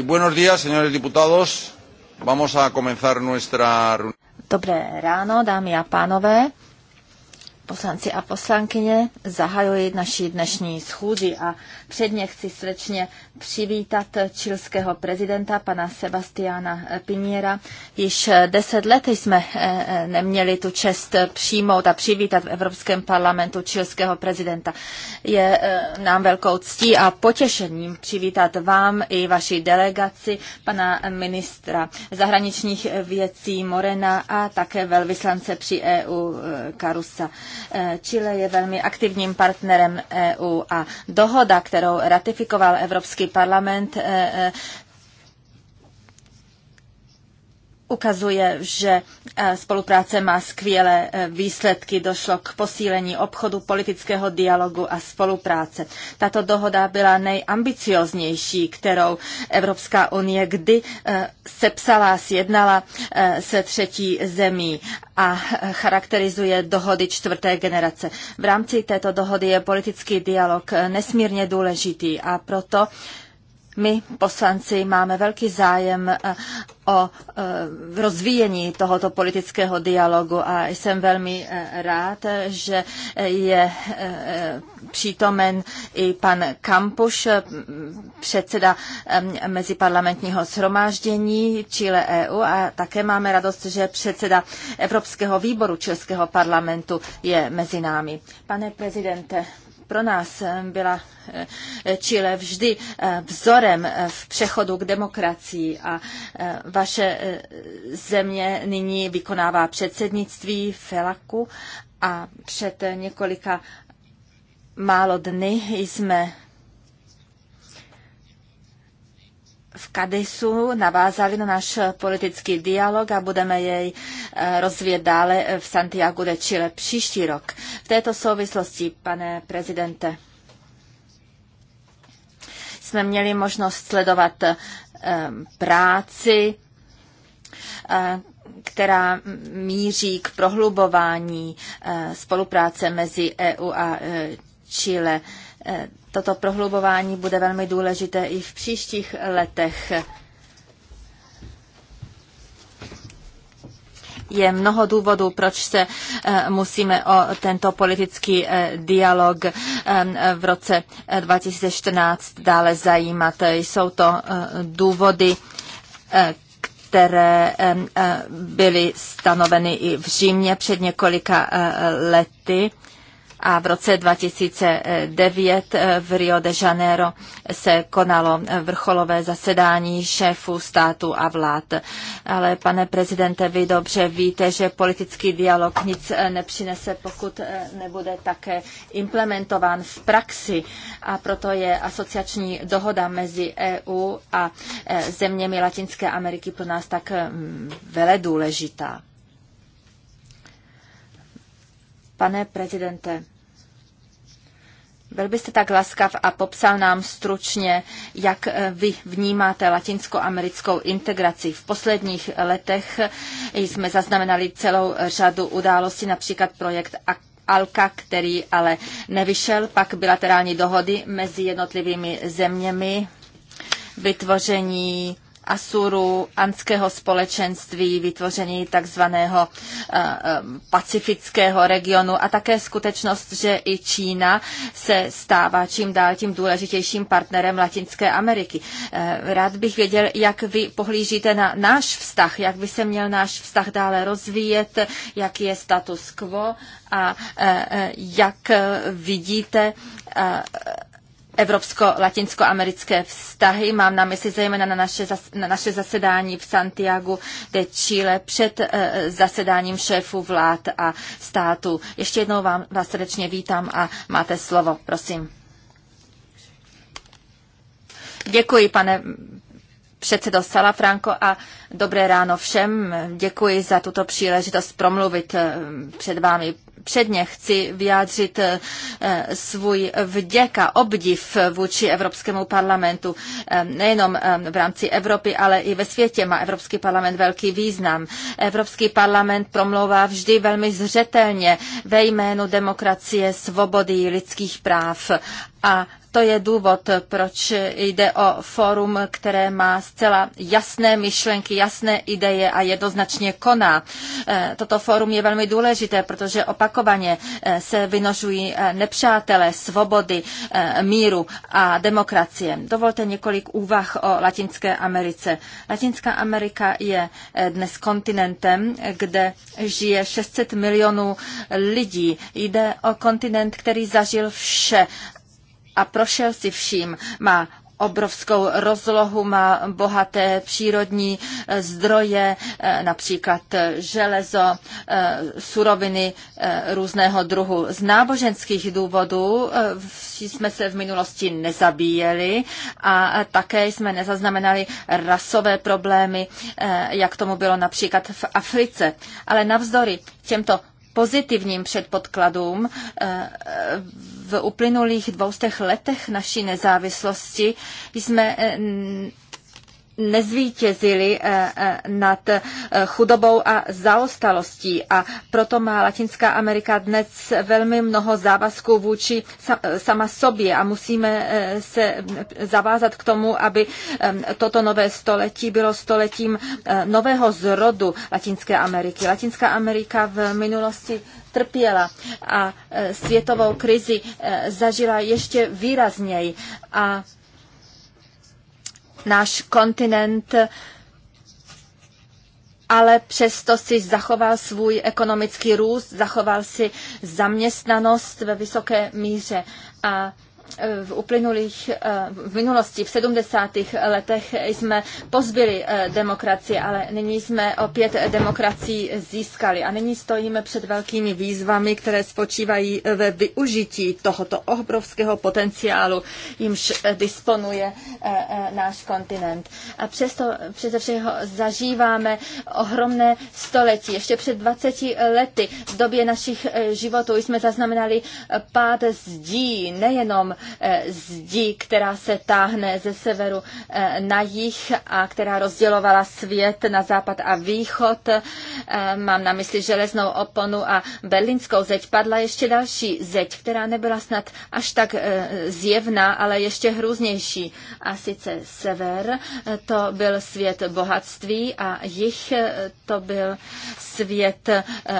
buenos días, señores diputados. Vamos a comenzar nuestra Dobré ráno, dámy a pánové poslanci a poslankyně, zahajuji naši dnešní schůzi a předně chci srdečně přivítat čilského prezidenta pana Sebastiana Piniera. Již deset let jsme eh, eh, neměli tu čest přijmout a přivítat v Evropském parlamentu čilského prezidenta. Je eh, nám velkou ctí a potěšením přivítat vám i vaši delegaci, pana ministra zahraničních věcí Morena a také velvyslance při EU Karusa. Eh, Chile je velmi aktivním partnerem EU a dohoda, kterou ratifikoval Evropský parlament, eh, eh, ukazuje, že eh, spolupráce má skvělé eh, výsledky. Došlo k posílení obchodu, politického dialogu a spolupráce. Tato dohoda byla nejambicioznější, kterou Evropská unie kdy eh, sepsala, sjednala se třetí zemí a charakterizuje dohody čtvrté generace. V rámci této dohody je politický dialog nesmírně důležitý a proto my, poslanci, máme velký zájem eh, o eh, rozvíjení tohoto politického dialogu a jsem velmi eh, rád, že je přítomen i pan Kampuš, předseda Meziparlamentního shromáždění Chile EU a také máme radost, že předseda Evropského výboru českého parlamentu je mezi námi. Pane prezidente, pro nás eh, byla eh, Chile vždy eh, vzorem v přechodu k demokracii a vaše země nyní vykonává předsednictví FELAKu a před několika málo dny jsme v Kadisu navázali na náš politický dialog a budeme jej e, rozvíjet dále v Santiago de Chile příští rok. V této souvislosti, pane prezidente, jsme měli možnost sledovat e, práci, e, která míří k prohlubování spolupráce mezi EU a Chile toto prohlubování bude velmi důležité i v příštích letech. je mnoho důvodů, proč se eh, musíme o tento politický eh, dialog eh, v roce 2014 dále zajímat. Jsou to důvody, které byly stanoveny i v Římě před několika lety a v roce 2009 eh, v Rio de Janeiro se konalo vrcholové zasedání šéfů států a vlád. Ale pane prezidente, vy dobře víte, že politický dialog nic eh, nepřinese, pokud eh, nebude také implementován v praxi a proto je asociační dohoda mezi EU a zeměmi Latinské Ameriky pro nás tak vele důležitá. Pane prezidente, byl byste tak laskav a popsal nám stručně, jak eh, vy vnímáte latinskoamerickou integraci. V posledních letech jsme zaznamenali celou řadu událostí, například projekt ALKA, který ale nevyšel, pak bilaterální dohody mezi jednotlivými zeměmi, vytvoření Asuru, anského společenství, vytvoření takzvaného eh, eh, pacifického regionu a také skutečnost, že i Čína se stává čím dál tím důležitějším partnerem Latinské Ameriky. Eh, rád bych věděl, jak vy pohlížíte na náš vztah, jak by se měl náš vztah dále rozvíjet, jak je status quo a jak vidíte evropsko americké vztahy. Mám na mysli zejména na naše, na naše zasedání v Santiago de Chile před e, zasedáním šéfů vlád a států. Ještě jednou vám, vás srdečně vítám a máte slovo, prosím. Děkuji, pane předsedo Franco a dobré ráno všem. Děkuji za tuto příležitost promluvit eh, před vámi. Předně chci vyjádřit eh, svůj vděk a obdiv vůči Evropskému parlamentu. Eh, nejenom v rámci Evropy, ale i ve světě má Evropský parlament velký význam. Evropský parlament promlouvá vždy velmi zřetelně ve jménu demokracie, svobody, lidských práv a to je důvod, proč jde o fórum, které má zcela jasné myšlenky, jasné ideje a jednoznačně koná. E, toto fórum je velmi důležité, protože opakovaně e, se vynožují e, nepřátelé svobody, míru a demokracie. Dovolte několik úvah o Latinské Americe. Latinská Amerika je dnes kontinentem, kde žije 600 milionů lidí. Jde o kontinent, který zažil vše a prošel si vším. Má obrovskou rozlohu, má bohaté přírodní eh, zdroje, eh, například eh, železo, suroviny různého druhu. Z náboženských důvodů jsme se v minulosti nezabíjeli a také jsme nezaznamenali rasové problémy, jak tomu bylo například v Africe. Ale navzdory těmto pozitivním předpodkladům. Eh, v uplynulých dvoustech letech naší nezávislosti jsme eh, nezvítězili eh, eh, nad eh, chudobou a zaostalostí a proto má Latinská Amerika dnes velmi mnoho závazků vůči sama sobě a musíme se zavázat k tomu, aby toto nové století bylo stoletím nového zrodu Latinské Ameriky. Latinská Amerika v minulosti trpěla a světovou krizi zažila ještě výrazněji a náš kontinent ale přesto si zachoval svůj ekonomický růst, zachoval si zaměstnanost ve vysoké míře. A v uplynulých, eh, v minulosti, v 70. letech jsme pozbyli eh, demokracii, ale nyní jsme opět demokracii získali. A nyní stojíme před velkými výzvami, které spočívají ve využití tohoto obrovského potenciálu, jimž eh, disponuje náš kontinent. A přesto přeze všeho zažíváme ohromné století. Ještě před 20 lety v době našich životů jsme zaznamenali pád zdí, nejenom Eh, zdi, která se táhne ze severu eh, na jih a která rozdělovala svět na západ a východ. Eh, mám na mysli železnou oponu a berlínskou zeď. Padla ještě další zeď, která nebyla snad až tak zjevná, ale ještě hrůznější. A sice sever, to byl svět bohatství a jich to byl svět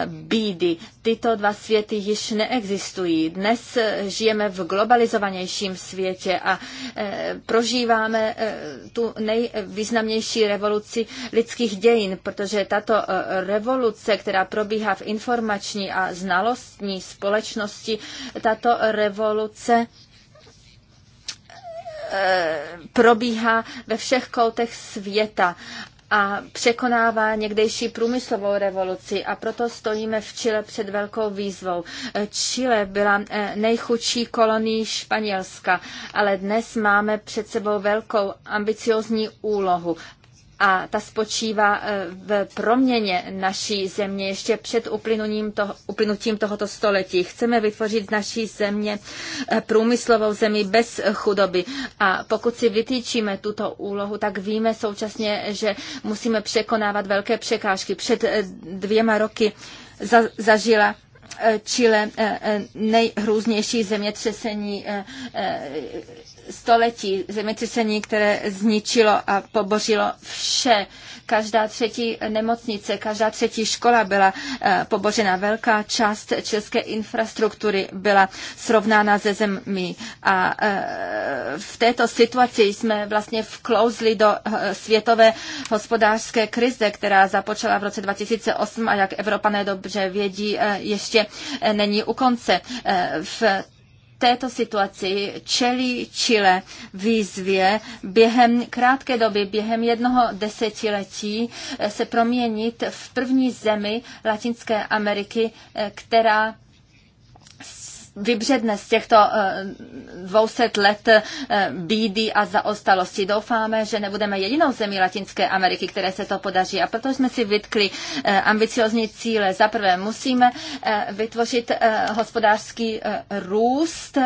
bídy. Tyto dva světy již neexistují. Dnes žijeme v globalizovaném civilizovanějším světě a eh, prožíváme eh, tu nejvýznamnější revoluci lidských dějin, protože tato eh, revoluce, která probíhá v informační a znalostní společnosti, tato revoluce probíhá ve všech koutech světa a překonává někdejší průmyslovou revoluci a proto stojíme v Chile před velkou výzvou. Chile byla eh, nejchudší kolonií Španělska, ale dnes máme před sebou velkou ambiciozní úlohu a ta spočívá e, v proměně naší země ještě před uplynutím, toho, uplynutím tohoto století. Chceme vytvořit z naší země e, průmyslovou zemi bez chudoby a pokud si vytýčíme tuto úlohu, tak víme současně, že musíme překonávat velké překážky. Před e, dvěma roky za, zažila Chile nejhrůznější zemětřesení století zemětřesení, které zničilo a pobořilo vše. Každá třetí nemocnice, každá třetí škola byla eh, pobořena. Velká část české infrastruktury byla srovnána ze zemí. A eh, v této situaci jsme vlastně vklouzli do eh, světové hospodářské krize, která započala v roce 2008 a jak Evropané dobře vědí, ještě není u konce. V této situaci čelí Chile výzvě během krátké doby, během jednoho desetiletí eh, se proměnit v první zemi Latinské Ameriky, eh, která vybředne z těchto 200 eh, let eh, bídy a zaostalosti. Doufáme, že nebudeme jedinou zemí Latinské Ameriky, které se to podaří. A proto jsme si vytkli eh, ambiciozní cíle. Za prvé musíme vytvořit hospodářský růst,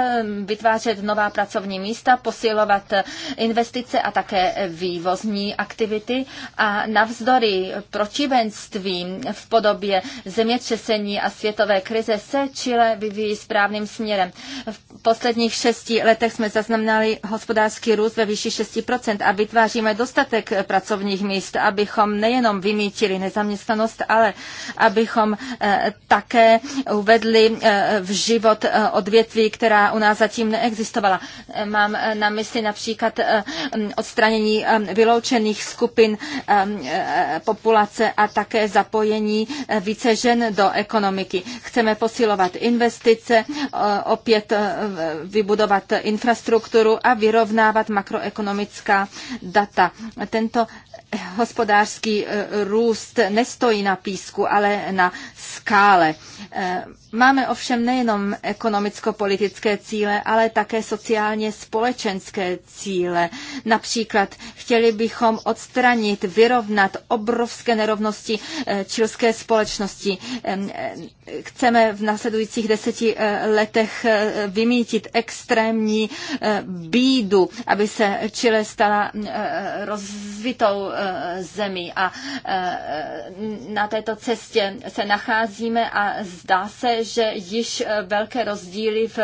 vytvářet nová pracovní místa, posilovat investice a také vývozní aktivity a navzdory protivenství v podobě zemětřesení a světové krize se Chile vyvíjí správně správným směrem. V posledních šesti letech jsme zaznamenali hospodářský růst ve výši 6% a vytváříme dostatek pracovních míst, abychom nejenom vymítili nezaměstnanost, ale abychom eh, také uvedli eh, v život eh, odvětví, která u nás zatím neexistovala. Mám na mysli například odstranění vyloučených skupin populace a také zapojení více žen do ekonomiky. Chceme posilovat investice, Eh, opět eh, vybudovat infrastrukturu a vyrovnávat makroekonomická data. Tento hospodářský eh, růst nestojí na písku, ale na skále. Máme ovšem nejenom ekonomicko-politické cíle, ale také sociálně společenské cíle. Například chtěli bychom odstranit, vyrovnat obrovské nerovnosti eh, čilské společnosti. Eh, chceme v následujících deseti eh, letech vymítit extrémní bídu, aby se Chile stala rozvitou zemí. A na této cestě se nacházíme a zdá se, že již eh, velké rozdíly v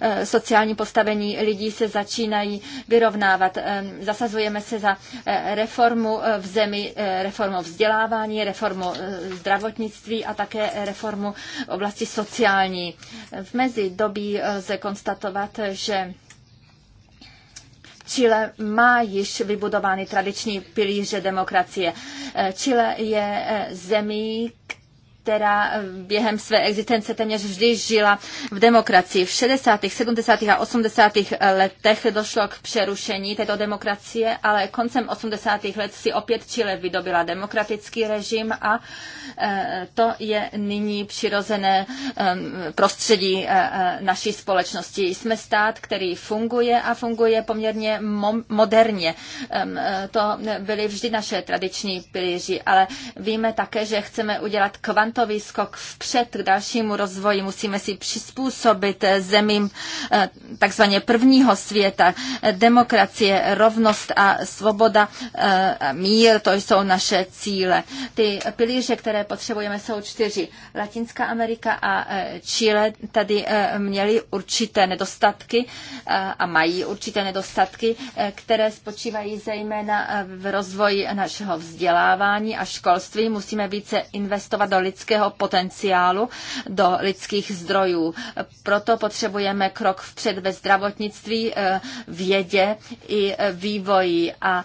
eh, sociálním postavení lidí se začínají vyrovnávat. Zasazujeme se za eh, reformu v zemi, reformu vzdělávání, reformu zdravotnictví a také reformu v oblasti sociální. V mezidobí lze konstatovat, že Chile má již vybudovány tradiční pilíře demokracie. Chile je zemí, která eh, během své existence téměř vždy žila v demokracii. V 60., 70. a 80. Eh, letech došlo k přerušení této demokracie, ale koncem 80. let si opět Chile vydobila demokratický režim a eh, to je nyní přirozené ehm, prostředí naší společnosti. Jsme stát, který funguje a funguje poměrně moderně. Ehm, to byly vždy naše tradiční pilíři, ale víme také, že chceme udělat kvant kvantový výskok vpřed k dalšímu rozvoji musíme si přizpůsobit zemím eh, takzvaně prvního světa. Demokracie, rovnost a svoboda, eh, mír, to jsou naše cíle. Ty pilíře, které potřebujeme, jsou čtyři. Latinská Amerika a eh, Chile tady měli určité nedostatky a mají určité nedostatky, které spočívají zejména v rozvoji našeho vzdělávání a školství. Musíme více investovat do lidské lidského potenciálu do lidských zdrojů. Proto potřebujeme krok vpřed ve zdravotnictví, eh, vědě i vývoji a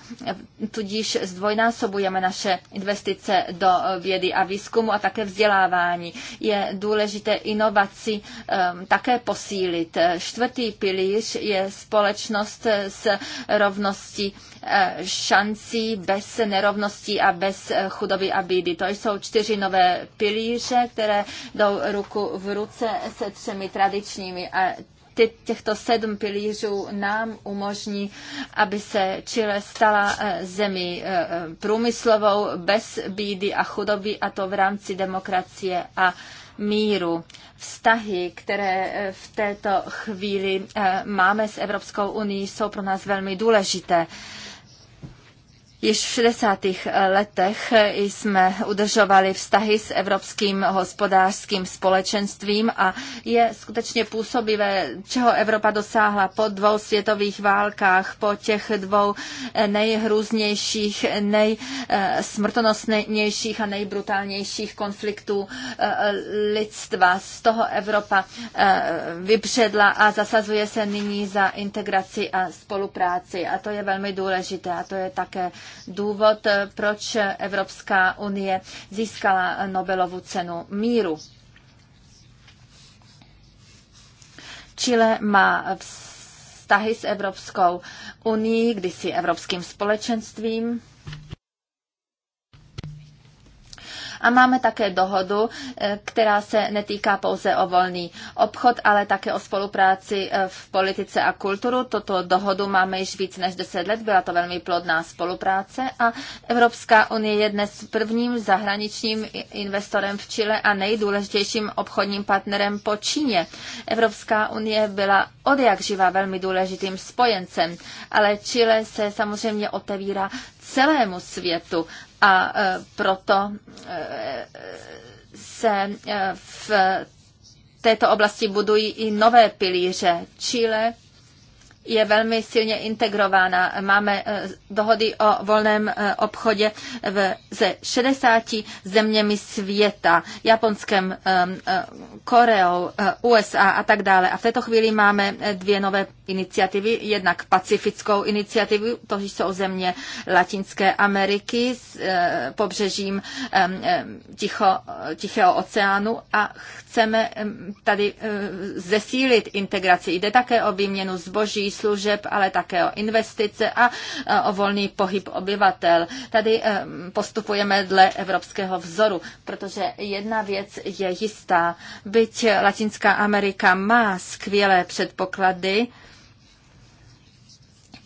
tudíž zdvojnásobujeme naše investice do vědy a výzkumu a také vzdělávání. Je důležité inovaci eh, také posílit. Čtvrtý pilíř je společnost s rovností eh, šancí bez nerovností a bez chudoby a bídy. To jsou čtyři nové pilíře pilíře, které jdou ruku v ruce se třemi tradičními a ty, těchto sedm pilířů nám umožní, aby se Chile stala eh, zemí eh, eh, průmyslovou bez bídy a chudoby a to v rámci demokracie a míru. Vztahy, které v této chvíli máme s Evropskou unii, jsou pro nás velmi důležité. Již v 60. Eh, letech eh, jsme udržovali vztahy s Evropským hospodářským společenstvím a je skutečně působivé, čeho Evropa dosáhla po dvou světových válkách, po těch dvou eh, nejhrůznějších, nejsmrtonosnějších a nejbrutálnějších konfliktů lidstva. Z toho Evropa vypředla a zasazuje se nyní za integraci a spolupráci. A to je velmi důležité a to je také důvod, eh, proč Evropská unie získala Nobelovu cenu míru. Chile má vztahy s Evropskou unii, kdysi Evropským společenstvím. A máme také dohodu, e, která se netýká pouze o volný obchod, ale také o spolupráci e, v politice a kulturu. Toto dohodu máme již víc než 10 let, byla to velmi plodná spolupráce a Evropská unie je dnes prvním zahraničním investorem v Chile a nejdůležitějším obchodním partnerem po Číně. Evropská unie byla od jak živa velmi důležitým spojencem, ale Chile se samozřejmě otevírá celému světu a e, proto e, se e, v této oblasti budují i nové pilíře. Chile je velmi silně integrována. Máme eh, dohody o volném eh, obchodě v, ze 60 zeměmi světa, Japonskem, eh, Koreou, USA a tak dále. A v této chvíli máme dvě nové iniciativy, jednak pacifickou iniciativu, to jsou země Latinské Ameriky s pobřežím ticho, Tichého oceánu a chceme tady zesílit integraci. Jde také o výměnu zboží, služeb, ale také o investice a e, o volný pohyb obyvatel. Tady e, postupujeme dle evropského vzoru, protože jedna věc je jistá. Byť Latinská Amerika má skvělé předpoklady,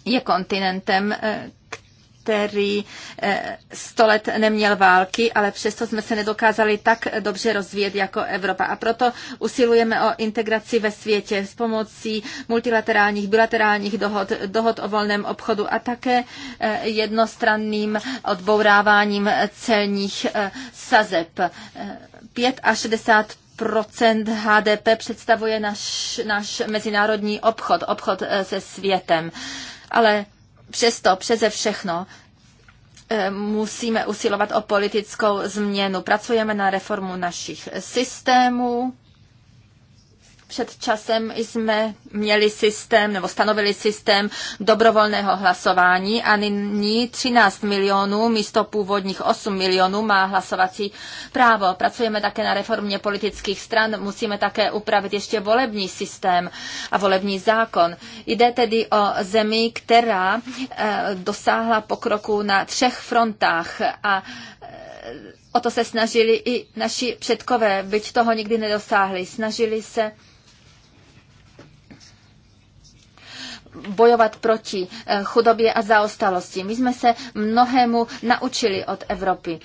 je kontinentem, e, který eh, sto let neměl války, ale přesto jsme se nedokázali tak dobře rozvíjet jako Evropa. A proto usilujeme o integraci ve světě s pomocí multilaterálních, bilaterálních dohod, dohod o volném obchodu a také eh, jednostranným odbouráváním celních eh, sazeb. 5 až 60 procent HDP představuje náš, náš mezinárodní obchod, obchod se světem. Ale přesto, přeze všechno, eh, musíme usilovat o politickou změnu. Pracujeme na reformu našich systémů, před časem jsme měli systém nebo stanovili systém dobrovolného hlasování a nyní 13 milionů místo původních 8 milionů má hlasovací právo. Pracujeme také na reformě politických stran, musíme také upravit ještě volební systém a volební zákon. Jde tedy o zemi, která eh, dosáhla pokroku na třech frontách a eh, o to se snažili i naši předkové, byť toho nikdy nedosáhli. Snažili se bojovat proti eh, chudobě a zaostalosti. My jsme se mnohému naučili od Evropy.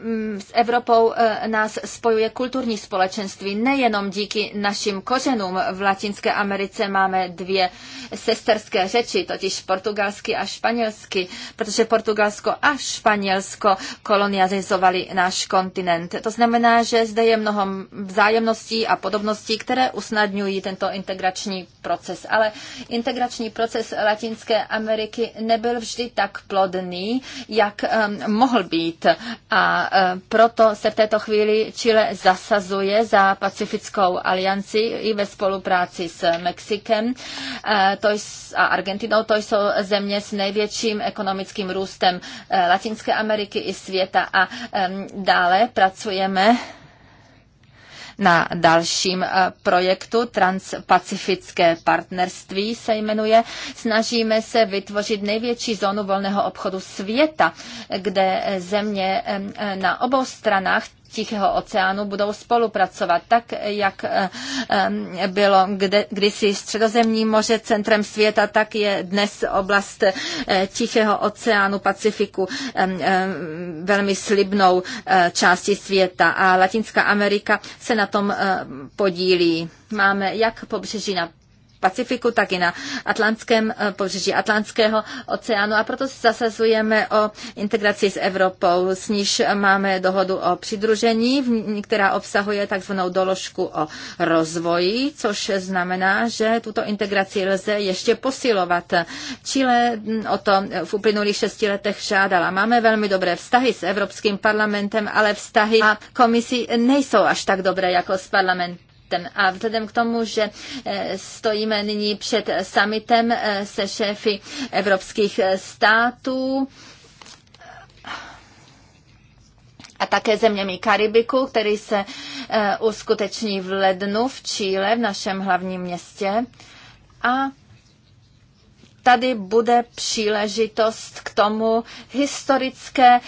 Mm, s Evropou eh, nás spojuje kulturní společenství. Nejenom díky našim kořenům v Latinské Americe máme dvě sesterské řeči, totiž portugalsky a španělsky, protože Portugalsko a Španělsko kolonializovali náš kontinent. To znamená, že zde je mnoho vzájemností a podobností, které usnadňují tento integrační proces. Ale integrační proces Latinské Ameriky nebyl vždy tak plodný, jak um, mohl být. A Eh, proto se v této chvíli Chile zasazuje za Pacifickou alianci i ve spolupráci s Mexikem eh, a Argentinou. To jsou země s největším ekonomickým růstem eh, Latinské Ameriky i světa. A dále pracujeme na dalším eh, projektu Transpacifické partnerství se jmenuje. Snažíme se vytvořit největší zónu volného obchodu světa, kde země eh, na obou stranách Tichého oceánu budou spolupracovat, tak jak eh, eh, bylo kde, kdysi Středozemní moře centrem světa, tak je dnes oblast eh, Tichého oceánu Pacifiku velmi slibnou části světa a Latinská Amerika se na tom podílí. Máme jak pobřeží na Pacifiku, tak i na Atlantském eh, pobřeží Atlantského oceánu a proto se zasazujeme o integraci s Evropou, s níž máme dohodu o přidružení, která obsahuje takzvanou doložku o rozvoji, což znamená, že tuto integraci lze ještě posilovat. Chile hm, o to v uplynulých šesti letech žádala. Máme velmi dobré vztahy s Evropským parlamentem, ale vztahy a komisí nejsou až tak dobré jako s parlamentem summitem. A vzhledem k tomu, že eh, stojíme nyní před summitem eh, se šéfy evropských eh, států, a také zeměmi Karibiku, který se uskuteční v lednu v Chile, v našem hlavním městě. A tady bude příležitost k tomu historické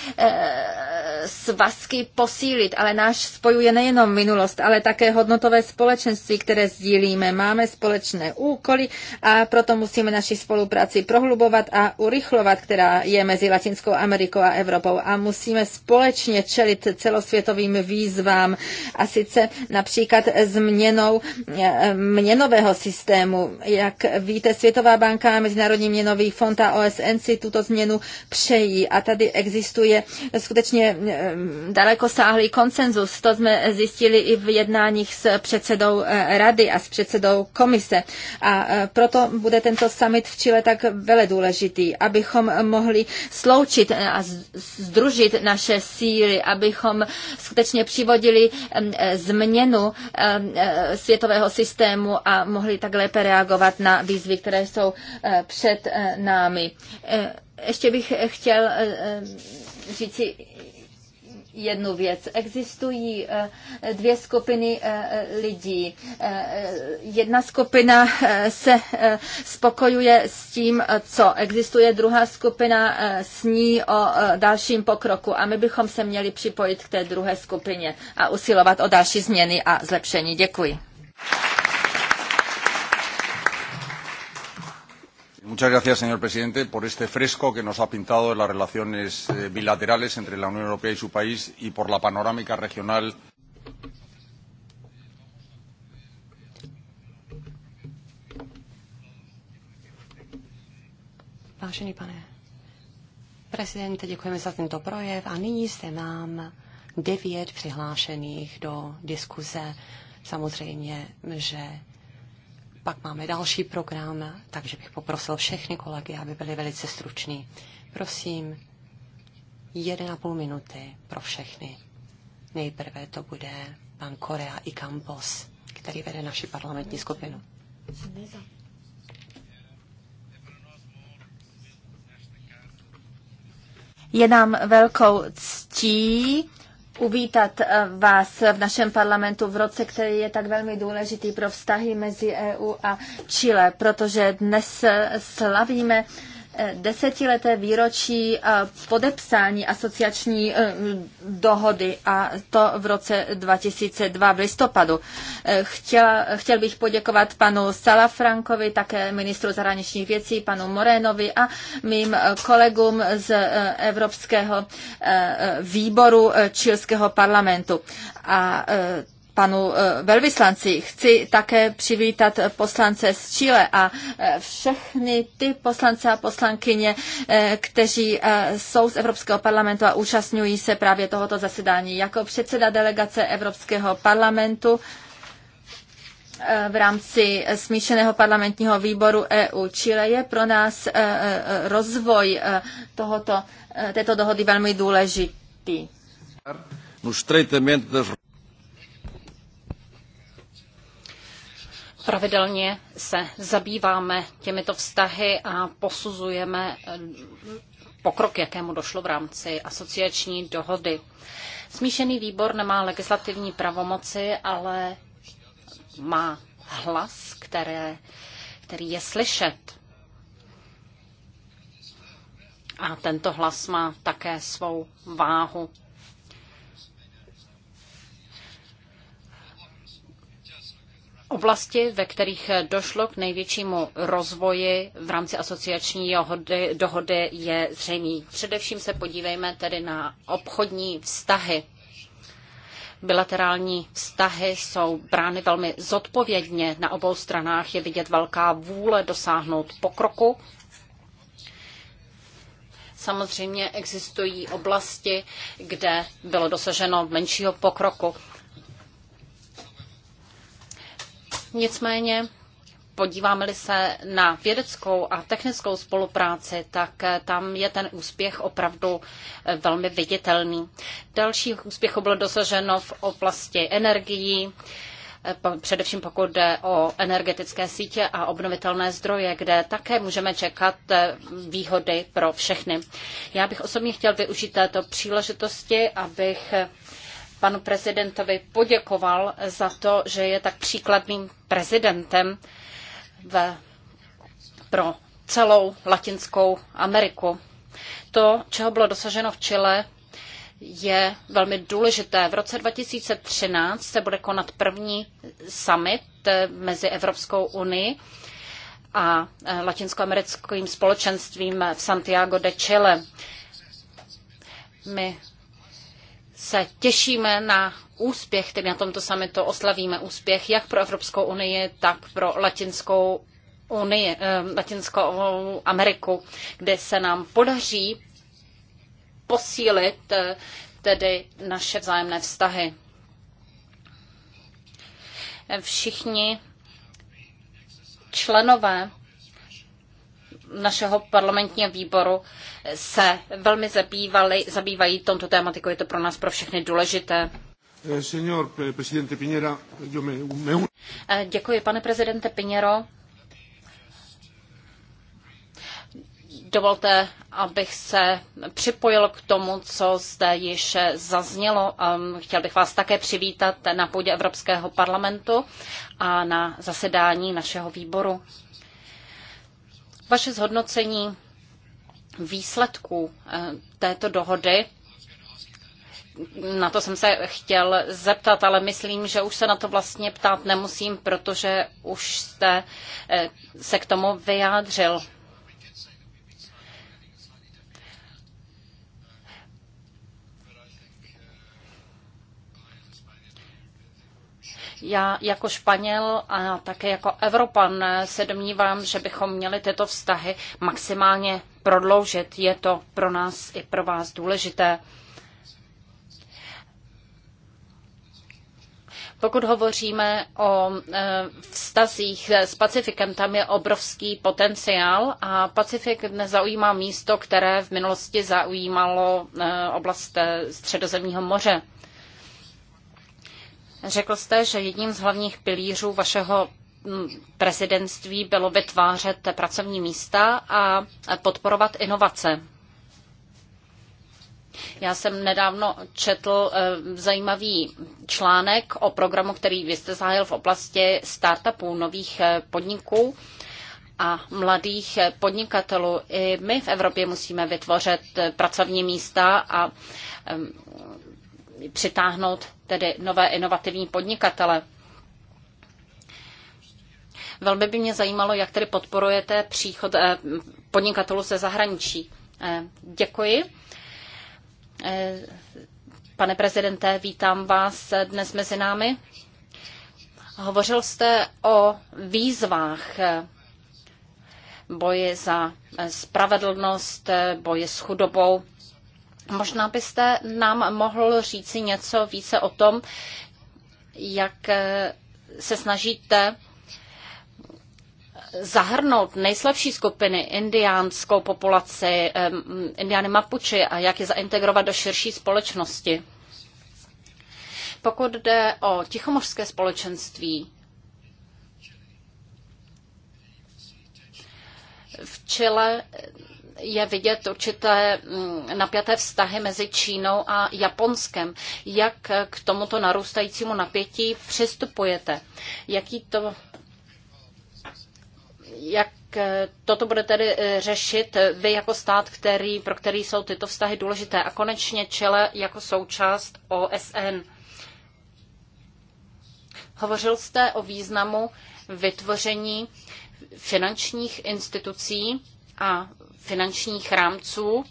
svazky posílit, ale náš spojuje nejenom minulost, ale také hodnotové společenství, které sdílíme. Máme společné úkoly a proto musíme naši spolupráci prohlubovat a urychlovat, která je mezi Latinskou Amerikou a Evropou. A musíme společně čelit celosvětovým výzvám a sice například změnou eh, měnového systému. Jak víte, Světová banka, Mezinárodní měnový fond a OSN si tuto změnu přejí a tady existuje skutečně Eh, dalekosáhlý konsenzus. To jsme zjistili i v jednáních s předsedou eh, rady a s předsedou komise. A eh, proto bude tento summit v Chile tak vele důležitý, abychom mohli sloučit a združit naše síly, abychom skutečně přivodili mm, změnu světového systému a mohli tak lépe reagovat na výzvy, které jsou před námi. Ještě bych chtěl říci jednu věc. Existují eh, dvě skupiny eh, lidí. Eh, jedna skupina se spokojuje s tím, co existuje, druhá skupina sní o dalším pokroku a my bychom se měli připojit k té druhé skupině a usilovat o další změny a zlepšení. Děkuji. Muchas gracias, señor presidente, por este fresco que nos ha pintado de las relaciones eh, bilaterales entre la Unión Europea y su país y por la panorámica regional. Vážený pane prezidente, děkujeme za tento projev a nyní zde mám devět přihlášených do diskuze. Samozřejmě, že pak máme další program, takže bych poprosil všechny kolegy, aby byli velice struční. Prosím, půl minuty pro všechny. Nejprve to bude pan Korea i Campos, který vede naši parlamentní skupinu. Je nám velkou ctí uvítat eh, vás v našem parlamentu v roce, který je tak velmi důležitý pro vztahy mezi EU a Chile, protože dnes eh, slavíme desetileté výročí eh, podepsání asociační eh, dohody a to v roce 2002 v listopadu. Eh, chtěla, chtěl bych poděkovat panu Salafrankovi, také ministru zahraničních věcí, panu Morénovi a mým kolegům z Evropského výboru Čilského parlamentu. A panu eh, velvyslanci. Chci také přivítat poslance z Chile a eh, všechny ty poslance a poslankyně, eh, kteří jsou z Evropského parlamentu a účastňují se právě tohoto zasedání. Jako předseda delegace Evropského parlamentu v rámci smíšeného parlamentního výboru EU Chile je pro nás rozvoj tohoto, této dohody velmi důležitý. Pravidelně se zabýváme těmito vztahy a posuzujeme eh, pokrok, jakému došlo v rámci asociační dohody. Smíšený výbor nemá legislativní pravomoci, ale má hlas, které, který je slyšet. A tento hlas má také svou váhu Oblasti, ve kterých došlo k největšímu rozvoji v rámci asociační dohody, je zřejmý. Především se podívejme tedy na obchodní vztahy. Bilaterální vztahy jsou brány velmi zodpovědně. Na obou stranách je vidět velká vůle dosáhnout pokroku. Samozřejmě existují oblasti, kde bylo dosaženo menšího pokroku. Nicméně podíváme-li se na vědeckou a technickou spolupráci, tak eh, tam je ten úspěch opravdu eh, velmi viditelný. Další úspěch bylo dosaženo v oblasti energií, eh, především pokud jde o energetické sítě a obnovitelné zdroje, kde také můžeme čekat výhody pro všechny. Já bych osobně chtěl využít této příležitosti, abych panu prezidentovi poděkoval za to, že je tak příkladným prezidentem v, pro celou Latinskou Ameriku. To, čeho bylo dosaženo v Chile, je velmi důležité. V roce 2013 se bude konat první summit eh, mezi Evropskou unii a eh, latinskoamerickým společenstvím v Santiago de Chile. My se těšíme na úspěch, tedy na tomto summitu oslavíme úspěch jak pro Evropskou unii, tak pro Latinskou unii, eh, Latinskou Ameriku, kde se nám podaří posílit eh, tedy naše vzájemné vztahy. Eh, všichni členové našeho parlamentního výboru se velmi zabývali, zabývají tomto tématikou. Je to pro nás pro všechny důležité. Eh, eh, eh, děkuji, pane prezidente Piñero. Dovolte, abych se připojil k tomu, co zde již zaznělo. Ehm, chtěl bych vás také přivítat na půdě Evropského parlamentu a na zasedání našeho výboru. Vaše zhodnocení výsledků eh, této dohody na to jsem se chtěl zeptat, ale myslím, že už se na to vlastně ptát nemusím, protože už jste eh, se k tomu vyjádřil. Já jako Španěl a také jako Evropan se domnívám, že bychom měli tyto vztahy maximálně prodloužit. Je to pro nás i pro vás důležité. Pokud hovoříme o e, vztazích s Pacifikem, tam je obrovský potenciál a Pacifik nezaujímá místo, které v minulosti zaujímalo e, oblast e, Středozemního moře. Řekl jste, že jedním z hlavních pilířů vašeho mm, prezidentství bylo vytvářet pracovní místa a podporovat inovace. Já jsem nedávno četl eh, zajímavý článek o programu, který vy jste zahájil v oblasti startupů, nových eh, podniků a mladých eh, podnikatelů. I my v Evropě musíme vytvořit pracovní místa a přitáhnout tedy nové inovativní podnikatele. Velmi by mě zajímalo, jak tedy podporujete příchod eh, podnikatelů ze zahraničí. Eh, děkuji. Eh, pane prezidente, vítám vás dnes mezi námi. Hovořil jste o výzvách boji za spravedlnost, boji s chudobou Možná byste nám mohl říci něco více o tom, jak eh, se snažíte zahrnout nejslabší skupiny, indiánskou populaci, indiány Mapuči a jak je zaintegrovat do širší společnosti. Pokud jde o tichomořské společenství, v Chile je vidět určité mm, napjaté vztahy mezi Čínou a Japonskem. Jak k tomuto narůstajícímu napětí přistupujete? Jaký to, jak toto bude tedy eh, řešit vy jako stát, který, pro který jsou tyto vztahy důležité a konečně čele jako součást OSN? Hovořil jste o významu vytvoření finančních institucí a finančních rámců,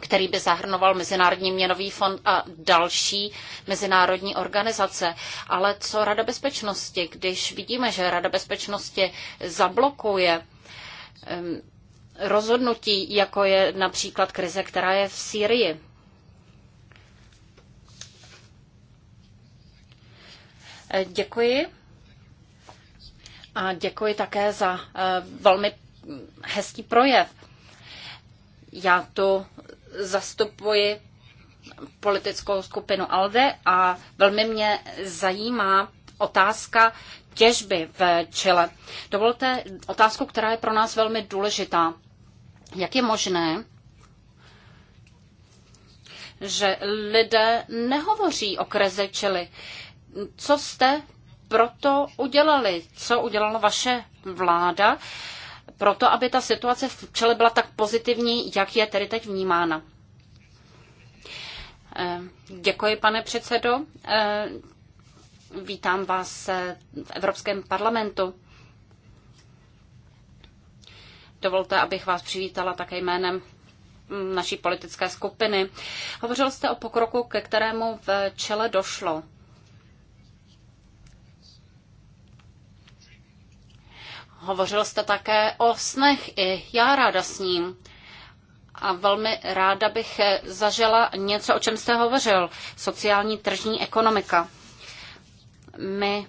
který by zahrnoval Mezinárodní měnový fond a další mezinárodní organizace. Ale co Rada bezpečnosti, když vidíme, že Rada bezpečnosti zablokuje rozhodnutí, jako je například krize, která je v Sýrii. E, děkuji. A děkuji také za e, velmi hezký projev. Já tu zastupuji politickou skupinu ALDE a velmi mě zajímá otázka těžby v Chile. Dovolte otázku, která je pro nás velmi důležitá. Jak je možné, že lidé nehovoří o krize Chile? Co jste proto udělali? Co udělala vaše vláda? proto, aby ta situace v Čele byla tak pozitivní, jak je tedy teď vnímána. Eh, děkuji, pane předsedo. Eh, vítám vás eh, v Evropském parlamentu. Dovolte, abych vás přivítala také jménem naší politické skupiny. Hovořil jste o pokroku, ke kterému v čele došlo. Hovořil jste také o snech, i já ráda s ním. A velmi ráda bych zažila něco, o čem jste hovořil. Sociální tržní ekonomika. My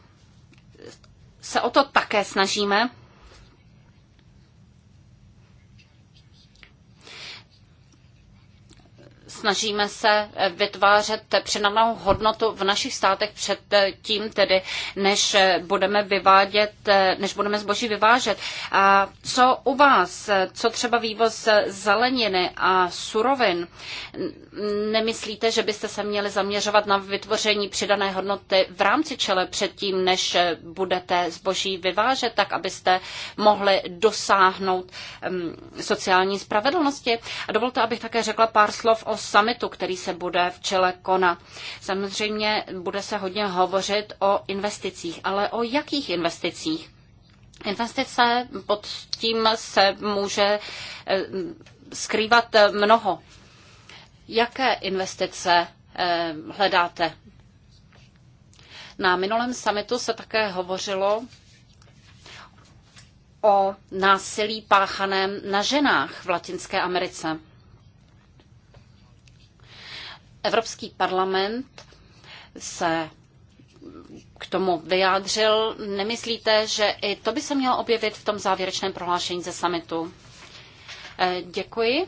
se o to také snažíme. snažíme se vytvářet přidanou hodnotu v našich státech před tím tedy, než budeme vyvádět, než budeme zboží vyvážet. A co u vás, co třeba vývoz zeleniny a surovin, nemyslíte, že byste se měli zaměřovat na vytvoření přidané hodnoty v rámci čele předtím, než budete zboží vyvážet, tak abyste mohli dosáhnout mm, sociální spravedlnosti? A dovolte, abych také řekla pár slov o summitu, který se bude v čele konat. Samozřejmě bude se hodně hovořit o investicích, ale o jakých investicích? Investice pod tím se může eh, skrývat eh, mnoho. Jaké investice eh, hledáte? Na minulém summitu se také hovořilo o násilí páchaném na ženách v Latinské Americe. Evropský parlament se k tomu vyjádřil. Nemyslíte, že i to by se mělo objevit v tom závěrečném prohlášení ze summitu? Eh, děkuji.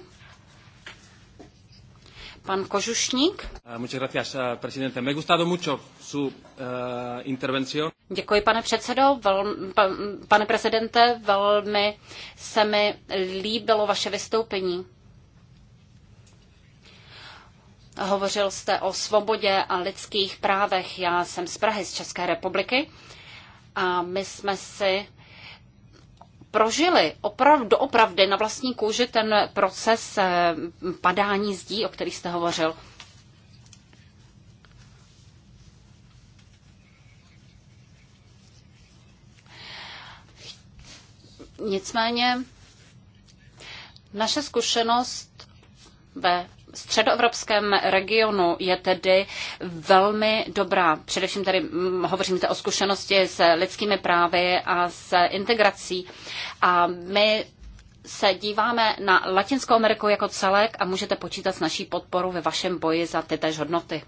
Pan Kožušník. Eh, eh, děkuji, pane předsedo. Vel, pane prezidente, velmi se mi líbilo vaše vystoupení. Hovořil jste o svobodě a lidských právech. Já jsem z Prahy, z České republiky a my jsme si prožili opravdu, doopravdy na vlastní kůži ten proces eh, padání zdí, o který jste hovořil. Nicméně naše zkušenost ve středoevropském regionu je tedy velmi dobrá. Především tady mm, hovořím o zkušenosti s lidskými právy a s integrací. A my se díváme na Latinskou Ameriku jako celek a můžete počítat s naší podporu ve vašem boji za tytéž hodnoty.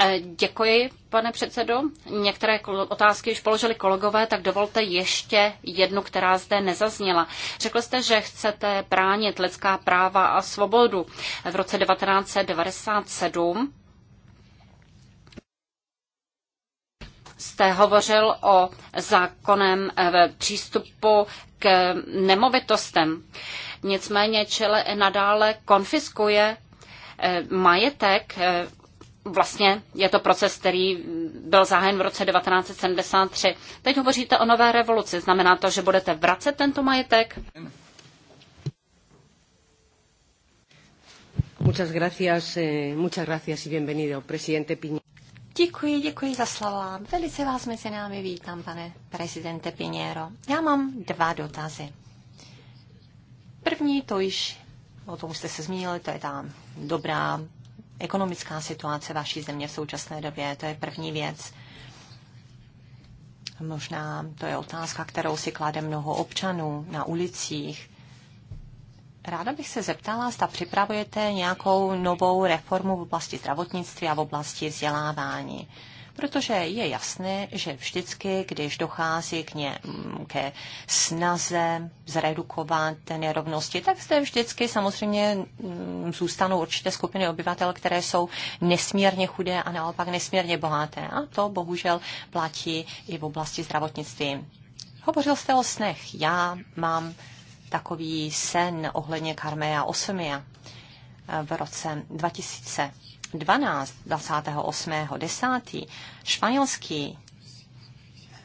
Eh, děkuji, pane předsedo. Některé otázky již položili kolegové, tak dovolte ještě jednu, která zde nezazněla. Řekl jste, že chcete bránit lidská práva a svobodu. V roce 1997 jste hovořil o zákonem eh, přístupu k nemovitostem. Nicméně Chile nadále konfiskuje eh, majetek vlastně je to proces, který byl zahájen v roce 1973. Teď hovoříte o nové revoluci. Znamená to, že budete vracet tento majetek? Muchas gracias, eh, muchas gracias y bienvenido, presidente Piñera. Děkuji, děkuji za slova. Velice vás mezi námi vítám, pane prezidente Piniero. Já mám dva dotazy. První to již, o tom jste se zmínili, to je ta dobrá ekonomická situace vaší země v současné době? To je první věc. Možná to je otázka, kterou si klade mnoho občanů na ulicích. Ráda bych se zeptala, zda připravujete nějakou novou reformu v oblasti zdravotnictví a v oblasti vzdělávání protože je jasné, že vždycky, když dochází k ně, mm, ke snaze zredukovat nerovnosti, tak zde vždycky samozřejmě mm, zůstanou určité skupiny obyvatel, které jsou nesmírně chudé a naopak nesmírně bohaté. A to bohužel platí i v oblasti zdravotnictví. Hovořil jste o snech. Já mám takový sen ohledně Karmea Osmia v roce 2000 12, 10. španělský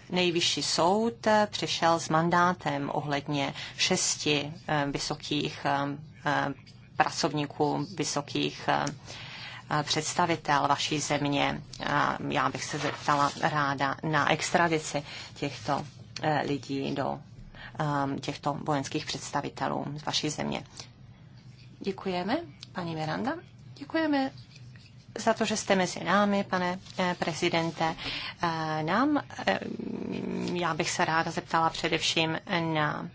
nejvyšší soud přišel s mandátem ohledně šesti eh, vysokých eh, eh, pracovníků, vysokých představitel vaší země. Já bych se zeptala ráda na extradici těchto lidí do ehm, těchto vojenských představitelů z vaší země. Děkujeme, paní Miranda. Děkujeme za to, že jste mezi námi, pane eh, prezidente. Eh, nám, eh, já bych se ráda zeptala především na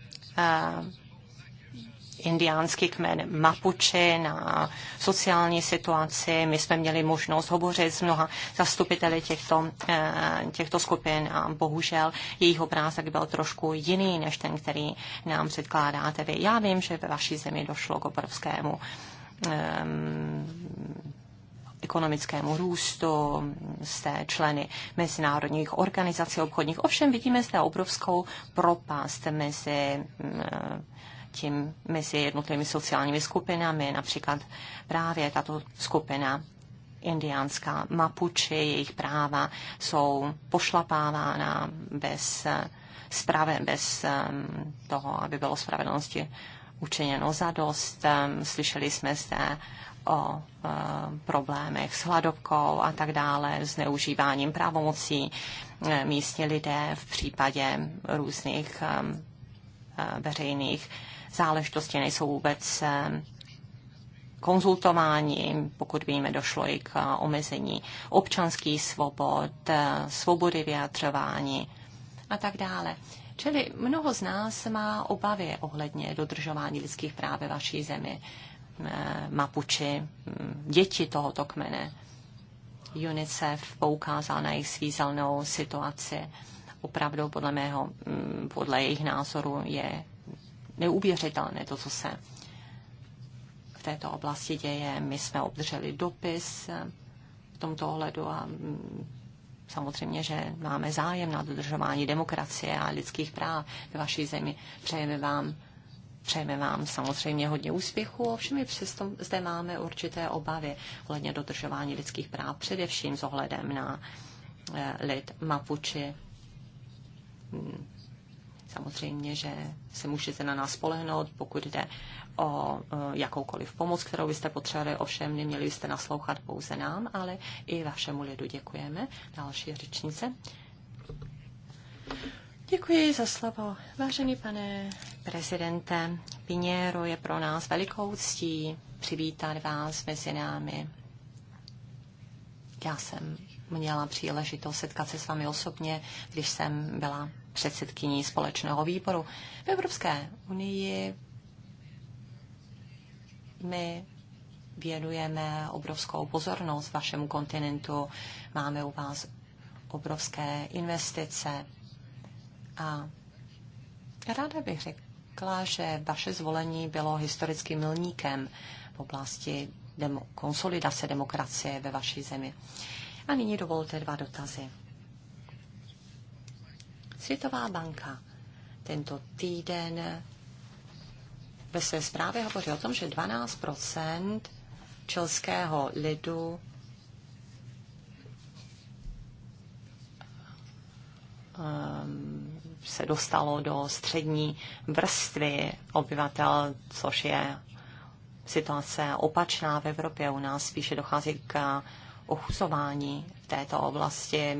indiánský kmen Mapuche na sociální situaci. My jsme měli možnost hovořit s mnoha zastupiteli těchto, těchto skupin a bohužel jejich obrázek byl trošku jiný než ten, který nám předkládáte vy. Já vím, že ve vaší zemi došlo k obrovskému ehm, ekonomickému růstu, jste členy mezinárodních organizací obchodních. Ovšem vidíme zde obrovskou propast mezi eh, tím mezi jednotlivými sociálními skupinami, například právě tato skupina indiánská Mapuči, jejich práva jsou pošlapávána bez, eh, sprave, bez eh, toho, aby bylo spravedlnosti učiněno dost. Slyšeli jsme zde o e, problémech s hladovkou a tak dále, zneužíváním pravomocí e, místní lidé v případě různých e, veřejných záležitostí nejsou vůbec konzultování, pokud víme, došlo i k omezení občanských svobod, svobody vyjadřování a tak dále. Čili mnoho z nás má obavy ohledně dodržování lidských práv ve vaší zemi. Eh, mapuči, mm, děti tohoto kmene. UNICEF poukázal na jejich svízelnou situaci. Opravdu podle mého, mm, podle jejich názoru je neuvěřitelné to, co se v této oblasti děje. My jsme obdrželi dopis eh, v tomto ohledu a mm, samozřejmě, že máme zájem na dodržování demokracie a lidských práv ve vaší zemi. Přejeme vám Přejeme vám samozřejmě hodně úspěchu, ovšem i přesto zde máme určité obavy ohledně dodržování lidských práv, především s ohledem na eh, lid Mapuči. Hmm. Samozřejmě, že se můžete na nás spolehnout, pokud jde o eh, jakoukoliv pomoc, kterou byste potřebovali. Ovšem, neměli byste naslouchat pouze nám, ale i vašemu lidu děkujeme. Další řečnice. Děkuji za slovo. Vážený pane prezidente Piněro, je pro nás velikou ctí přivítat vás mezi námi. Já jsem měla příležitost setkat se s vámi osobně, když jsem byla předsedkyní společného výboru. V Evropské unii my věnujeme obrovskou pozornost vašemu kontinentu. Máme u vás obrovské investice a ráda bych řekla, řekla, že vaše zvolení bylo historickým milníkem v oblasti demo- konsolidace demokracie ve vaší zemi. A nyní dovolte dva dotazy. Světová banka tento týden ve své zprávě hovoří o tom, že 12 čelského lidu um, se dostalo do střední vrstvy obyvatel, což je situace opačná v Evropě. U nás spíše dochází k ochuzování v této oblasti.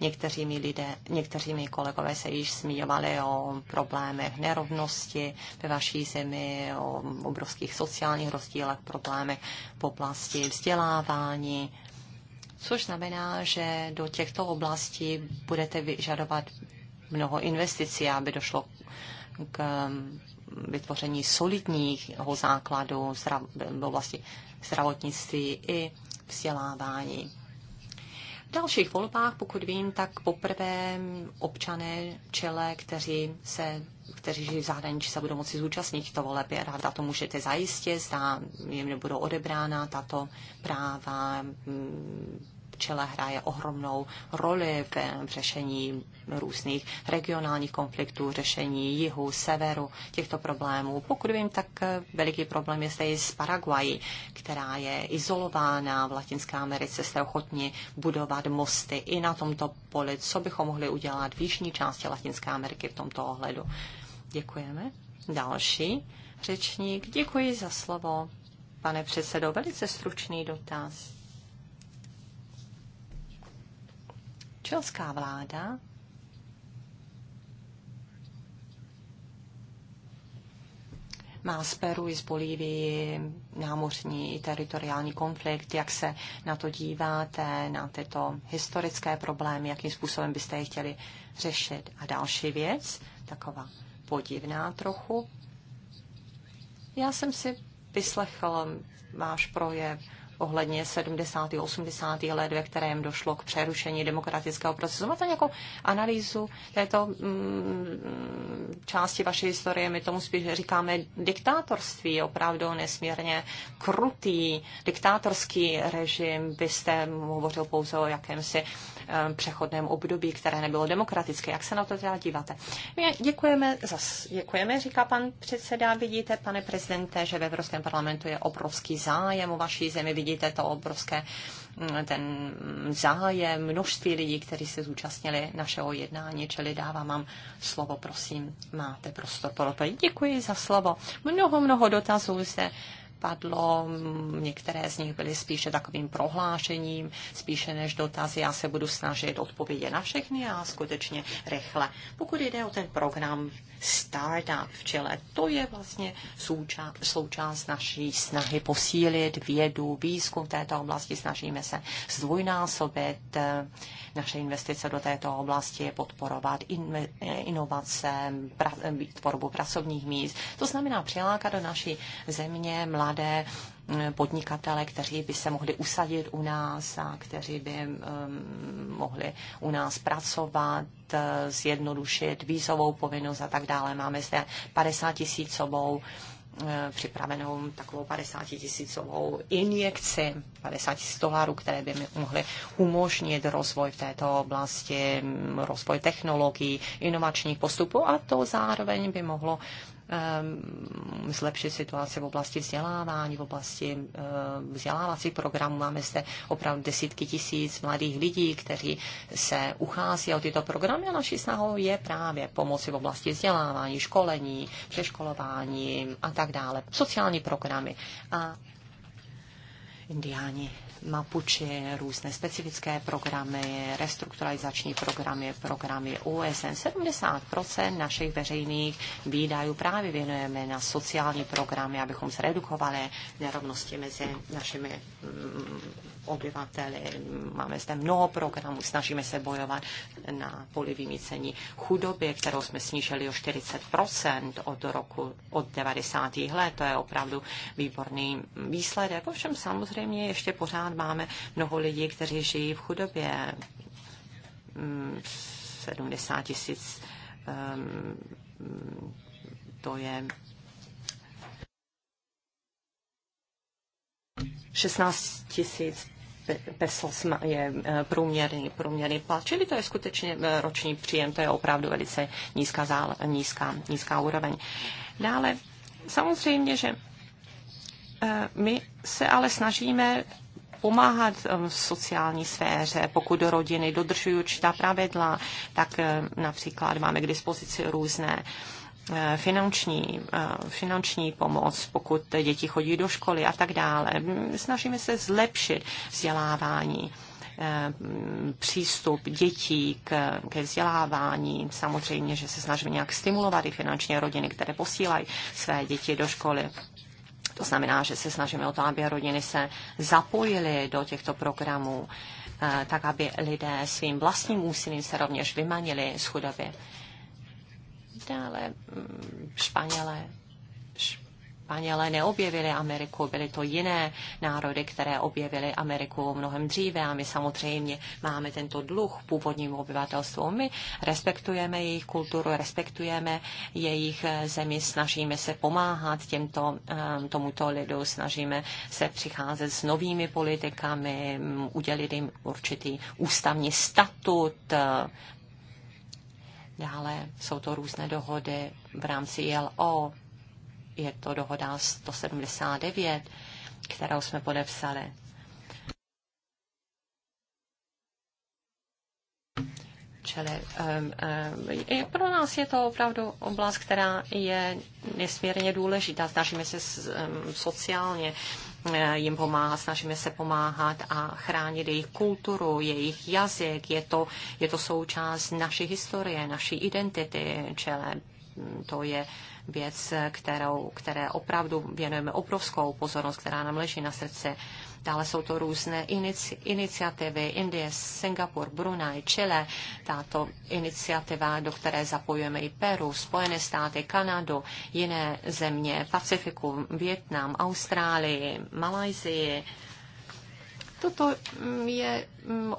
Někteří mi, lidé, někteří mi kolegové se již smíjovali o problémech nerovnosti ve vaší zemi, o obrovských sociálních rozdílech, problémech v oblasti vzdělávání, což znamená, že do těchto oblastí budete vyžadovat mnoho investicí, aby došlo k um, vytvoření solidního základu v oblasti zdravotnictví i vzdělávání. V dalších volbách, pokud vím, tak poprvé občané čele, kteří se kteří žijí v zahraničí, se budou moci zúčastnit těchto voleb. Je to můžete zajistit, zda jim nebudou odebrána tato práva, mm, včela hraje ohromnou roli v řešení různých regionálních konfliktů, řešení jihu, severu těchto problémů. Pokud vím, tak eh, veliký problém je zde i s Paraguají, která je izolována v Latinské Americe, jste ochotni budovat mosty i na tomto poli. Co bychom mohli udělat v jižní části Latinské Ameriky v tomto ohledu? Děkujeme. Další řečník. Děkuji za slovo. Pane předsedo, velice stručný dotaz. Čelská vláda má z Peru i z Bolívii námořní i teritoriální konflikt. Jak se na to díváte, na tyto historické problémy, jakým způsobem byste je chtěli řešit? A další věc, taková podivná trochu. Já jsem si vyslechl váš projev ohledně 70. a 80. let, ve kterém došlo k přerušení demokratického procesu. Máte nějakou analýzu této mm, části vaší historie? My tomu spíš říkáme diktátorství, opravdu nesmírně krutý diktátorský režim. Byste hovořil pouze o jakémsi Eh, přechodném období, které nebylo demokratické. Jak se na to teda díváte? My děkujeme, zas, děkujeme, říká pan předseda. Vidíte, pane prezidente, že ve Evropském parlamentu je obrovský zájem o vaší zemi. Vidíte to obrovské mm, ten zájem, množství lidí, kteří se zúčastnili našeho jednání, čili dávám vám slovo, prosím, máte prostor pro Děkuji za slovo. Mnoho, mnoho dotazů se padlo, některé z nich byly spíše takovým prohlášením, spíše než dotazy. Já se budu snažit odpovědět na všechny a skutečně rychle. Pokud jde o ten program startup v čele. To je vlastně součást, součást naší snahy posílit vědu, výzkum této oblasti. Snažíme se zdvojnásobit eh, naše investice do této oblasti, podporovat inovace, pra, tvorbu pracovních míst. To znamená přilákat do naší země mladé podnikatele, kteří by se mohli usadit u nás a kteří by um, mohli u nás pracovat, eh, zjednodušit vízovou povinnost a tak dále. Máme zde 50 tisícovou eh, připravenou takovou 50 tisícovou injekci, 50 tisíc dolarů, které by mi mohly umožnit rozvoj v této oblasti, mm, rozvoj technologií, inovačních postupů a to zároveň by mohlo um, zlepšit situaci v oblasti vzdělávání, v oblasti um, ehm, vzdělávacích programů. Máme zde opravdu desítky tisíc mladých lidí, kteří se uchází o tyto programy a naší snahou je právě pomoci v oblasti vzdělávání, školení, přeškolování a tak dále, sociální programy. A indiáni Mapuči, různé specifické programy, restrukturalizační programy, programy OSN. 70 našich veřejných výdajů právě věnujeme na sociální programy, abychom zredukovali nerovnosti mezi našimi mm, obyvateli. Máme zde mnoho programů, snažíme se bojovat na poli vymícení chudoby, kterou jsme snížili o 40 od roku od 90. let. To je opravdu výborný výsledek. Ovšem samozřejmě ještě pořád máme mnoho lidí, kteří žijí v chudobě. 70 mm, tisíc ehm, to je 16 tisíc pesos je e, průměrný, průměrný plat, čili to je skutečně e, roční příjem, to je opravdu velice nízká, zále, nízká, nízká úroveň. Dále, samozřejmě, že e, my se ale snažíme pomáhat v sociální sféře, pokud do rodiny dodržují určitá pravidla, tak například máme k dispozici různé Eh, finanční, eh, finanční pomoc, pokud děti chodí do školy a tak dále. Snažíme se zlepšit vzdělávání eh, přístup dětí k, ke vzdělávání. Samozřejmě, že se snažíme nějak stimulovat i finančně rodiny, které posílají své děti do školy. To znamená, že se snažíme o to, aby rodiny se zapojily do těchto programů, tak aby lidé svým vlastním úsilím se rovněž vymanili z chudoby. Ale mm, Španělé, Španělé neobjevili Ameriku, byly to jiné národy, které objevily Ameriku mnohem dříve a my samozřejmě máme tento dluh původnímu obyvatelstvu. My respektujeme jejich kulturu, respektujeme jejich zemi, snažíme se pomáhat těmto, eh, tomuto lidu, snažíme se přicházet s novými politikami, mm, udělit jim určitý ústavní statut, eh, Dále jsou to různé dohody v rámci ILO. Je to dohoda 179, kterou jsme podepsali. Čili um, um, pro nás je to opravdu oblast, která je nesmírně důležitá. Snažíme se s, um, sociálně um, Eh, jim pomáhat, snažíme se pomáhat a chránit jejich kulturu, jejich jazyk. Je to, je to součást naší historie, naší identity, čele hm, to je věc, kterou, které opravdu věnujeme obrovskou pozornost, která nám leží na srdci. Dále jsou to různé inici, iniciativy Indie, Singapur, Brunei, Chile. Tato iniciativa, do které zapojujeme i Peru, Spojené státy, Kanadu, jiné země, Pacifiku, Větnam, Austrálii, Malajzii. Toto je Mm,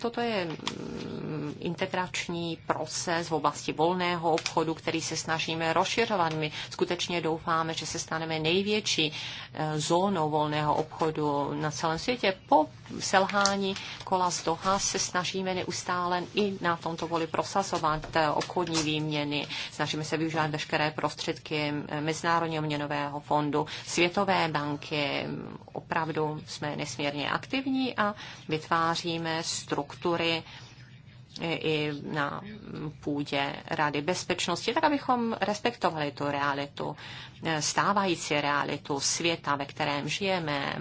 toto je mm, integrační proces v oblasti volného obchodu, který se snažíme rozšiřovat. My skutečně doufáme, že se staneme největší eh, zónou volného obchodu na celém světě. Po selhání kola z Doha se snažíme neustále i na tomto poli prosazovat eh, obchodní výměny. Snažíme se využívat veškeré prostředky eh, Mezinárodního měnového fondu, Světové banky. Opravdu jsme nesmírně aktivní a vytváří vidíme struktury i na půdě Rady bezpečnosti, tak abychom respektovali tu realitu, e, stávající realitu světa, ve kterém žijeme.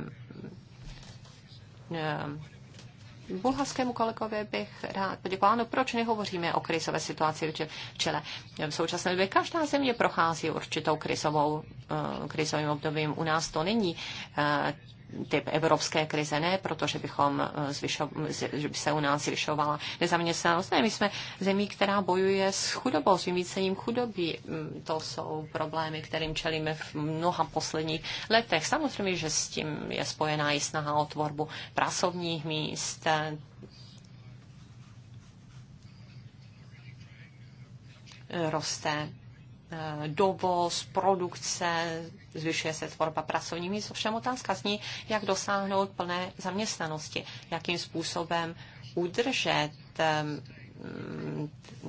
E, bulharskému kolegovi bych rád poděkoval. No proč nehovoříme o krizové situaci v čele? V současné době každá země prochází určitou krizovou, e, krizovým obdobím. U nás to není typ evropské krize, ne protože bychom eh, zvyšo, že by se u nás zvyšovala nezaměstnanost. Ne, my jsme zemí, která bojuje s chudobou, s vymícením chudoby. Mm, to jsou problémy, kterým čelíme v mnoha posledních letech. Samozřejmě, že s tím je spojená i snaha o tvorbu pracovních míst, roste Eh, dovoz, produkce, zvyšuje se tvorba pracovních míst. Ovšem otázka zní, jak dosáhnout plné zaměstnanosti, jakým způsobem udržet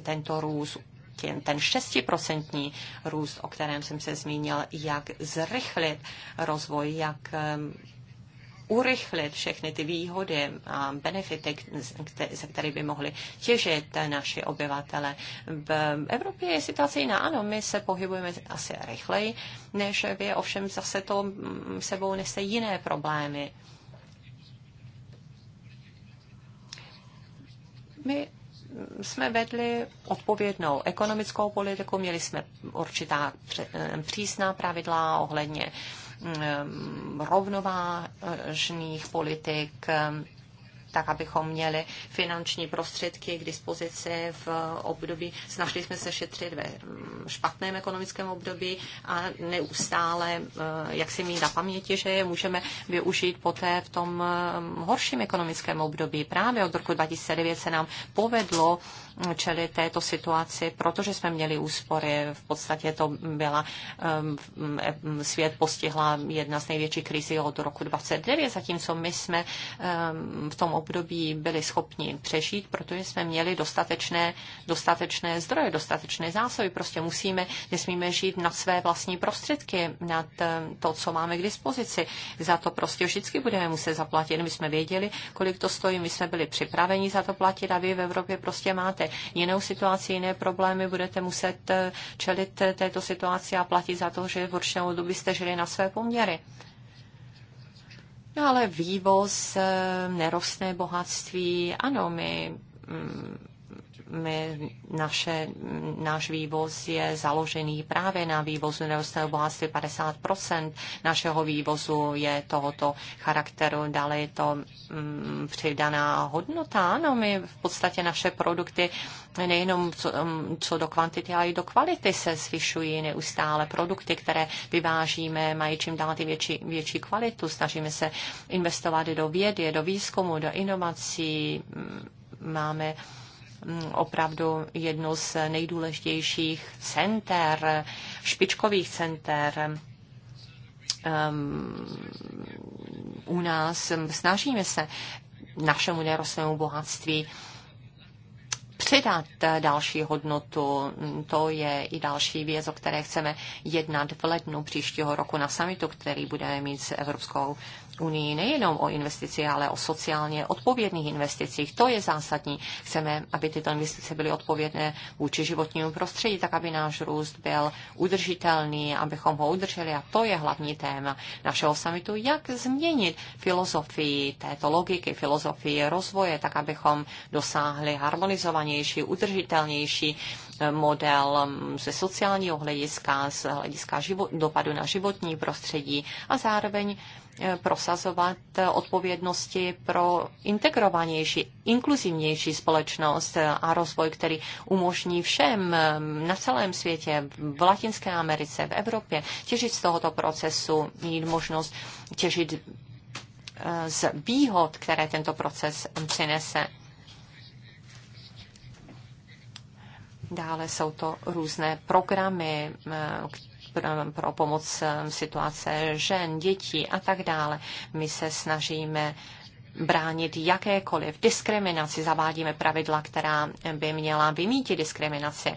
tento růst, ten, šestiprocentní růst, o kterém jsem se zmínil, jak zrychlit rozvoj, jak urychlit všechny ty výhody a benefity, za které by mohli těžit naši obyvatele. V Evropě je situace jiná. Ano, my se pohybujeme asi rychleji, než vy, ovšem zase to mm, sebou nese jiné problémy. My mm, jsme vedli odpovědnou ekonomickou politiku, měli jsme určitá mm, přísná pravidla ohledně uh, Eh, rovnovážných politik, eh, tak abychom měli finanční prostředky k dispozici v období. Snažili jsme se šetřit ve špatném ekonomickém období a neustále, eh, jak si mít na paměti, že je můžeme využít poté v tom horším ekonomickém období. Právě od roku 2009 se nám povedlo čelit této situaci, protože jsme měli úspory. V podstatě to byla, um, um, e, svět postihla jedna z největších krizí od roku 29, zatímco my jsme um, v tom období byli schopni přežít, protože jsme měli dostatečné, dostatečné zdroje, dostatečné zásoby. Prostě musíme, nesmíme žít nad své vlastní prostředky, nad to, co máme k dispozici. Za to prostě vždycky budeme muset zaplatit. My jsme věděli, kolik to stojí, my jsme byli připraveni za to platit a vy v Evropě prostě máte máte jinou situaci, jiné problémy, budete muset eh, čelit eh, této situaci a platit za to, že v určitou dobu jste žili na své poměry. No ale vývoz, eh, nerostné bohatství, ano, my mm, my, naše, náš vývoz je založený právě na vývozu nerostného bohatství. 50 našeho vývozu je tohoto charakteru. Dále je to mm, přidaná hodnota. Ano, my v podstatě naše produkty nejenom co, mm, co do kvantity, ale i do kvality se zvyšují neustále. Produkty, které vyvážíme, mají čím dál ty větší, větší kvalitu. Snažíme se investovat do vědy, do výzkumu, do inovací. Mm, máme Mm, opravdu jednu z nejdůležitějších center, špičkových center u nás. Snažíme se našemu nerostnému bohatství přidat další hodnotu. To je i další věc, o které chceme jednat v lednu příštího roku na samitu, který budeme mít s Evropskou unii nejenom o investici, ale o sociálně odpovědných investicích. To je zásadní. Chceme, aby tyto investice byly odpovědné vůči životnímu prostředí, tak aby náš růst byl udržitelný, abychom ho udrželi. A to je hlavní téma našeho samitu, jak změnit filozofii této logiky, filozofii rozvoje, tak abychom dosáhli harmonizovanější, udržitelnější eh, model mm, ze sociálního hlediska, z hlediska život, dopadu na životní prostředí a zároveň Eh, prosazovat odpovědnosti pro integrovanější, inkluzivnější společnost a rozvoj, který umožní všem eh, na celém světě, v Latinské Americe, v Evropě, těžit z tohoto procesu, mít možnost těžit eh, z výhod, které tento proces přinese. Dále jsou to různé programy, pro pomoc eh, situace žen, dětí a tak dále. My se snažíme bránit jakékoliv diskriminaci, zavádíme pravidla, která by měla vymítit diskriminaci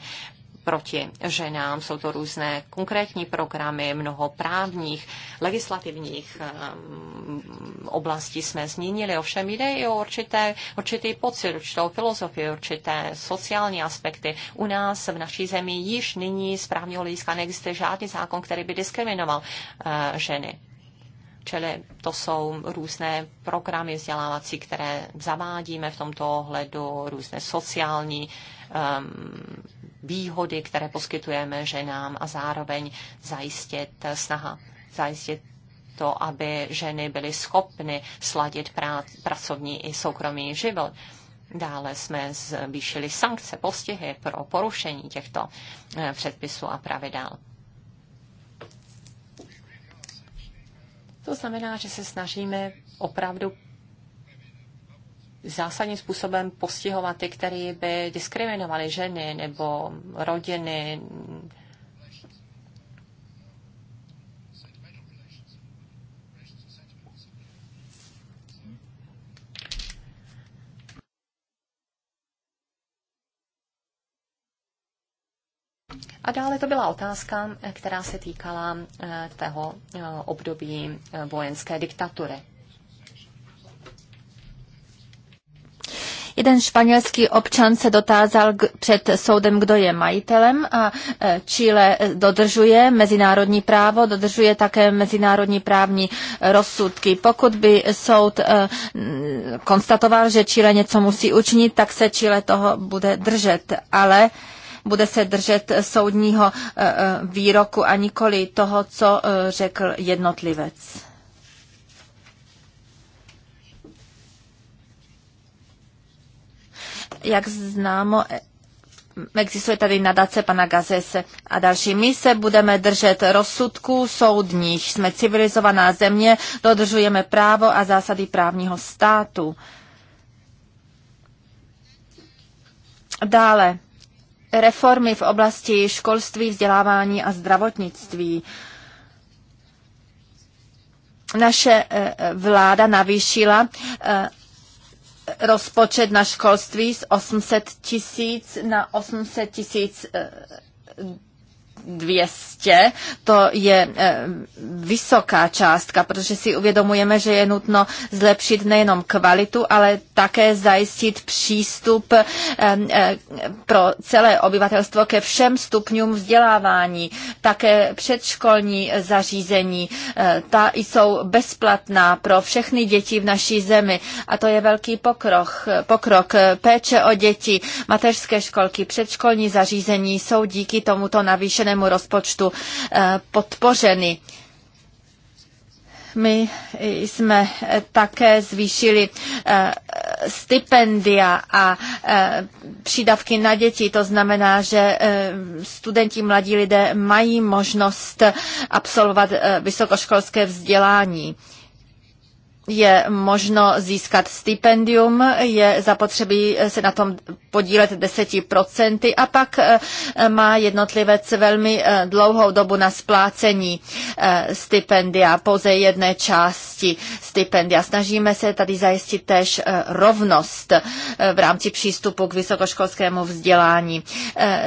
proti ženám. Jsou to různé konkrétní programy, mnoho právních, legislativních um, oblastí jsme změnili. Ovšem jde i o určité, určitý pocit, určitou filozofii, určité sociální aspekty. U nás v naší zemi již nyní z právního hlediska neexistuje žádný zákon, který by diskriminoval uh, ženy. Čili to jsou různé programy vzdělávací, které zavádíme v tomto ohledu, různé sociální um, výhody, které poskytujeme ženám a zároveň zajistit snaha, zajistit to, aby ženy byly schopny sladit prá- pracovní i soukromý život. Dále jsme zvýšili sankce, postihy pro porušení těchto eh, předpisů a pravidel. To znamená, že se snažíme opravdu zásadním způsobem postihovat ty, které by diskriminovaly ženy nebo rodiny. A dále to byla otázka, která se týkala eh, tého eh, období eh, vojenské diktatury. Jeden španělský občan se dotázal před soudem, kdo je majitelem a e, Chile dodržuje mezinárodní právo, dodržuje také mezinárodní právní rozsudky. Pokud by soud e, konstatoval, že Chile něco musí učinit, tak se Chile toho bude držet, ale bude se držet soudního e, výroku a nikoli toho, co řekl jednotlivec. Jak známo, e, existuje tady nadace pana Gazese a další. My se budeme držet rozsudků soudních. Jsme civilizovaná země, dodržujeme právo a zásady právního státu. Dále, reformy v oblasti školství, vzdělávání a zdravotnictví. Naše e, e, vláda navýšila rozpočet na školství z 800 tisíc na 800 tisíc eh, 200, to je eh, vysoká částka, protože si uvědomujeme, že je nutno zlepšit nejenom kvalitu, ale také zajistit přístup eh, eh, pro celé obyvatelstvo ke všem stupňům vzdělávání, také předškolní zařízení. Ta jsou bezplatná pro všechny děti v naší zemi a to je velký pokrok. pokrok. Péče o děti, mateřské školky, předškolní zařízení jsou díky tomuto navýšenému veřejnému rozpočtu eh, podpořeny. My jsme také zvýšili eh, stipendia a eh, přídavky na děti. To znamená, že studenti, mladí lidé mají možnost absolvovat vysokoškolské vzdělání je možno získat stipendium, je zapotřebí se na tom podílet 10% a pak eh, má jednotlivec velmi eh, dlouhou dobu na splácení eh, stipendia, pouze jedné části stipendia. Snažíme se tady zajistit též rovnost v rámci přístupu k vysokoškolskému vzdělání.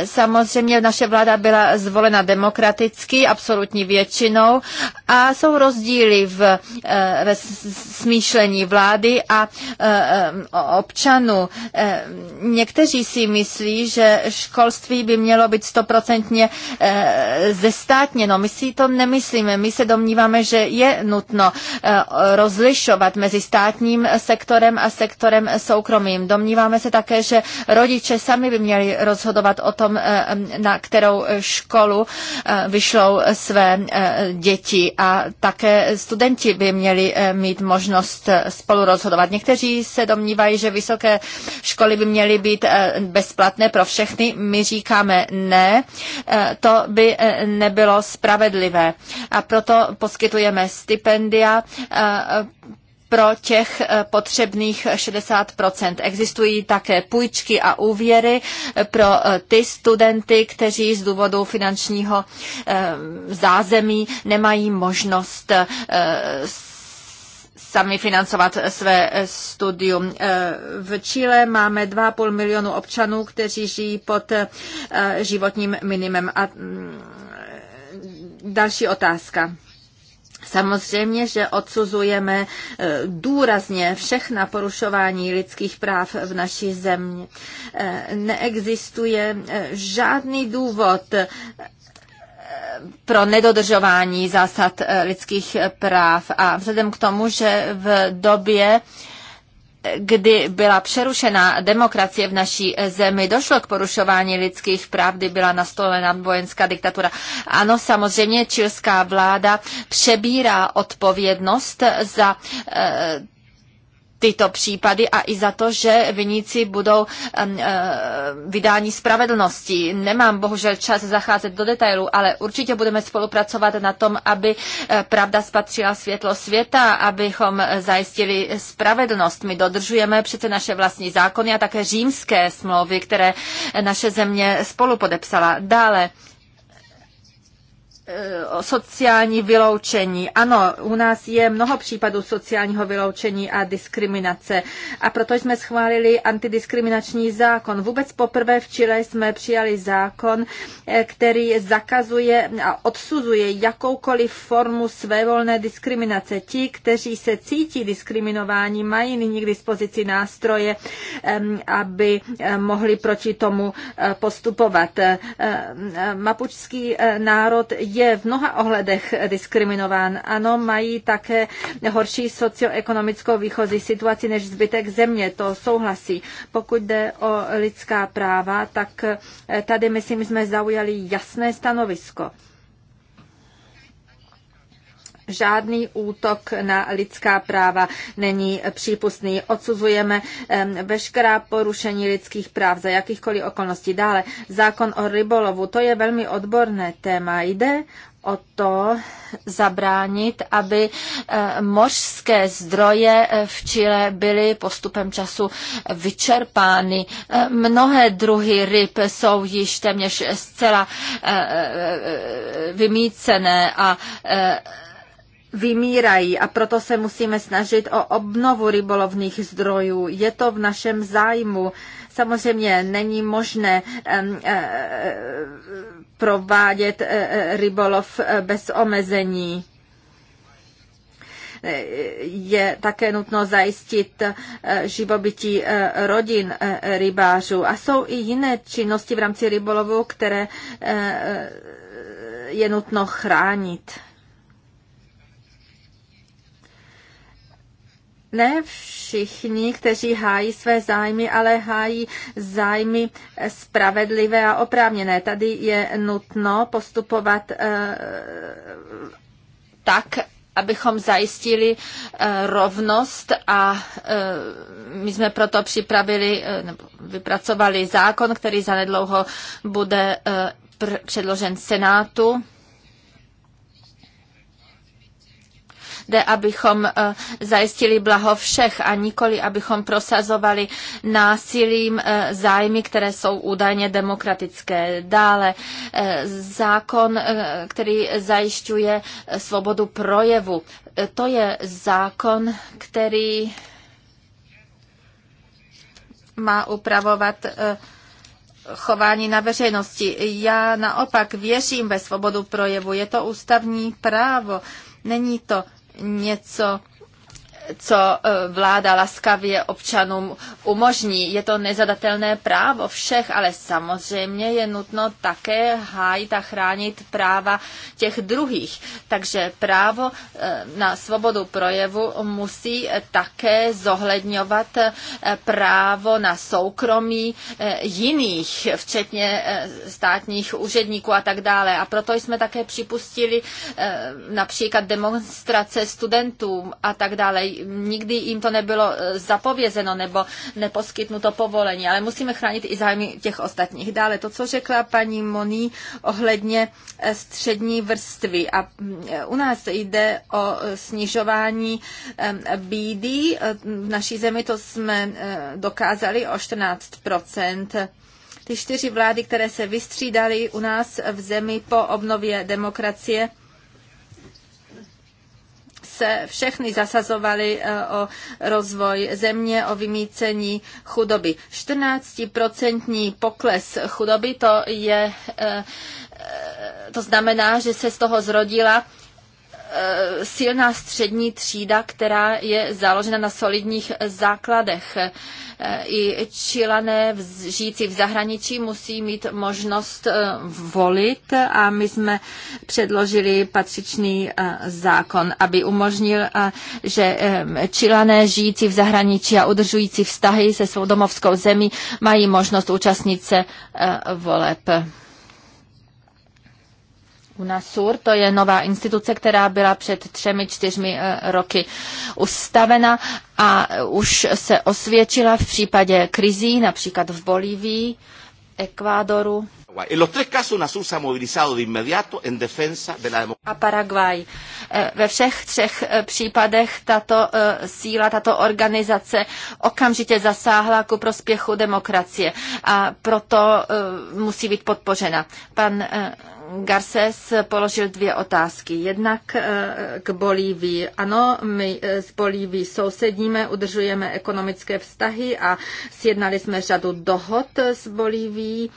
Samozřejmě naše vláda byla zvolena demokraticky, absolutní většinou a jsou rozdíly v, ve smýšlení vlády a eh, eh, občanů. Eh, někteří si myslí, že školství by mělo být stoprocentně zestátněno. My si to nemyslíme. My se domníváme, že je nutno rozlišovat mezi státním sektorem a sektorem soukromým. Domníváme se také, že rodiče sami by měli rozhodovat o tom, na kterou školu vyšlou své děti a také studenti by měli mít možnost možnost eh, spolu rozhodovat. Někteří se domnívají, že vysoké školy by měly být eh, bezplatné pro všechny. My říkáme ne, eh, to by nebylo spravedlivé. A proto poskytujeme stipendia pro těch potřebných 60 Existují také půjčky a úvěry pro ty studenty, kteří z důvodu finančního zázemí nemají možnost sami financovat své studium. Eh, v Chile máme 2,5 milionu občanů, kteří žijí pod eh, životním minimem. A mm, další otázka. Samozřejmě, že odsuzujeme eh, důrazně všechna porušování lidských práv v naší zemi. Neexistuje žádný důvod pro nedodržování zásad eh, lidských eh, práv. A vzhledem k tomu, že v době kdy byla přerušena demokracie v naší eh, zemi, došlo k porušování lidských práv, kdy byla nastolena vojenská diktatura. Ano, samozřejmě čilská vláda přebírá odpovědnost za tyto případy a i za to, že viníci budou eh, vydání spravedlnosti. Nemám bohužel čas zacházet do detailů, ale určitě budeme spolupracovat na tom, aby eh, pravda spatřila světlo světa, abychom eh, zajistili spravedlnost. My dodržujeme přece naše vlastní zákony a také římské smlouvy, které naše země spolu podepsala. Dále sociální vyloučení. Ano, u nás je mnoho případů sociálního vyloučení a diskriminace a proto jsme schválili antidiskriminační zákon. Vůbec poprvé v Chile jsme přijali zákon, eh, který zakazuje a odsuzuje jakoukoliv formu svévolné diskriminace. Ti, kteří se cítí diskriminování mají nyní k dispozici nástroje, aby eh, mohli proti tomu eh, postupovat. Mapučský národ je je v mnoha ohledech diskriminován. Ano, mají také horší socioekonomickou výchozí situaci než zbytek země, to souhlasí. Pokud jde o lidská práva, tak eh, tady, myslím, jsme zaujali jasné stanovisko žádný útok na lidská práva není přípustný. Odsuzujeme veškerá porušení lidských práv za jakýchkoliv okolností. Dále zákon o rybolovu, to je velmi odborné téma. Jde o to zabránit, aby eh, mořské zdroje eh, v Chile byly postupem času vyčerpány. Eh, mnohé druhy ryb jsou již téměř zcela vymícené a vymírají a proto se musíme snažit o obnovu rybolovných zdrojů. Je to v našem zájmu. Samozřejmě není možné e, provádět e, e, rybolov bez omezení je také nutno zajistit živobytí rodin rybářů. A jsou i jiné činnosti v rámci rybolovu, které je nutno chránit. ne všichni, kteří hájí své zájmy, ale hájí zájmy spravedlivé a oprávněné. Tady je nutno postupovat eh, tak, abychom zajistili eh, rovnost a eh, my jsme proto připravili, nebo vypracovali zákon, který zanedlouho bude předložen Senátu jde, abychom eh, zajistili blaho všech a nikoli, abychom prosazovali násilím eh, zájmy, které jsou údajně demokratické. Dále eh, zákon, který zajišťuje svobodu projevu. To je zákon, který má upravovat chování na veřejnosti. Já naopak věřím ve svobodu projevu. Je to ústavní právo. Není to něco co eh, vláda laskavě občanům umožní. Je to nezadatelné právo všech, ale samozřejmě je nutno také hájit a chránit práva těch druhých. Takže právo eh, na svobodu projevu musí také zohledňovat eh, právo na soukromí jiných, včetně státních úředníků a tak dále. A proto jsme také připustili například demonstrace studentům a tak dále nikdy jim to nebylo e, zapovězeno nebo neposkytnuto povolení, ale musíme chránit i zájmy těch ostatních. Dále to, co řekla paní Moní ohledně e, střední vrstvy. A mm, e, u nás jde o snižování bídy. V naší zemi to jsme dokázali o 14 ty čtyři vlády, které se vystřídaly u nás v zemi po obnově demokracie, se všechny zasazovaly eh, o rozvoj země, o vymícení chudoby. 14% pokles chudoby to je eh, eh, to znamená, že se z toho zrodila Eh, silná střední třída, která je založena na solidních základech. Eh, I čilané žijící v zahraničí musí mít možnost eh, volit a my jsme předložili patřičný zákon, aby umožnil, že čilané žijící v zahraničí a udržující vztahy se svou domovskou zemí mají možnost účastnit se voleb. UNASUR, to je nová instituce, která byla před třemi, čtyřmi eh, roky ustavena a už se osvědčila v případě krizí, například v Bolívii, Ekvádoru. A Paraguay. Eh, ve všech třech eh, případech tato síla, tato organizace okamžitě zasáhla ku prospěchu demokracie a proto musí být podpořena. Pan Garces položil dvě otázky. Jednak eh, k Bolívii. Ano, my eh, s Bolívií sousedíme, udržujeme ekonomické vztahy a sjednali jsme řadu dohod s Bolívií.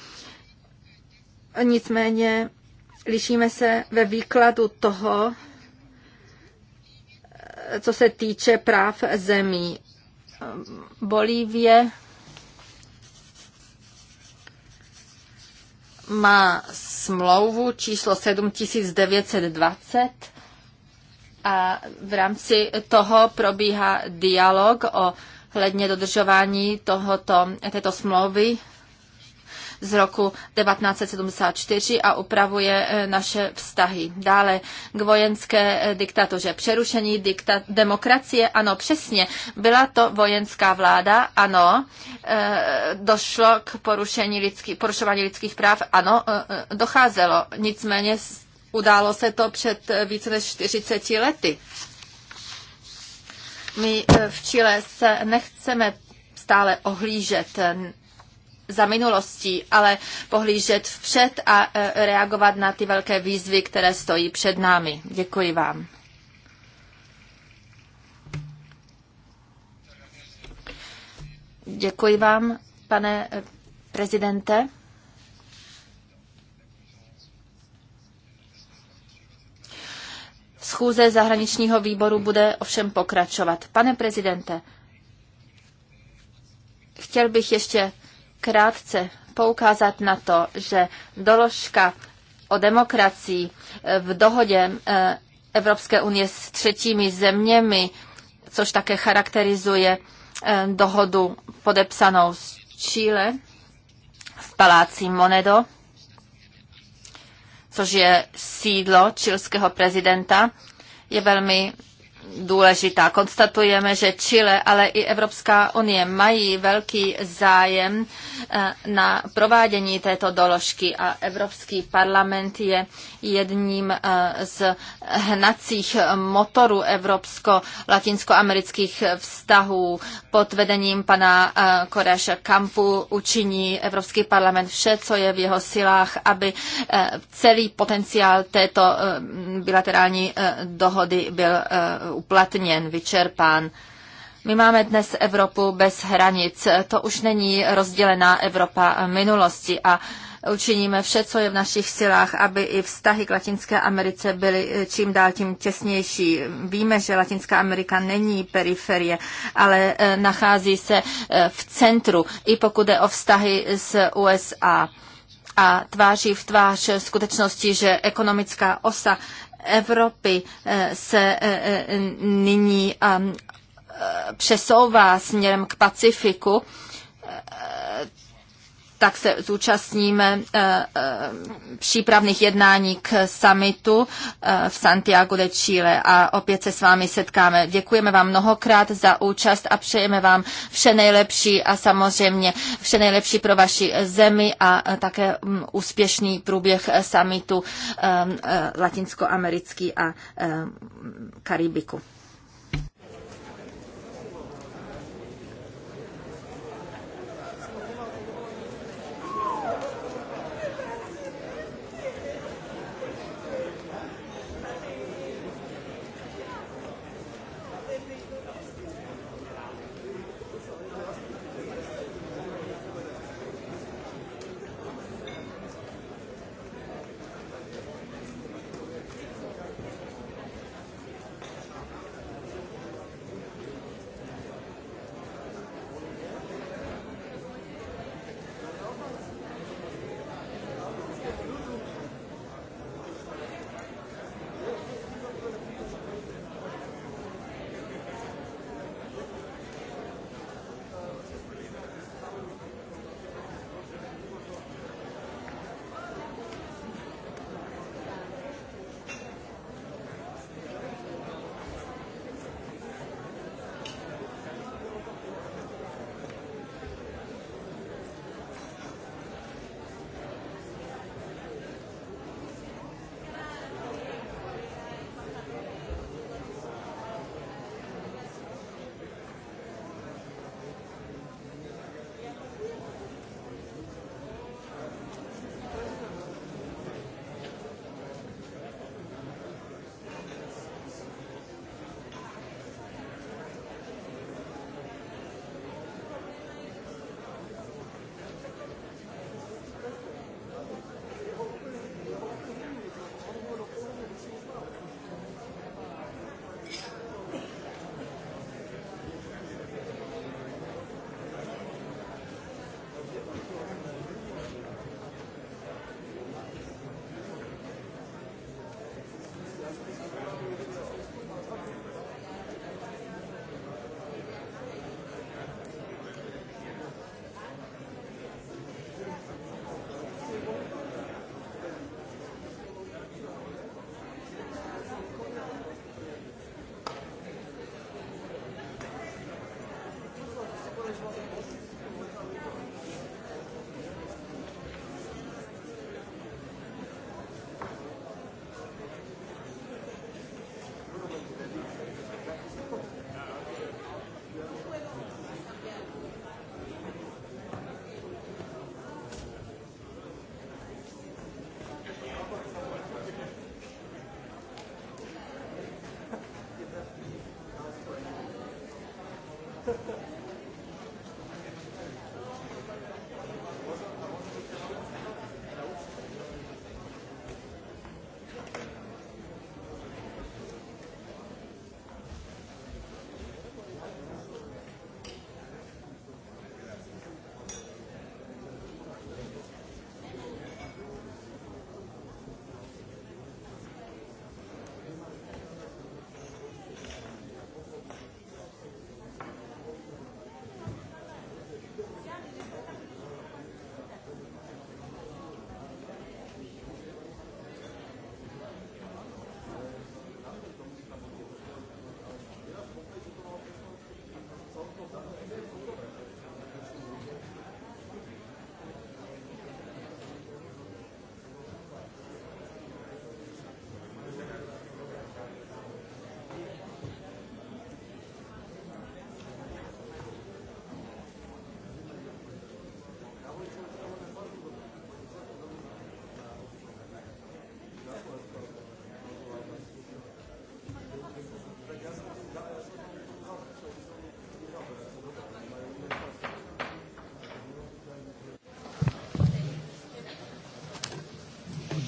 Nicméně lišíme se ve výkladu toho, eh, co se týče práv zemí. Bolívie má smlouvu číslo 7920 a v rámci toho probíhá dialog o hledně dodržování tohoto, této smlouvy z roku 1974 a upravuje eh, naše vztahy. Dále k vojenské eh, diktatuře. Přerušení dikta- demokracie, ano, přesně. Byla to vojenská vláda, ano. Eh, došlo k porušení lidský, porušování lidských práv, ano, docházelo. Nicméně událo se to před více než 40 lety. My v Chile se nechceme stále ohlížet, za minulostí, ale pohlížet vpřed a e, reagovat na ty velké výzvy, které stojí před námi. Děkuji vám. Děkuji vám, pane e, prezidente. Schůze zahraničního výboru bude ovšem pokračovat. Pane prezidente, chtěl bych ještě krátce poukázat na to, že doložka o demokracii eh, v dohodě eh, Evropské unie s třetími zeměmi, což také charakterizuje eh, dohodu podepsanou z Chile v paláci Monedo, což je sídlo čilského prezidenta, je velmi důležitá. Konstatujeme, že Chile, ale i Evropská unie mají velký zájem eh, na provádění této doložky a Evropský parlament je jedním eh, z hnacích motorů evropsko amerických vztahů. Pod vedením pana eh, Koreša Kampu učiní Evropský parlament vše, co je v jeho silách, aby celý potenciál této bilaterální dohody byl uplatněn, vyčerpán. My máme dnes Evropu bez hranic. To už není rozdělená Evropa minulosti a učiníme vše, co je v našich silách, aby i vztahy k Latinské Americe byly eh, čím dál tím těsnější. Víme, že Latinská Amerika není periferie, ale eh, nachází se eh, v centru, i pokud je o vztahy s USA a tváří v tvář skutečnosti, že ekonomická osa Evropy eh, se eh, eh, nyní přesouvá směrem k Pacifiku, tak se zúčastníme eh, eh, přípravných jednání k summitu eh, v Santiago de Chile a opět se s vámi setkáme. Děkujeme vám mnohokrát za účast a přejeme vám vše nejlepší a samozřejmě vše nejlepší pro vaši zemi a také mm, úspěšný průběh summitu latinskoamerický a Karibiku.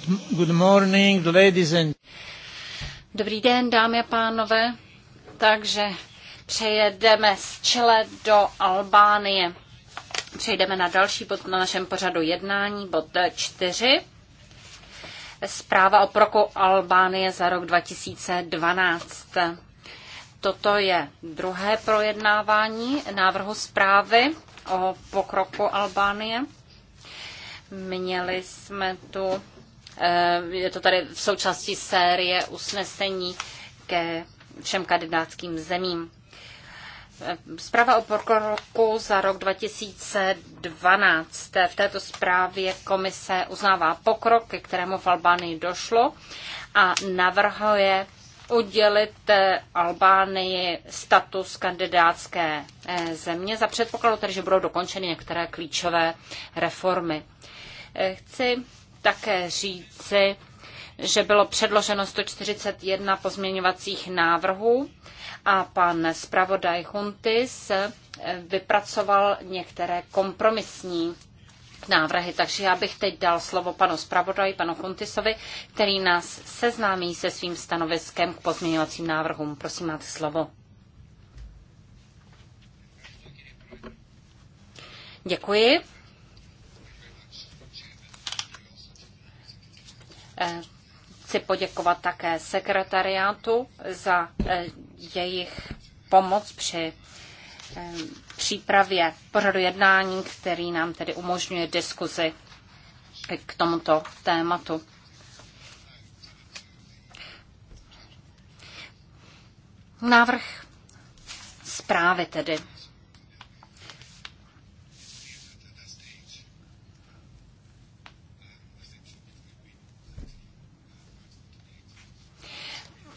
Good morning, ladies and... Dobrý den, dámy a pánové. Takže přejedeme z Chile do Albánie. Přejdeme na další bod na našem pořadu jednání, bod 4. Zpráva o proku Albánie za rok 2012. Toto je druhé projednávání návrhu zprávy o pokroku Albánie. Měli jsme tu Eh, je to tady v součástí série usnesení ke všem kandidátským zemím. Eh, zpráva o pokroku za rok 2012. V této zprávě komise uznává pokrok, ke kterému v Albánii došlo a navrhuje udělit eh, Albánii status kandidátské země za předpokladu, tedy, že budou dokončeny některé klíčové reformy. Chci také říci, že bylo předloženo 141 pozměňovacích návrhů a pan zpravodaj Huntis vypracoval některé kompromisní návrhy. Takže já bych teď dal slovo panu zpravodaji, panu Huntisovi, který nás seznámí se svým stanoviskem k pozměňovacím návrhům. Prosím, máte slovo. Děkuji. Eh, chci poděkovat také sekretariátu za eh, jejich pomoc při eh, přípravě pořadu jednání, který nám tedy umožňuje diskuzi k tomuto tématu. Návrh zprávy tedy.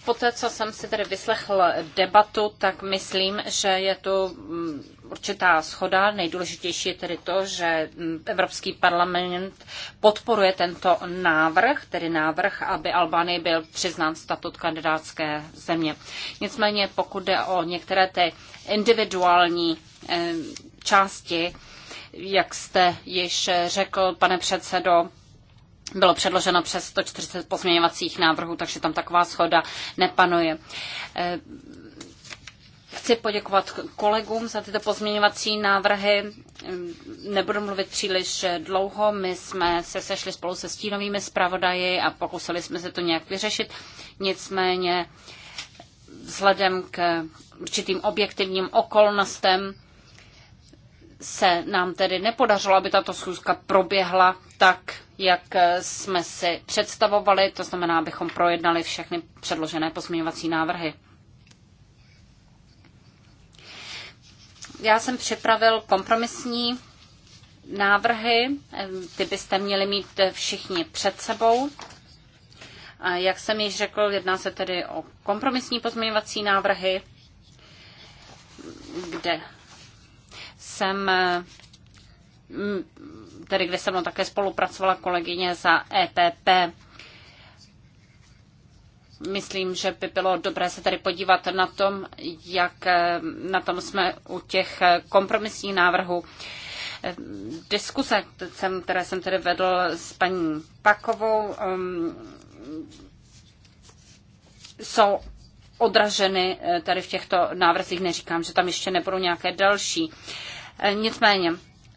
Poté, co jsem si tedy vyslechl debatu, tak myslím, že je tu mm, určitá schoda. Nejdůležitější je tedy to, že mm, Evropský parlament podporuje tento návrh, tedy návrh, aby Albánie byl přiznán statut kandidátské země. Nicméně, pokud jde o některé ty individuální eh, části, jak jste již řekl, pane předsedo, bylo předloženo přes 140 pozměňovacích návrhů, takže tam taková schoda nepanuje. Eh, chci poděkovat kolegům za tyto pozměňovací návrhy. Eh, nebudu mluvit příliš eh, dlouho. My jsme se sešli spolu se stínovými zpravodaji a pokusili jsme se to nějak vyřešit. Nicméně vzhledem k určitým objektivním okolnostem se nám tedy nepodařilo, aby tato schůzka proběhla tak, jak jsme si představovali, to znamená, abychom projednali všechny předložené pozměňovací návrhy. Já jsem připravil kompromisní návrhy, ty byste měli mít všichni před sebou. A jak jsem již řekl, jedná se tedy o kompromisní pozměňovací návrhy, kde jsem mm, tedy kde se mnou také spolupracovala kolegyně za EPP. Myslím, že by bylo dobré se tady podívat na tom, jak na tom jsme u těch kompromisních návrhů. Diskuse, které jsem tedy vedl s paní Pakovou, um, jsou odraženy eh, tady v těchto návrzích. Neříkám, že tam ještě nebudou nějaké další. Eh, nicméně,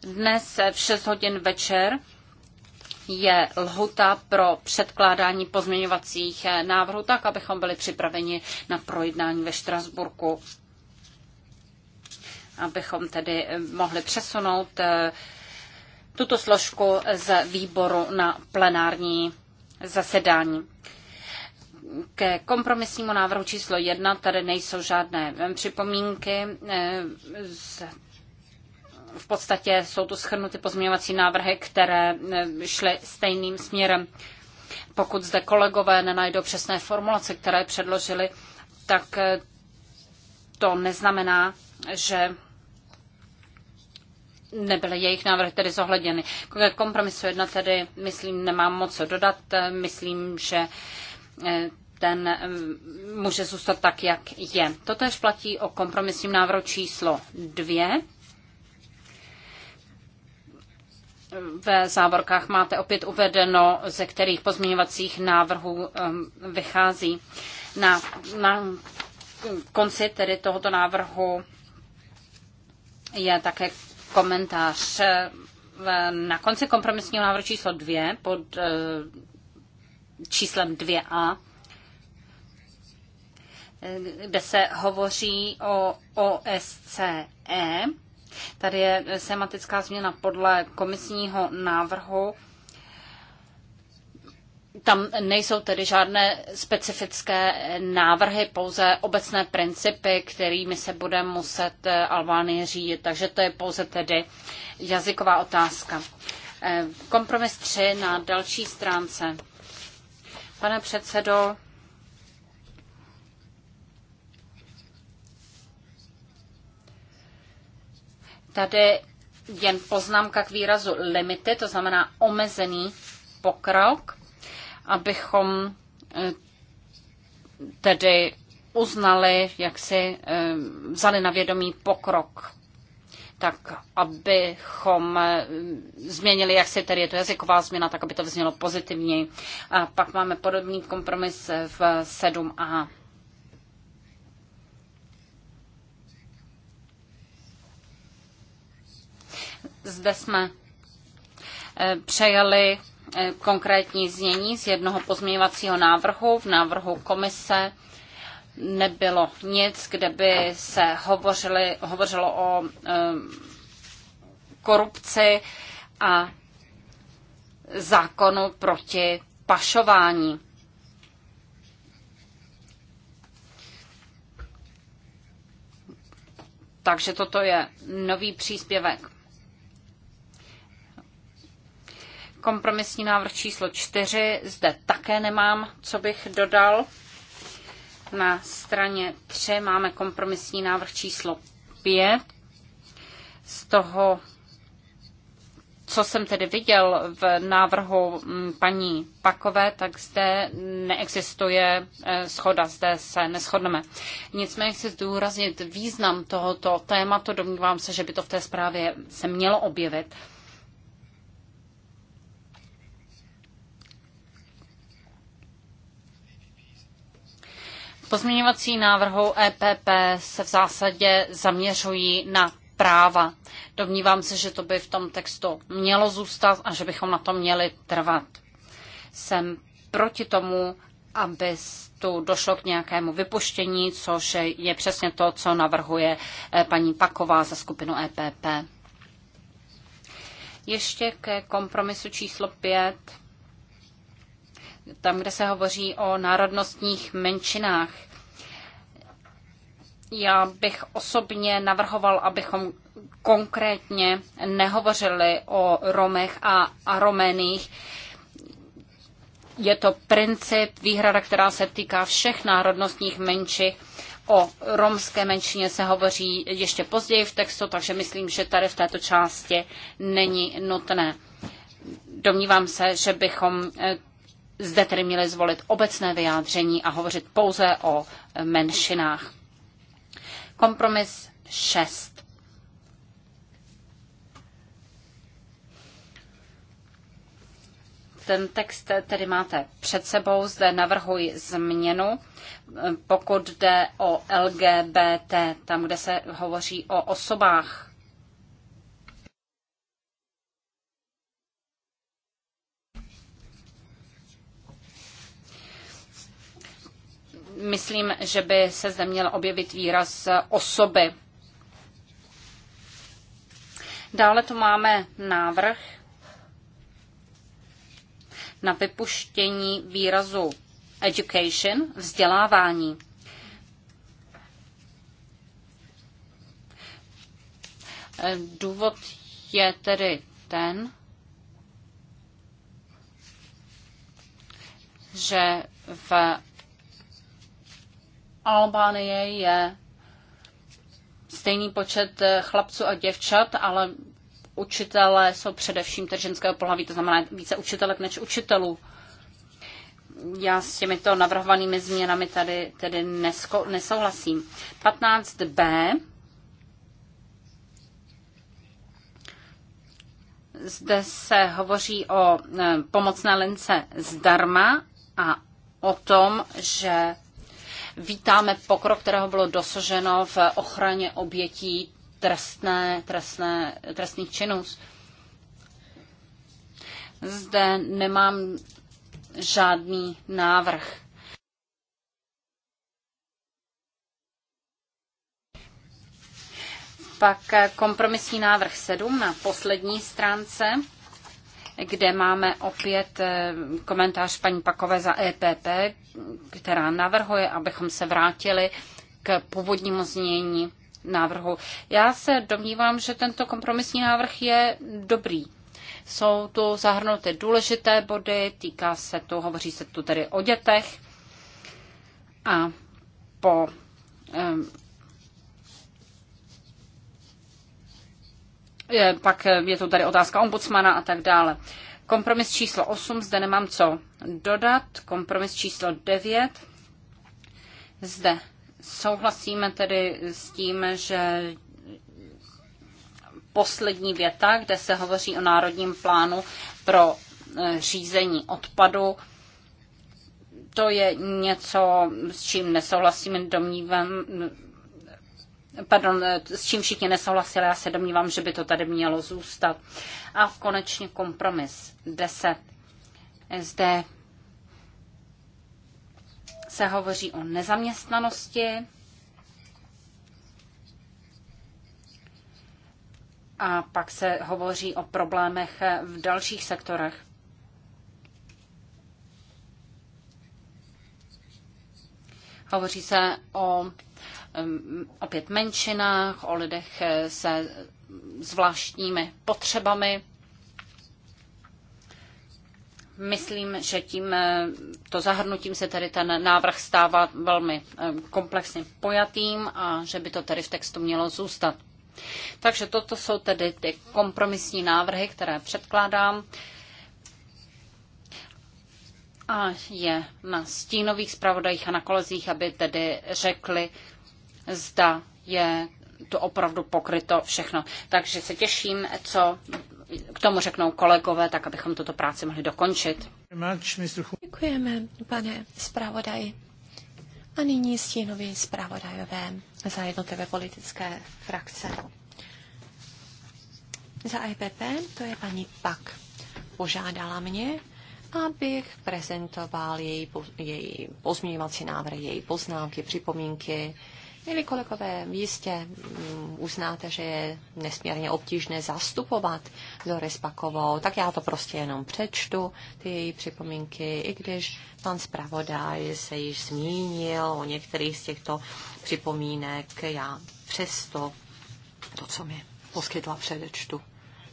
dnes v 6 hodin večer je lhuta pro předkládání pozměňovacích eh, návrhů, tak abychom byli připraveni na projednání ve Štrasburku. Abychom tedy eh, mohli přesunout eh, tuto složku z výboru na plenární zasedání. Ke kompromisnímu návrhu číslo jedna tady nejsou žádné připomínky. Z v podstatě jsou tu schrnuty pozměňovací návrhy, které eh, šly stejným směrem. Pokud zde kolegové nenajdou přesné formulace, které předložili, tak eh, to neznamená, že nebyly jejich návrhy tedy zohleděny. kompromisu jedna tedy, myslím, nemám moc co dodat. Myslím, že eh, ten může zůstat tak, jak je. Totež platí o kompromisním návrhu číslo dvě. ve závorkách máte opět uvedeno, ze kterých pozměňovacích návrhů um, vychází. Na, na konci tedy tohoto návrhu je také komentář uh, na konci kompromisního návrhu číslo 2 pod uh, číslem 2a, uh, kde se hovoří o OSCE, Tady je semantická změna podle komisního návrhu. Tam nejsou tedy žádné specifické návrhy, pouze obecné principy, kterými se bude muset eh, Albánie řídit. Takže to je pouze tedy jazyková otázka. Eh, kompromis 3 na další stránce. Pane předsedo, Tady jen poznámka k výrazu limity, to znamená omezený pokrok, abychom eh, tedy uznali, jak si eh, vzali na vědomí pokrok tak abychom eh, změnili, jak se tady je to jazyková změna, tak aby to vznělo pozitivněji. A pak máme podobný kompromis v 7a. Zde jsme eh, přejali eh, konkrétní znění z jednoho pozměňovacího návrhu. V návrhu komise nebylo nic, kde by se hovořili, hovořilo o eh, korupci a zákonu proti pašování. Takže toto je nový příspěvek Kompromisní návrh číslo 4, zde také nemám, co bych dodal. Na straně 3 máme kompromisní návrh číslo 5. Z toho, co jsem tedy viděl v návrhu mm, paní Pakové, tak zde neexistuje e, schoda, zde se neschodneme. Nicméně chci zdůraznit význam tohoto tématu, domnívám se, že by to v té zprávě se mělo objevit. Pozměňovací návrhu EPP se v zásadě zaměřují na práva. Domnívám se, že to by v tom textu mělo zůstat a že bychom na to měli trvat. Jsem proti tomu, aby tu došlo k nějakému vypuštění, což je přesně to, co navrhuje eh, paní Paková za skupinu EPP. Ještě ke kompromisu číslo 5 tam, kde se hovoří o národnostních menšinách. Já bych osobně navrhoval, abychom konkrétně nehovořili o Romech a Aromených. Je to princip, výhrada, která se týká všech národnostních menších. O romské menšině se hovoří ještě později v textu, takže myslím, že tady v této části není nutné. Domnívám se, že bychom zde tedy měli zvolit obecné vyjádření a hovořit pouze o menšinách. Kompromis 6. ten text tedy máte před sebou. Zde navrhuji změnu, pokud jde o LGBT, tam, kde se hovoří o osobách myslím, že by se zde měl objevit výraz osoby. Dále tu máme návrh na vypuštění výrazu education, vzdělávání. Důvod je tedy ten, že v Albánie je stejný počet eh, chlapců a děvčat, ale učitelé jsou především tedy ženského pohlaví, to znamená více učitelek než učitelů. Já s těmito navrhovanými změnami tady tedy nesko, nesouhlasím. 15b. Zde se hovoří o eh, pomocné lince zdarma a o tom, že Vítáme pokrok, kterého bylo dosaženo v ochraně obětí trestné, trestné, trestných činů. Zde nemám žádný návrh. Pak kompromisní návrh 7 na poslední stránce, kde máme opět eh, komentář paní Pakové za EPP, která navrhuje, abychom se vrátili k původnímu znění návrhu. Já se domnívám, že tento kompromisní návrh je dobrý. Jsou tu zahrnuty důležité body, týká se tu, hovoří se tu tedy o dětech a po je, pak je to tady otázka ombudsmana a tak dále. Kompromis číslo 8, zde nemám co dodat. Kompromis číslo 9, zde souhlasíme tedy s tím, že poslední věta, kde se hovoří o národním plánu pro e, řízení odpadu, to je něco, s čím nesouhlasíme, domnívám, pardon, eh, s čím všichni nesouhlasili, já se domnívám, že by to tady mělo zůstat. A konečně kompromis 10. Zde se hovoří o nezaměstnanosti a pak se hovoří o problémech v dalších sektorech. Hovoří se o Eh, opět menšinách, o lidech eh, se zvláštními potřebami. Myslím, že tím eh, to zahrnutím se tedy ten návrh stává velmi komplexně pojatým a že by to tedy v textu mělo zůstat. Takže toto jsou tedy ty kompromisní návrhy, které předkládám. A je na stínových zpravodajích a na kolezích, aby tedy řekli, zda je to opravdu pokryto všechno. Takže se těším, co k tomu řeknou kolegové, tak abychom tuto práci mohli dokončit. Děkujeme, pane zpravodaji. A nyní stínoví zpravodajové za jednotlivé politické frakce. Za IPP e to je paní Pak. Požádala mě, abych prezentoval její, její pozměňovací návrhy, její poznámky, připomínky Milí kolegové, jistě mm, uznáte, že je nesmírně obtížné zastupovat Doris Pakovou, tak já to prostě jenom přečtu, ty její připomínky, i když pan zpravodaj se již zmínil o některých z těchto připomínek, já přesto to, co mi poskytla předečtu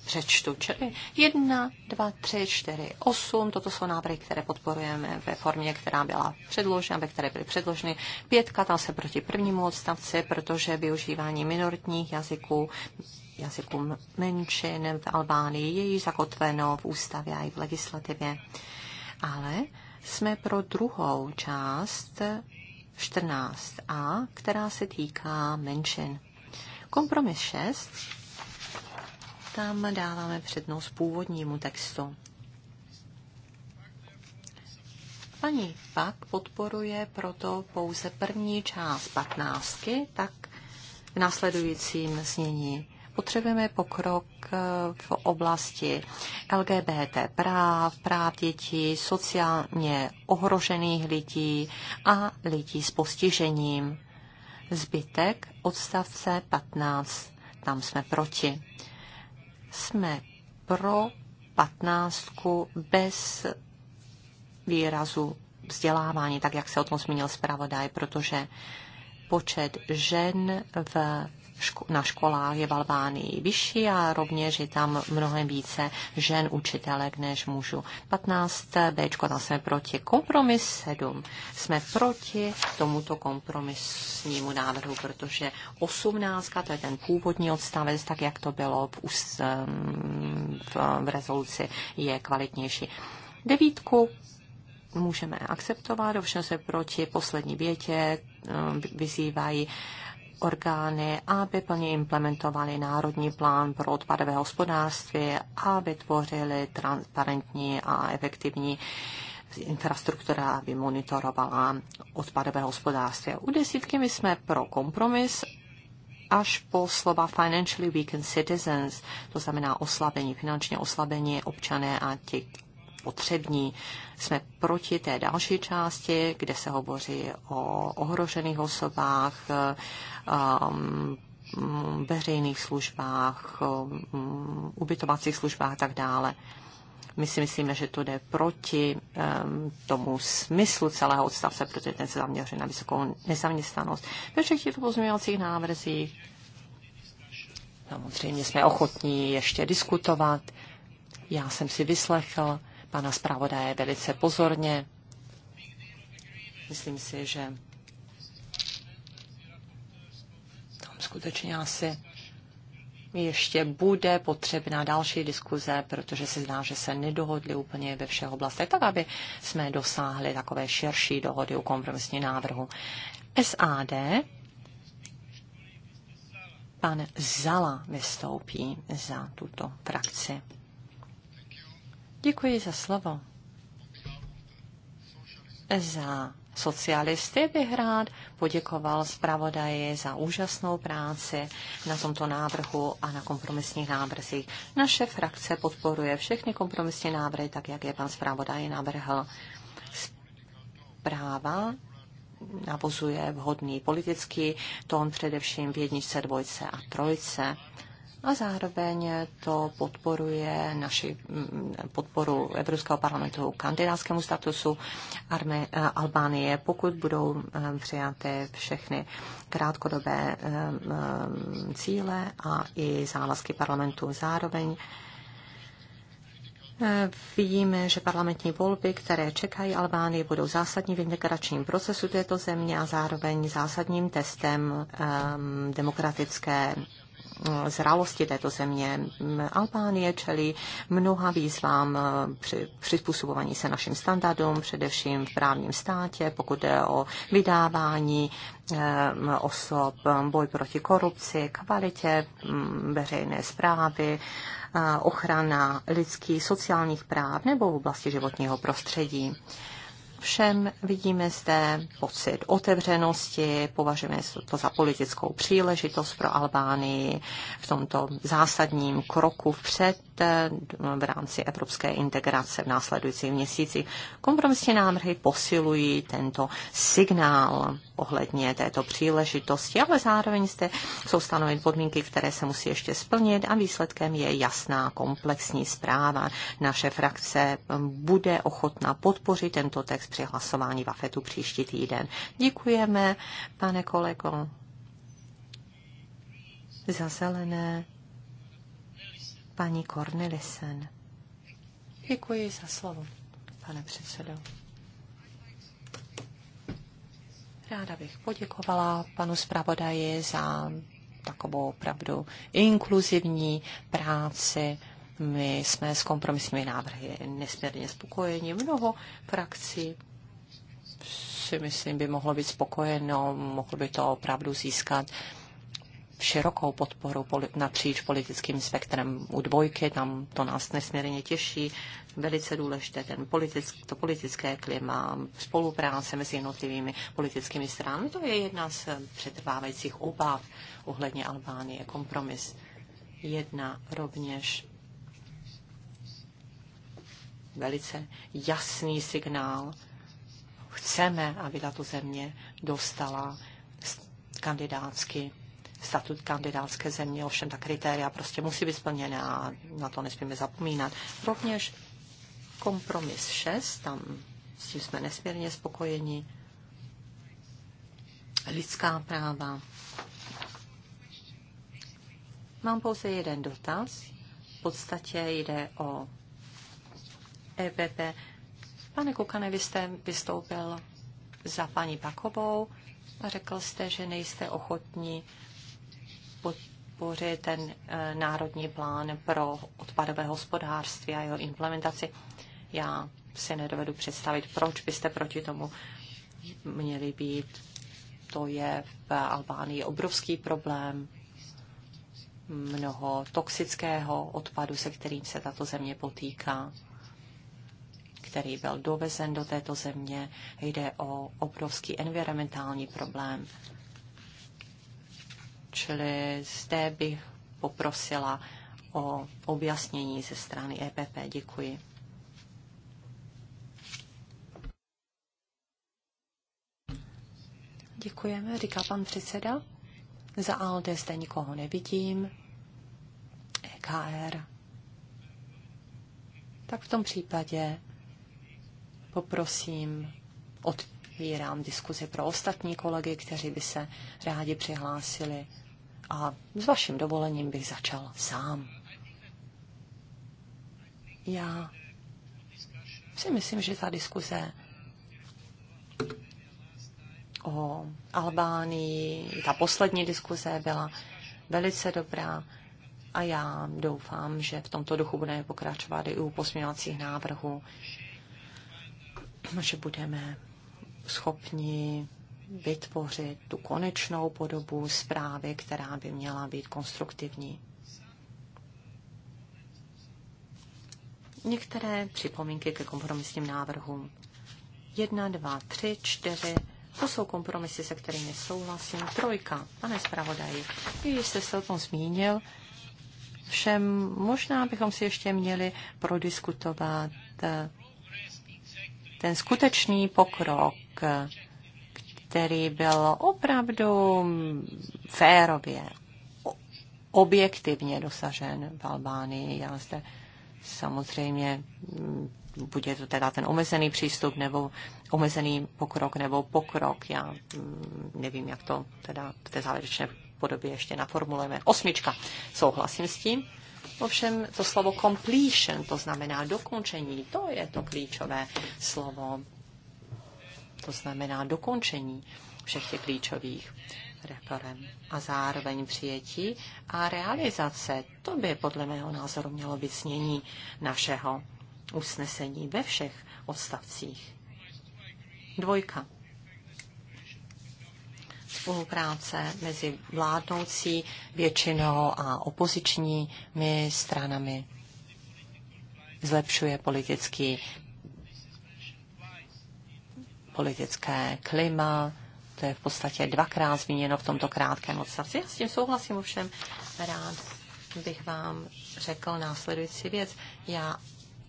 přečtu. Čili 1, 2, 3, 4, 8, toto jsou návrhy, které podporujeme ve formě, která byla předložena, ve které byly předloženy. Pětka, tam se proti prvnímu odstavci, protože využívání minoritních jazyků jazyků menšin v Albánii je již zakotveno v ústavě a i v legislativě. Ale jsme pro druhou část 14a, která se týká menšin. Kompromis 6 tam dáváme přednost původnímu textu. Paní pak podporuje proto pouze první část patnáctky, tak v následujícím znění. Potřebujeme pokrok eh, v oblasti LGBT práv, práv dětí, sociálně ohrožených lidí a lidí s postižením. Zbytek odstavce 15. Tam jsme proti jsme pro patnáctku bez výrazu vzdělávání, tak jak se o tom zmínil zpravodaj, protože počet žen v ško- na školách je v Albánii vyšší a rovněž je tam mnohem více žen učitelek než mužů. 15. B, tam jsme proti. Kompromis 7. Jsme proti tomuto kompromisnímu návrhu, protože 18. to je ten původní odstavec, tak jak to bylo v, v, v rezoluci, je kvalitnější. Devítku můžeme akceptovat, ovšem se proti poslední větě eh, vyzývají orgány, aby plně implementovali národní plán pro odpadové hospodářství a vytvořili transparentní a efektivní infrastruktura, aby monitorovala odpadové hospodářství. U desítky my jsme pro kompromis až po slova financially weakened citizens, to znamená oslabení, finančně oslabení občané a ti, potřební. Jsme proti té další části, kde se hovoří o ohrožených osobách, um, veřejných službách, um, ubytovacích službách a tak dále. My si myslíme, že to jde proti um, tomu smyslu celého odstavce, protože ten se zaměřuje na vysokou nezaměstnanost. Ve všech těchto pozměňovacích návrzích samozřejmě jsme ochotní ještě diskutovat. Já jsem si vyslechl pana zpravodaje velice pozorně. Myslím si, že tam skutečně asi ještě bude potřebná další diskuze, protože se zdá, že se nedohodli úplně ve všech oblastech, tak aby jsme dosáhli takové širší dohody u kompromisní návrhu. SAD, pan Zala vystoupí za tuto frakci. Děkuji za slovo. Za socialisty bych rád poděkoval zpravodaji za úžasnou práci na tomto návrhu a na kompromisních návrzích. Naše frakce podporuje všechny kompromisní návrhy, tak jak je pan zpravodaj navrhl. Zpráva navozuje vhodný politický tón především v jedničce, dvojce a trojce a zároveň to podporuje naši mm, podporu Evropského parlamentu kandidátskému statusu Arme, eh, Albánie, pokud budou eh, přijaté všechny krátkodobé eh, cíle a i závazky parlamentu zároveň. Vidíme, že parlamentní volby, které čekají Albánii, budou zásadní v integračním procesu této země a zároveň zásadním testem um, demokratické zralosti této země. Albánie čelí mnoha výzvám při přizpůsobování se našim standardům, především v právním státě, pokud jde o vydávání eh, osob, boj proti korupci, kvalitě mm, veřejné zprávy, eh, ochrana lidských sociálních práv nebo v oblasti životního prostředí všem vidíme zde pocit otevřenosti, považujeme to za politickou příležitost pro Albánii v tomto zásadním kroku vpřed Eh, no, v rámci evropské integrace v následujících měsících. Kompromisní návrhy posilují tento signál ohledně této příležitosti, ale zároveň zde jsou stanoveny podmínky, které se musí ještě splnit a výsledkem je jasná komplexní zpráva. Naše frakce hm, bude ochotná podpořit tento text při hlasování v AFETu příští týden. Děkujeme, pane kolego za zelené paní Cornelisen. Děkuji za slovo, pane předsedo. Ráda bych poděkovala panu zpravodaji za takovou opravdu inkluzivní práci. My jsme s kompromisními návrhy nesmírně spokojeni. Mnoho frakcí si myslím by mohlo být spokojeno, mohlo by to opravdu získat širokou podporu napříč politickým spektrem. U dvojky tam to nás nesmírně těší. Velice důležité ten politick, to politické klima, spolupráce mezi jednotlivými politickými stranami. To je jedna z přetrvávajících obav ohledně Albánie. Kompromis jedna rovněž velice jasný signál. Chceme, aby tato země dostala kandidátsky statut kandidátské země, ovšem ta kritéria prostě musí být splněna a na to nesmíme zapomínat. Rovněž kompromis 6, tam s tím jsme nesmírně spokojeni, lidská práva. Mám pouze jeden dotaz. V podstatě jde o EPP. Pane Kukane, vy jste vystoupil za paní Pakovou a řekl jste, že nejste ochotní podpořit ten eh, národní plán pro odpadové hospodářství a jeho implementaci. Já si nedovedu představit, proč byste proti tomu měli být. To je v Albánii obrovský problém mnoho toxického odpadu, se kterým se tato země potýká, který byl dovezen do této země. Jde o obrovský environmentální problém čili zde bych poprosila o objasnění ze strany EPP. Děkuji. Děkujeme, říká pan předseda. Za ALDE zde nikoho nevidím. EKR. Tak v tom případě poprosím od otevírám diskuzi pro ostatní kolegy, kteří by se rádi přihlásili. A s vaším dovolením bych začal sám. Já si myslím, že ta diskuze o Albánii, ta poslední diskuze byla velice dobrá a já doufám, že v tomto duchu budeme pokračovat i u posměvacích návrhů, že budeme schopni vytvořit tu konečnou podobu zprávy, která by měla být konstruktivní. Některé připomínky ke kompromisním návrhům. Jedna, dva, tři, čtyři. To jsou kompromisy, se kterými souhlasím. Trojka, pane zpravodaji, když jste se o tom zmínil, všem možná bychom si ještě měli prodiskutovat eh, ten skutečný pokrok, který byl opravdu férově, objektivně dosažen v Albánii. Já zde samozřejmě mm, bude to teda ten omezený přístup nebo omezený pokrok nebo pokrok. Já mm, nevím, jak to teda v té závěrečné podobě ještě naformulujeme. Osmička. Souhlasím s tím. Ovšem to slovo completion, to znamená dokončení, to je to klíčové slovo. To znamená dokončení všech těch klíčových reform a zároveň přijetí a realizace. To by podle mého názoru mělo být snění našeho usnesení ve všech odstavcích. Dvojka spolupráce mezi vládnoucí většinou a opozičními stranami zlepšuje politický politické klima, to je v podstatě dvakrát zmíněno v tomto krátkém odstavci. Já s tím souhlasím ovšem rád bych vám řekl následující věc. Já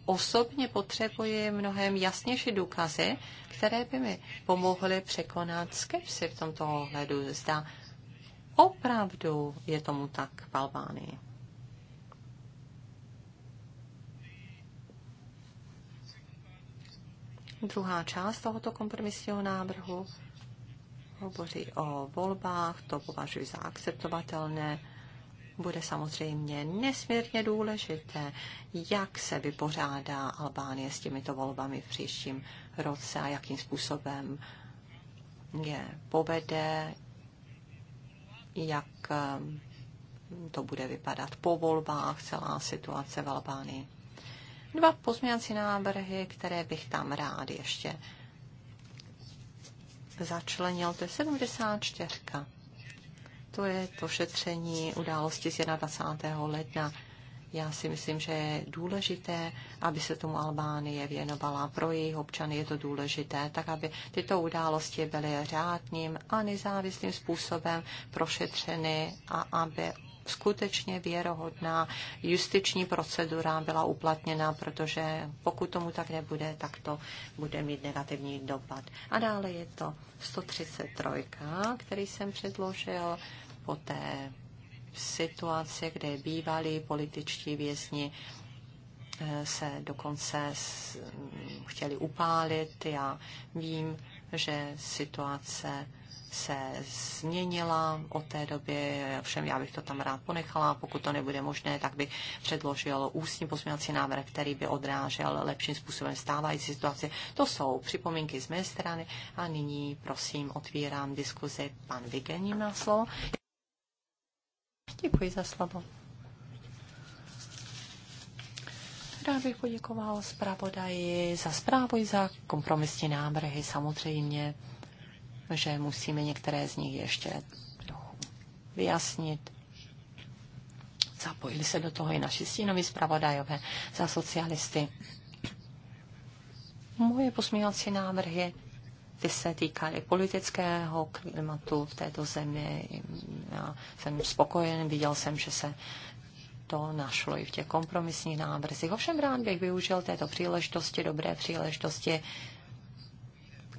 osobně potřebuji mnohem jasnější důkazy, které by mi pomohly překonat skepsy v tomto ohledu. Zda opravdu je tomu tak v Druhá část tohoto kompromisního návrhu hovoří o volbách, to považuji za akceptovatelné bude samozřejmě nesmírně důležité, jak se vypořádá Albánie s těmito volbami v příštím roce a jakým způsobem je povede, jak um, to bude vypadat po volbách, celá situace v Albánii. Dva pozměňovací návrhy, které bych tam rád ještě začlenil, to je 74. To je to šetření události z 21. ledna. Já si myslím, že je důležité, aby se tomu Albánie věnovala. Pro jejich občany je to důležité, tak aby tyto události byly řádným a nezávislým způsobem prošetřeny a aby skutečně věrohodná justiční procedura byla uplatněna, protože pokud tomu tak nebude, tak to bude mít negativní dopad. A dále je to 133, který jsem předložil, po té situaci, kde bývalí političtí vězni eh, se dokonce hm, chtěli upálit. Já vím, že situace se změnila od té doby, všem já bych to tam rád ponechala, pokud to nebude možné, tak bych předložil ústní pozměňovací návrh, který by odrážel lepším způsobem stávající situaci. To jsou připomínky z mé strany a nyní prosím otvírám diskuzi. Pan Vigenin má slovo. Děkuji za slovo. Rád bych poděkoval zpravodaji za zprávu i za kompromisní návrhy samozřejmě že musíme některé z nich ještě trochu vyjasnit. Zapojili se do toho i naši stínoví zpravodajové za socialisty. Moje posmívací návrhy ty se týkaly politického klimatu v této zemi. Já jsem spokojen, viděl jsem, že se to našlo i v těch kompromisních návrzích. Ovšem rád bych využil této příležitosti, dobré příležitosti,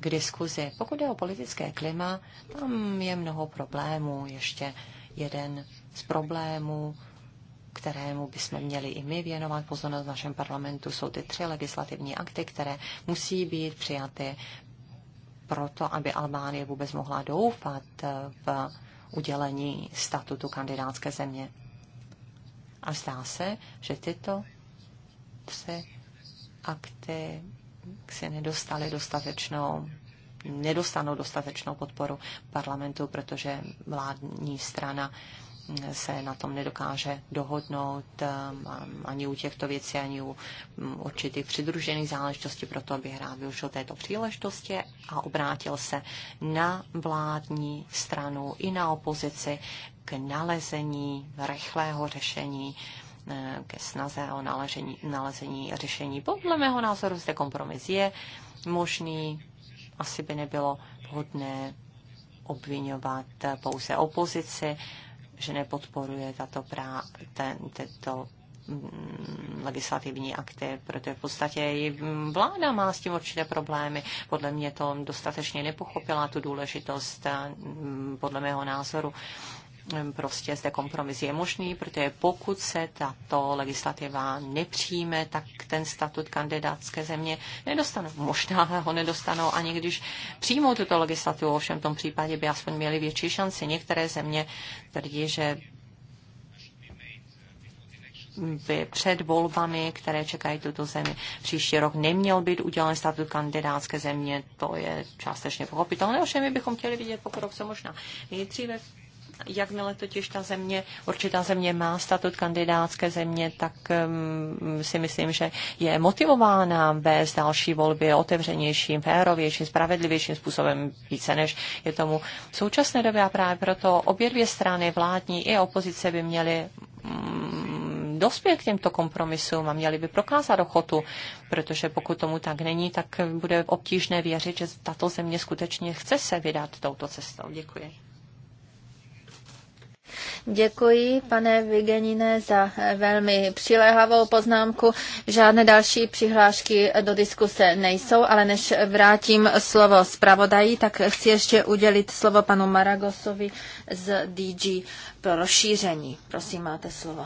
k diskuzi. Pokud jde o politické klima, tam je mnoho problémů. Ještě jeden z problémů, kterému bychom měli i my věnovat pozornost v našem parlamentu, jsou ty tři legislativní akty, které musí být přijaty proto, aby Albánie vůbec mohla doufat v udělení statutu kandidátské země. A zdá se, že tyto tři akty se nedostali dostatečnou nedostanou dostatečnou podporu parlamentu, protože vládní strana se na tom nedokáže dohodnout eh, ani u těchto věcí, ani u mm, určitých přidružených záležitostí. Proto aby rád využil této příležitosti a obrátil se na vládní stranu i na opozici k nalezení rychlého řešení Eh, ke snaze o nalezení nalezení řešení. Podle mého názoru zde kompromis je možný. Asi by nebylo vhodné obvinovat pouze opozici, že nepodporuje tato prá, ten, tento mm, legislativní akty, protože v podstatě i vláda má s tím určité problémy. Podle mě to dostatečně nepochopila tu důležitost eh, mm, podle mého názoru prostě zde kompromis je možný, protože pokud se tato legislativa nepřijme, tak ten statut kandidátské země nedostanou. Možná ho nedostanou, ani když přijmou tuto legislativu, ovšem v tom případě by aspoň měli větší šanci. Některé země tvrdí, že by před volbami, které čekají tuto zemi. Příští rok neměl být udělen statut kandidátské země, to je částečně pochopitelné, ovšem my bychom chtěli vidět pokrok, co možná nejdříve jakmile totiž ta země, určitá země má statut kandidátské země, tak um, si myslím, že je motivována bez další volby otevřenějším, férovějším, spravedlivějším způsobem více, než je tomu v současné době. A právě proto obě dvě strany, vládní i opozice, by měly mm, dospět k těmto kompromisům a měli by prokázat ochotu, protože pokud tomu tak není, tak bude obtížné věřit, že tato země skutečně chce se vydat touto cestou. Děkuji. Děkuji, pane Vigenine, za velmi přilehavou poznámku. Žádné další přihlášky do diskuse nejsou, ale než vrátím slovo zpravodají, tak chci ještě udělit slovo panu Maragosovi z DG pro rozšíření. Prosím, máte slovo.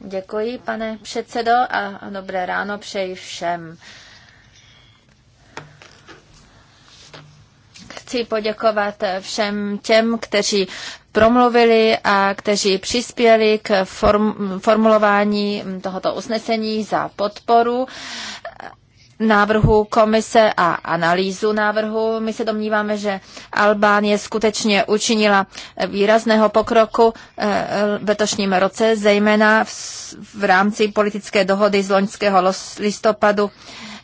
Děkuji, pane předsedo, a dobré ráno přeji všem. chci poděkovat všem těm, kteří promluvili a kteří přispěli k form, formulování tohoto usnesení za podporu návrhu komise a analýzu návrhu. My se domníváme, že Albánie skutečně učinila výrazného pokroku eh, v letošním roce, zejména v, v rámci politické dohody z loňského listopadu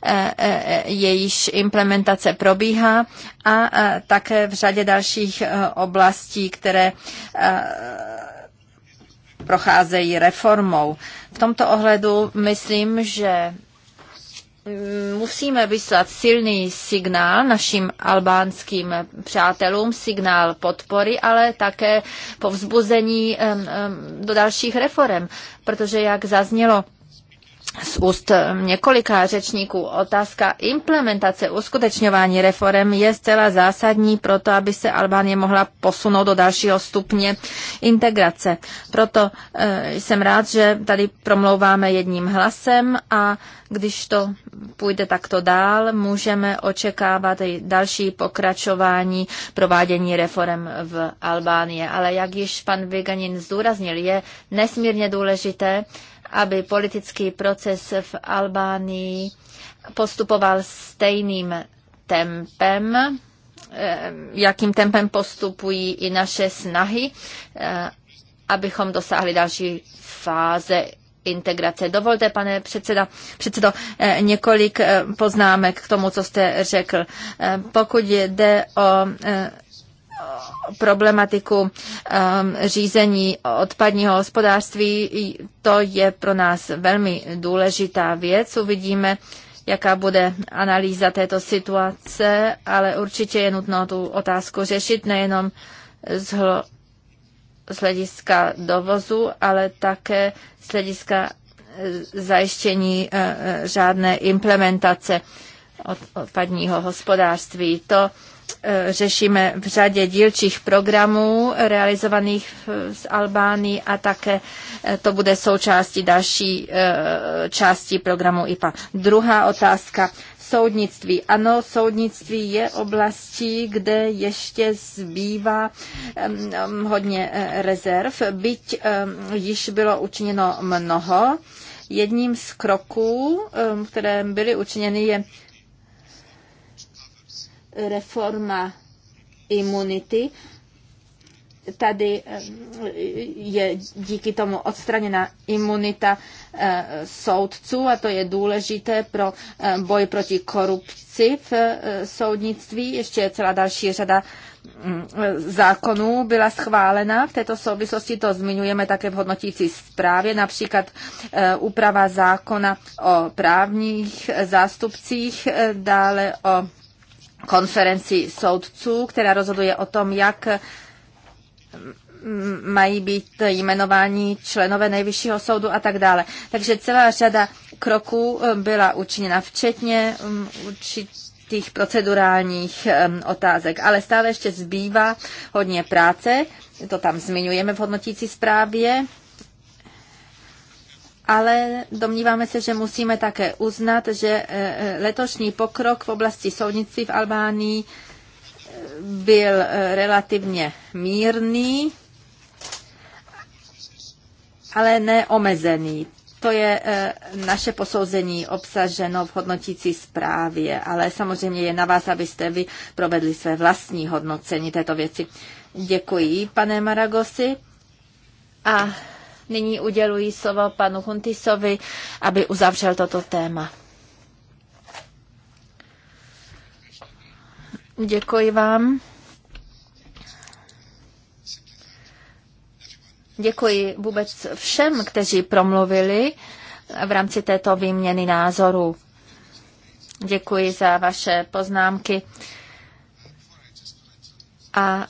Eh, eh, jejíž implementace probíhá a eh, také v řadě dalších oblastí, které procházejí reformou. V tomto ohledu myslím, že mm, musíme vyslat silný signál našim albánským přátelům, signál podpory, ale také povzbuzení do dalších reform, protože jak zaznělo z úst několika řečníků. Otázka implementace, uskutečňování reform je zcela zásadní pro to, aby se Albánie mohla posunout do dalšího stupně integrace. Proto eh, jsem rád, že tady promlouváme jedním hlasem a když to půjde takto dál, můžeme očekávat i další pokračování provádění reform v Albánie. Ale jak již pan Vyganin zdůraznil, je nesmírně důležité, aby politický proces v Albánii postupoval stejným tempem, eh, jakým tempem postupují i naše snahy, eh, abychom dosáhli další fáze integrace. Dovolte, pane předseda, předsedo, eh, několik poznámek k tomu, co jste řekl. Pokud jde o problematiku um, řízení odpadního hospodářství. To je pro nás velmi důležitá věc. Uvidíme, jaká bude analýza této situace, ale určitě je nutno tu otázku řešit nejenom z, hlo, z hlediska dovozu, ale také z hlediska eh, zajištění žádné eh, eh, implementace odpadního hospodářství. To Eh, řešíme v řadě dílčích programů realizovaných z Albánii a také eh, to bude součástí další eh, části programu IPA. Druhá otázka. Soudnictví. Ano, soudnictví je oblastí, kde ještě zbývá hodně rezerv, byť již bylo učiněno mnoho. Jedním z kroků, které byly učiněny, je reforma imunity. Tady eh, je díky tomu odstraněna imunita eh, soudců a to je důležité pro eh, boj proti korupci v soudnictví. Ještě je celá další řada mm, zákonů byla schválena. V této souvislosti to zmiňujeme také v hodnotící zprávě, například úprava zákona o právních zástupcích, dále o konferenci soudců, která rozhoduje o tom, jak mají být jmenováni členové nejvyššího soudu a tak dále. Takže celá řada kroků um, byla učiněna, včetně um, určitých procedurálních um, otázek. Ale stále ještě zbývá hodně práce, to tam zmiňujeme v hodnotící zprávě ale domníváme se, že musíme také uznat, že e, e, letošní pokrok v oblasti soudnictví v Albánii e, byl relativně mírný, ale neomezený. To je naše posouzení obsaženo v hodnotící zprávě, ale samozřejmě je na vás, abyste vy provedli své vlastní hodnocení této věci. Děkuji, pane Maragosi. A Nyní uděluji slovo panu Huntisovi, aby uzavřel toto téma. Děkuji vám. Děkuji vůbec všem, kteří promluvili v rámci této výměny názorů. Děkuji za vaše poznámky. A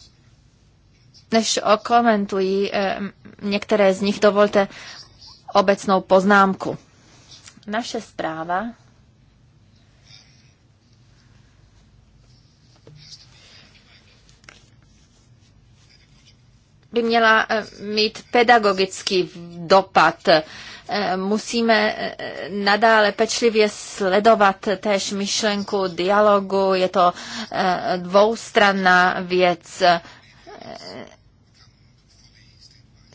než okomentuji eh, některé z nich dovolte obecnou poznámku. Naše zpráva by měla eh, mít pedagogický dopad. Eh, musíme eh, nadále pečlivě sledovat též myšlenku dialogu. Je to dvoustranná věc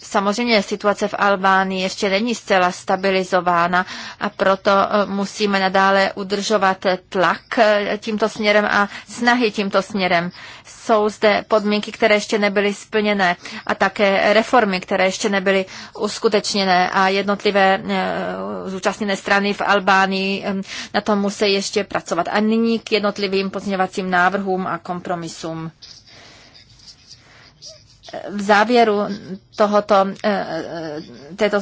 Samozřejmě situace v Albánii ještě není zcela stabilizována a proto e, musíme nadále udržovat tlak e, tímto směrem a snahy tímto směrem. Jsou zde podmínky, které ještě nebyly splněné a také reformy, které ještě nebyly uskutečněné a jednotlivé e, zúčastněné strany v Albánii na tom musí ještě pracovat. A nyní k jednotlivým pozměňovacím návrhům a kompromisům v závěru tohoto, eh, eh, této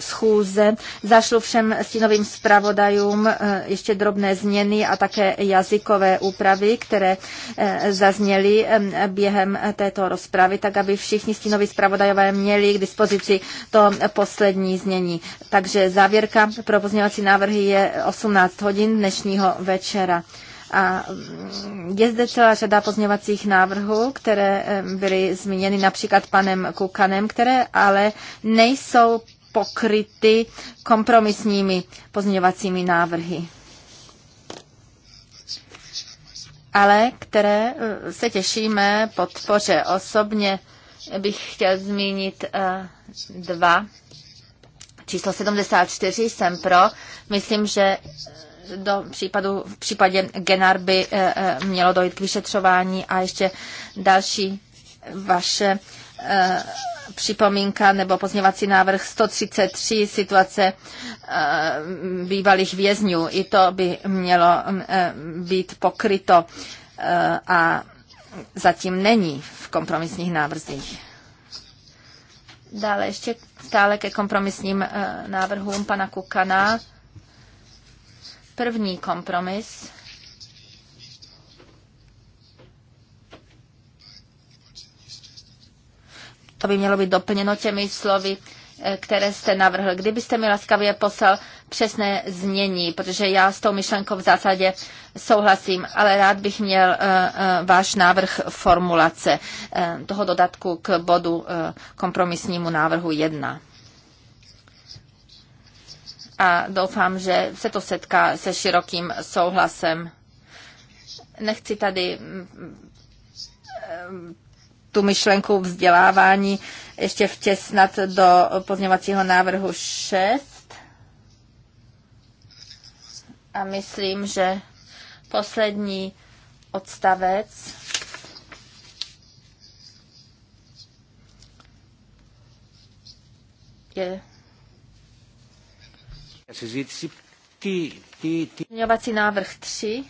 schůze zašlu všem stínovým zpravodajům eh, ještě drobné změny a také jazykové úpravy, které zazněly během této rozpravy, tak aby všichni stínoví zpravodajové měli k dispozici to poslední změní. Takže závěrka pro pozměňovací návrhy je 18 hodin dnešního večera. A mm, je zde celá řada pozměvacích návrhů, které byly zmíněny například panem Kukanem, které ale nejsou pokryty kompromisními pozměňovacími návrhy ale které eh, se těšíme podpoře. Osobně bych chtěl zmínit eh, dva. Číslo 74 jsem pro. Myslím, že do případu, v případě Genar by eh, eh, mělo dojít k vyšetřování a ještě další vaše eh, připomínka nebo pozměvací návrh 133 situace bývalých vězňů. I to by mělo být pokryto a zatím není v kompromisních návrzích. Dále ještě stále ke kompromisním návrhům pana Kukana. První kompromis To by mělo být doplněno těmi slovy, eh, které jste navrhl. Kdybyste mi laskavě poslal přesné znění, protože já s tou myšlenkou v zásadě souhlasím, ale rád bych měl uh, uh, váš návrh formulace uh, toho dodatku k bodu uh, kompromisnímu návrhu 1 a doufám, že se to setká se širokým souhlasem. Nechci tady mm, mm, tu myšlenku vzdělávání ještě vtěsnat do pozměňovacího návrhu 6. A myslím, že poslední odstavec je Pozměňovací návrh 3.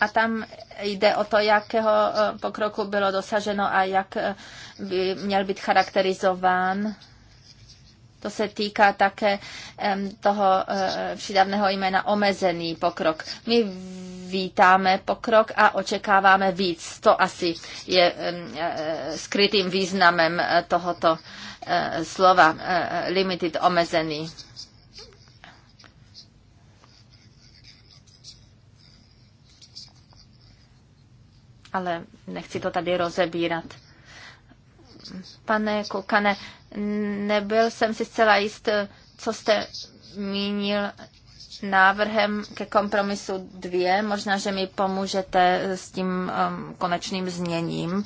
A tam jde o to, jakého eh, pokroku bylo dosaženo a jak eh, by měl být charakterizován to se týká také toho eh, přidavného jména omezený pokrok. My vítáme pokrok a očekáváme víc. To asi je eh, skrytým významem eh, tohoto slova limited omezený. Ale nechci to tady rozebírat. Pane Kukane, nebyl jsem si zcela jist, co jste mínil návrhem ke kompromisu dvě. Možná, že mi pomůžete s tím um, konečným změním.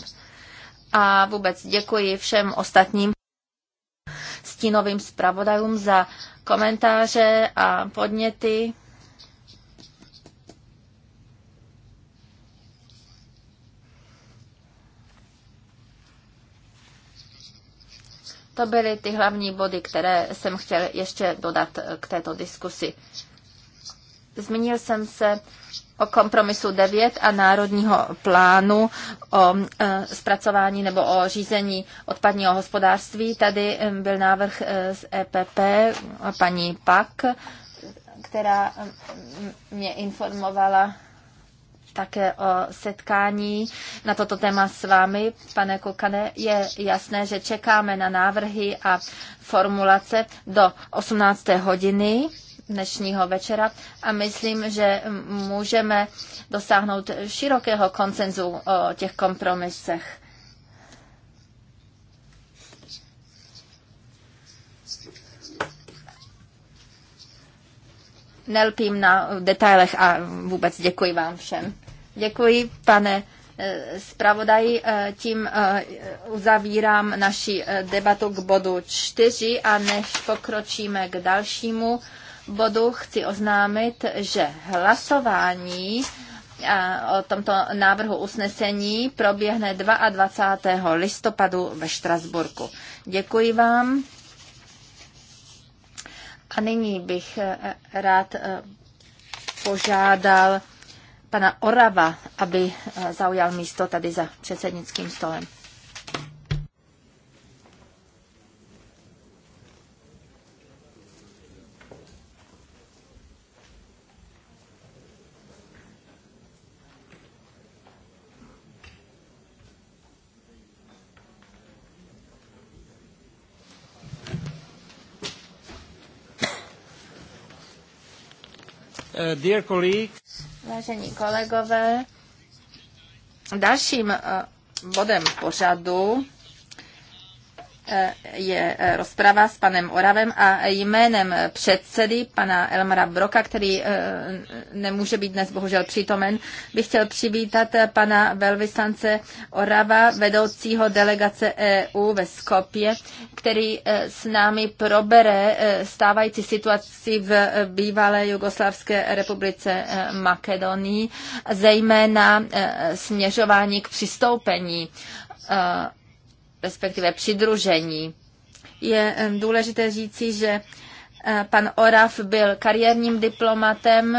A vůbec děkuji všem ostatním stínovým zpravodajům za komentáře a podněty. To byly ty hlavní body, které jsem chtěl ještě dodat eh, k této diskusi. Zmínil jsem se o kompromisu 9 a národního plánu o eh, zpracování nebo o řízení odpadního hospodářství. Tady eh, byl návrh z EPP paní Pak, která mě informovala také o setkání na toto téma s vámi, pane Kokane. Je jasné, že čekáme na návrhy a formulace do 18. hodiny dnešního večera a myslím, že můžeme dosáhnout širokého koncenzu o těch kompromisech. Nelpím na detailech a vůbec děkuji vám všem. Děkuji, pane eh, zpravodaji. Eh, tím eh, uzavírám naši debatu k bodu čtyři a než pokročíme k dalšímu bodu, chci oznámit, že hlasování o tomto návrhu usnesení proběhne 22. listopadu ve Štrasburku. Děkuji vám. A nyní bych rád požádal pana Orava, aby eh, zaujal místo tady za předsednickým stolem. Eh, dear colleagues. Vážení kolegové, dalším eh, bodem pořadu Eh, je eh, rozprava s panem Oravem a jménem předsedy pana Elmara Broka, který eh, nemůže být dnes bohužel přítomen, bych chtěl přivítat pana velvyslance Orava, vedoucího delegace EU ve Skopě, který s námi probere stávající situaci v bývalé Jugoslavské republice Makedonii, zejména směřování k přistoupení respektive přidružení. Je důležité říci, že eh, pan Oraf byl kariérním diplomatem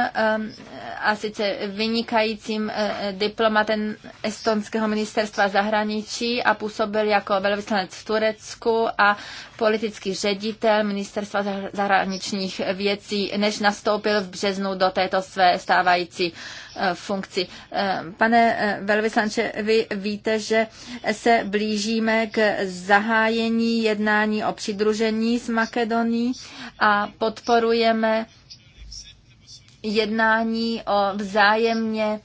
a sice vynikajícím eh, diplomatem estonského ministerstva zahraničí a působil jako velvyslanec v Turecku a politický ředitel ministerstva zahraničních věcí, než nastoupil v březnu do této své stávající Eh, funkci. Eh, pane eh, velvyslanče, vy víte, že se blížíme k zahájení jednání o přidružení s Makedonií a podporujeme jednání o vzájemně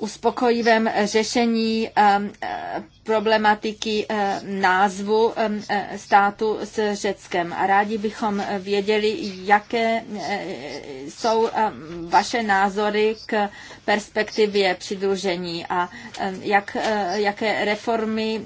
uspokojivém řešení um, eh, problematiky eh, názvu um, eh, státu s Řeckem. A rádi bychom věděli, jaké jsou um, vaše názory k perspektivě přidružení a jak, jaké reformy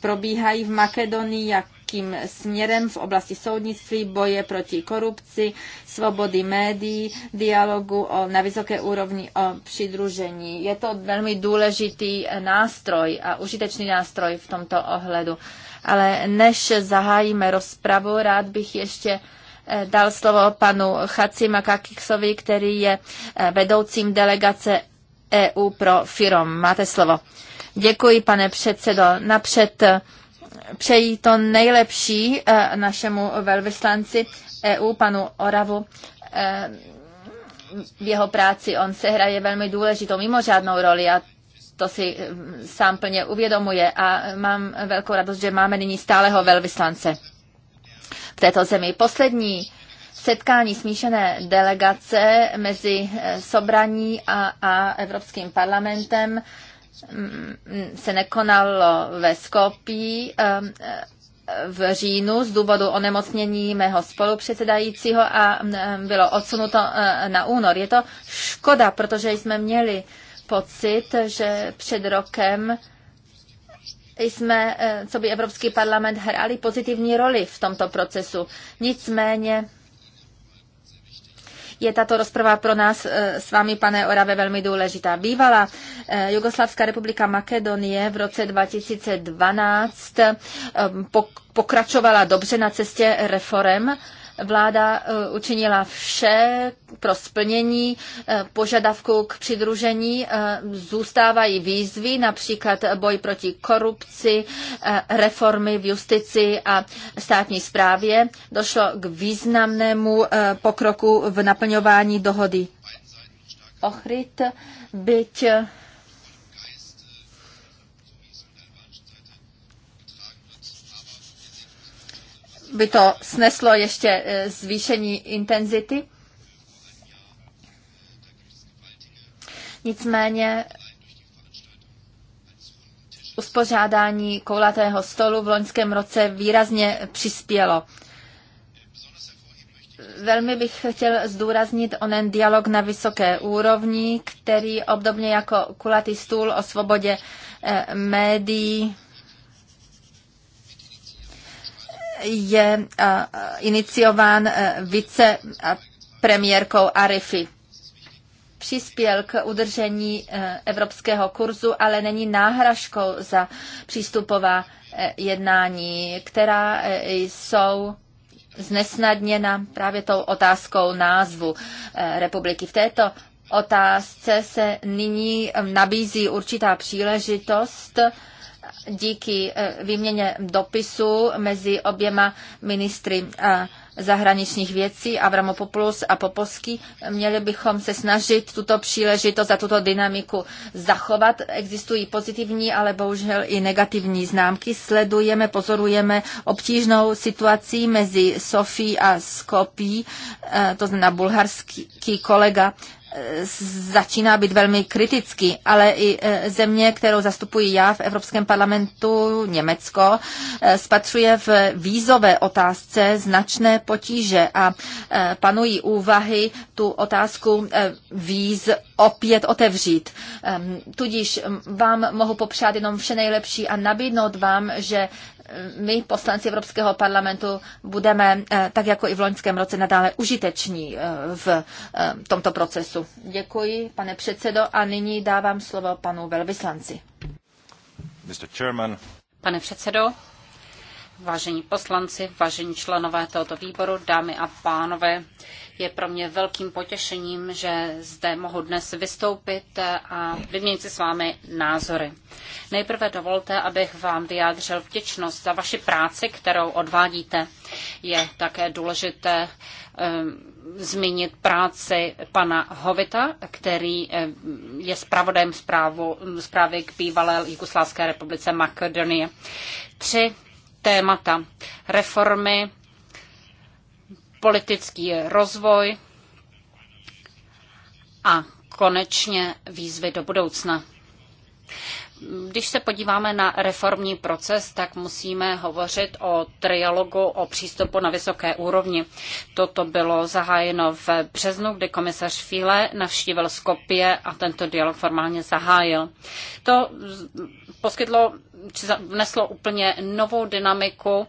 probíhají v Makedonii, jak evropským směrem v oblasti soudnictví, boje proti korupci, svobody médií, dialogu o, na vysoké úrovni o přidružení. Je to velmi důležitý eh, nástroj a užitečný nástroj v tomto ohledu. Ale než zahájíme rozpravu, rád bych ještě eh, dal slovo panu Chaci Makakiksovi, který je eh, vedoucím delegace EU pro FIROM. Máte slovo. Děkuji, pane předsedo. Napřed přejí to nejlepší eh, našemu velvyslanci EU, panu Oravu. Eh, v jeho práci on se hraje velmi důležitou mimořádnou roli a to si eh, sám plně uvědomuje a mám velkou radost, že máme nyní stáleho velvyslance v této zemi. Poslední setkání smíšené delegace mezi Sobraní a, a Evropským parlamentem se nekonalo ve Skopí um, v říjnu z důvodu onemocnění mého spolupředsedajícího a um, bylo odsunuto uh, na únor. Je to škoda, protože jsme měli pocit, že před rokem jsme, eh, co by Evropský parlament, hráli pozitivní roli v tomto procesu. Nicméně je tato rozprava pro nás eh, s vámi, pane Orave, velmi důležitá. bývala eh, Jugoslavská republika Makedonie v roce 2012 eh, pokračovala dobře na cestě reform Vláda eh, učinila vše pro splnění eh, požadavku k přidružení. Eh, zůstávají výzvy, například boj proti korupci, reformy v justici a státní správě. Došlo k významnému pokroku v naplňování dohody Ochryt, byť by to sneslo ještě eh, zvýšení intenzity. Nicméně uspořádání koulatého stolu v loňském roce výrazně přispělo. Velmi bych chtěl zdůraznit onen dialog na vysoké úrovni, který obdobně jako kulatý stůl o svobodě eh, médií je eh, iniciován eh, vicepremiérkou premiérkou Arify. Přispěl k udržení eh, evropského kurzu, ale není náhražkou za přístupová jednání, která jsou znesnadněna právě tou otázkou názvu republiky. V této otázce se nyní nabízí určitá příležitost díky eh, výměně dopisu mezi oběma ministry eh, zahraničních věcí Avramopoulos a Popovský, Měli bychom se snažit tuto příležitost a tuto dynamiku zachovat. Existují pozitivní, ale bohužel i negativní známky. Sledujeme, pozorujeme obtížnou situaci mezi Sofí a Skopí, eh, to znamená bulharský kolega začíná být velmi kritický, ale i e, země, kterou zastupuji já v Evropském parlamentu, Německo, e, spatřuje v vízové otázce značné potíže a e, panují úvahy tu otázku víz opět otevřít. Tudíž vám mohu popřát jenom vše nejlepší a nabídnout vám, že my, poslanci Evropského parlamentu, budeme, eh, tak jako i v loňském roce, nadále užiteční eh, v eh, tomto procesu. Děkuji, pane předsedo, a nyní dávám slovo panu velvyslanci. Mr. Chairman. Pane předsedo, vážení poslanci, vážení členové tohoto výboru, dámy a pánové, je pro mě velkým potěšením, že zde mohu dnes vystoupit a vyměnit si s vámi názory. Nejprve dovolte, abych vám vyjádřil vděčnost za vaši práci, kterou odvádíte. Je také důležité ehm, zmínit práci pana Hovita, který ehm, je zpravodajem zprávy k bývalé Jugoslávské republice Makedonie. Tři témata. Reformy, politický rozvoj a konečně výzvy do budoucna. Když se podíváme na reformní proces, tak musíme hovořit o trialogu o přístupu na vysoké úrovni. Toto bylo zahájeno v březnu, kdy komisař File navštívil Skopje a tento dialog formálně zahájil. To poskytlo, či vneslo úplně novou dynamiku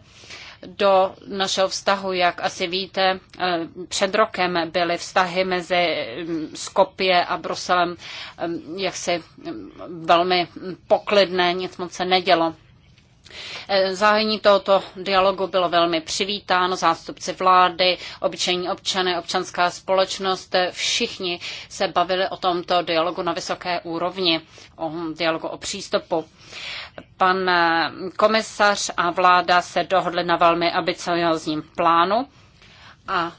do našeho vztahu. Jak asi víte, eh, před rokem byly vztahy mezi mm, Skopje a Bruselem eh, jaksi mm, velmi mm, poklidné, nic moc se nedělo. Eh, zahájení tohoto dialogu bylo velmi přivítáno, zástupci vlády, obyčejní občané, občanská společnost, všichni se bavili o tomto dialogu na vysoké úrovni, o dialogu o přístupu. Pan eh, komisař a vláda se dohodli na velmi ambiciozním plánu a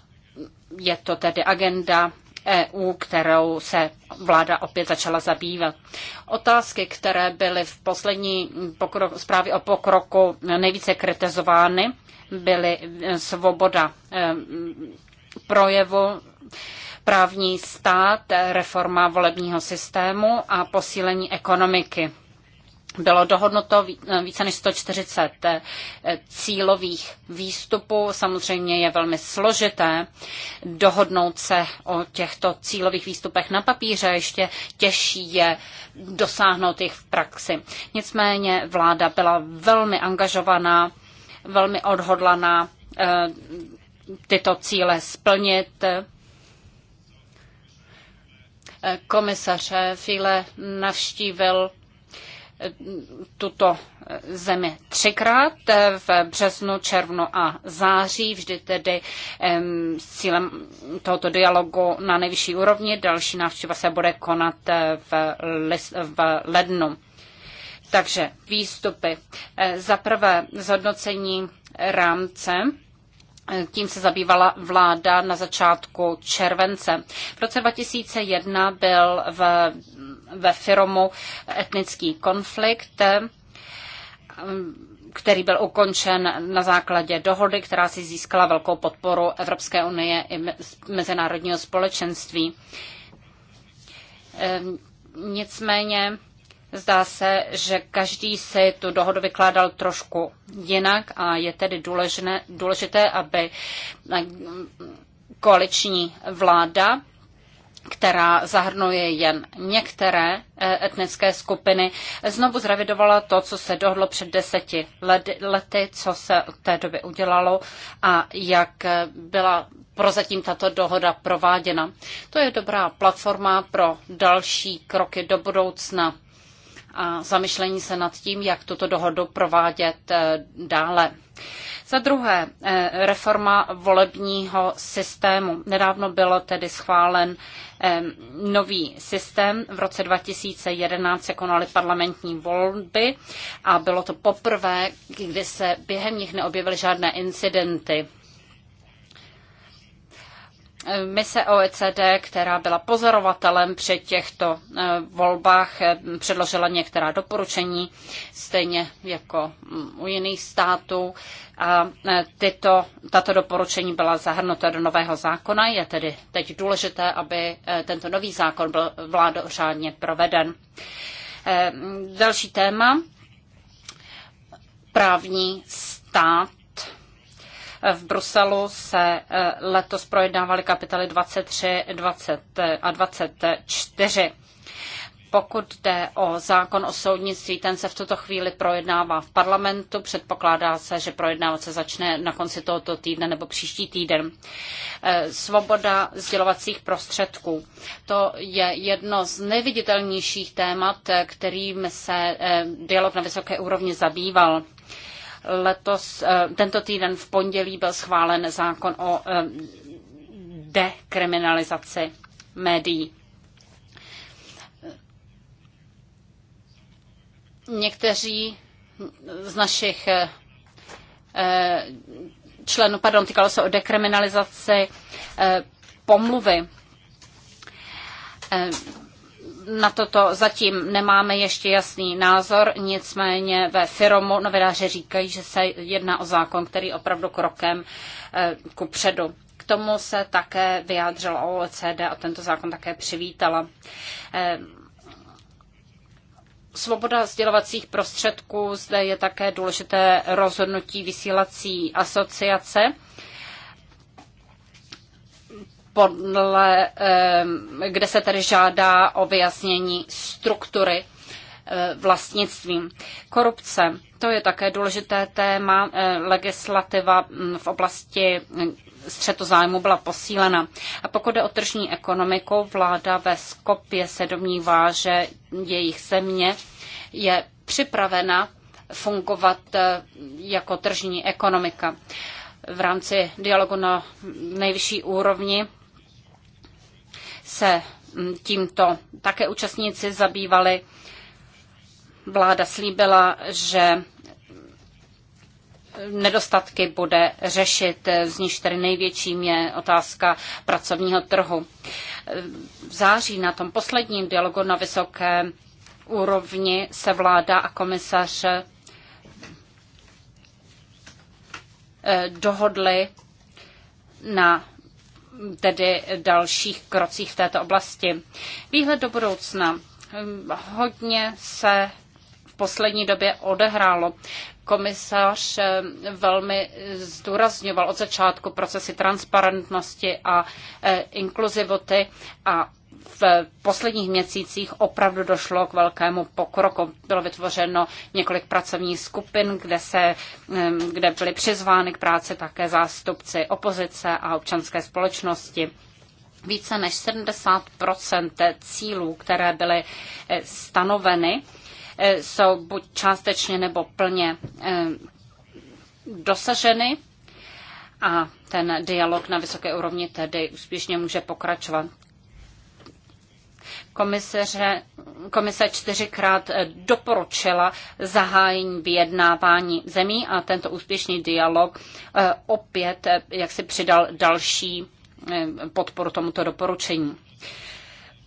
je to tedy agenda EU, kterou se vláda opět začala zabývat. Otázky, které byly v poslední pokro- zprávě o pokroku nejvíce kritizovány, byly eh, svoboda eh, projevu, právní stát, reforma volebního systému a posílení ekonomiky. Bylo dohodnuto více než 140 eh, cílových výstupů. Samozřejmě je velmi složité dohodnout se o těchto cílových výstupech na papíře. Ještě těžší je dosáhnout jich v praxi. Nicméně vláda byla velmi angažovaná, velmi odhodlaná eh, tyto cíle splnit. Eh, Komisař File navštívil tuto zemi třikrát eh, v březnu, červnu a září, vždy tedy s cílem tohoto dialogu na nejvyšší úrovni. Další návštěva se bude konat eh, v, list, v lednu. Takže výstupy. Eh, za prvé zhodnocení rámce tím se zabývala vláda na začátku července. V roce 2001 byl v ve firmu etnický konflikt, který byl ukončen na základě dohody, která si získala velkou podporu Evropské unie i mezinárodního společenství. Ehm, nicméně zdá se, že každý si tu dohodu vykládal trošku jinak a je tedy důležité, důležité aby eh, koaliční vláda která zahrnuje jen některé eh, etnické skupiny, znovu zrevidovala to, co se dohodlo před deseti lety, co se od té doby udělalo a jak eh, byla prozatím tato dohoda prováděna. To je dobrá platforma pro další kroky do budoucna a zamyšlení se nad tím, jak tuto dohodu provádět eh, dále. Za druhé, eh, reforma volebního systému. Nedávno byl tedy schválen eh, nový systém. V roce 2011 se konaly parlamentní volby a bylo to poprvé, kdy se během nich neobjevily žádné incidenty mise OECD, která byla pozorovatelem při těchto eh, volbách, eh, předložila některá doporučení, stejně jako mm, u jiných států. A eh, tyto, tato doporučení byla zahrnuta do nového zákona. Je tedy teď důležité, aby tento nový zákon byl vládou řádně proveden. Další téma. Právní stát v Bruselu se eh, letos projednávaly kapitoly 23 20 eh, a 24. Pokud jde o zákon o soudnictví, ten se v tuto chvíli projednává v parlamentu. Předpokládá se, že projednávat se začne na konci tohoto týdne nebo příští týden. Eh, svoboda sdělovacích prostředků. To je jedno z nejviditelnějších témat, kterým se dialog na vysoké úrovni zabýval. Letos, eh, tento týden v pondělí byl schválen zákon o eh, dekriminalizaci médií. Někteří z našich eh, členů, pardon, týkalo se o dekriminalizaci pomluvy na toto zatím nemáme ještě jasný názor, nicméně ve Firomu novináři říkají, že se jedná o zákon, který opravdu krokem eh, ku předu. K tomu se také vyjádřila OECD a tento zákon také přivítala. Eh, svoboda sdělovacích prostředků, zde je také důležité rozhodnutí vysílací asociace podle, kde se tedy žádá o vyjasnění struktury eh, vlastnictvím. Korupce, to je také důležité téma. Eh, legislativa mm, v oblasti mm, střetu zájmu byla posílena. A pokud jde o tržní ekonomiku, vláda ve Skopě se domnívá, že jejich země je připravena fungovat eh, jako tržní ekonomika. V rámci dialogu na nejvyšší úrovni se mm, tímto také účastníci zabývali. Vláda slíbila, že nedostatky bude řešit, z níž tedy největším je otázka pracovního trhu. V září na tom posledním dialogu na vysoké úrovni se vláda a komisař eh, dohodli na tedy dalších krocích v této oblasti. Výhled do budoucna. Hodně se v poslední době odehrálo. Komisař eh, velmi zdůrazňoval od začátku procesy transparentnosti a eh, inkluzivoty a v posledních měsících opravdu došlo k velkému pokroku. Bylo vytvořeno několik pracovních skupin, kde, se, kde byly přizvány k práci také zástupci opozice a občanské společnosti více než 70 cílů, které byly eh, stanoveny, eh, jsou buď částečně nebo plně dosaženy a ten dialog na vysoké úrovni tedy úspěšně může pokračovat. Komisaře, komise čtyřikrát doporučila zahájení vyjednávání zemí a tento úspěšný dialog eh, opět eh, jak si přidal další eh, podporu tomuto doporučení.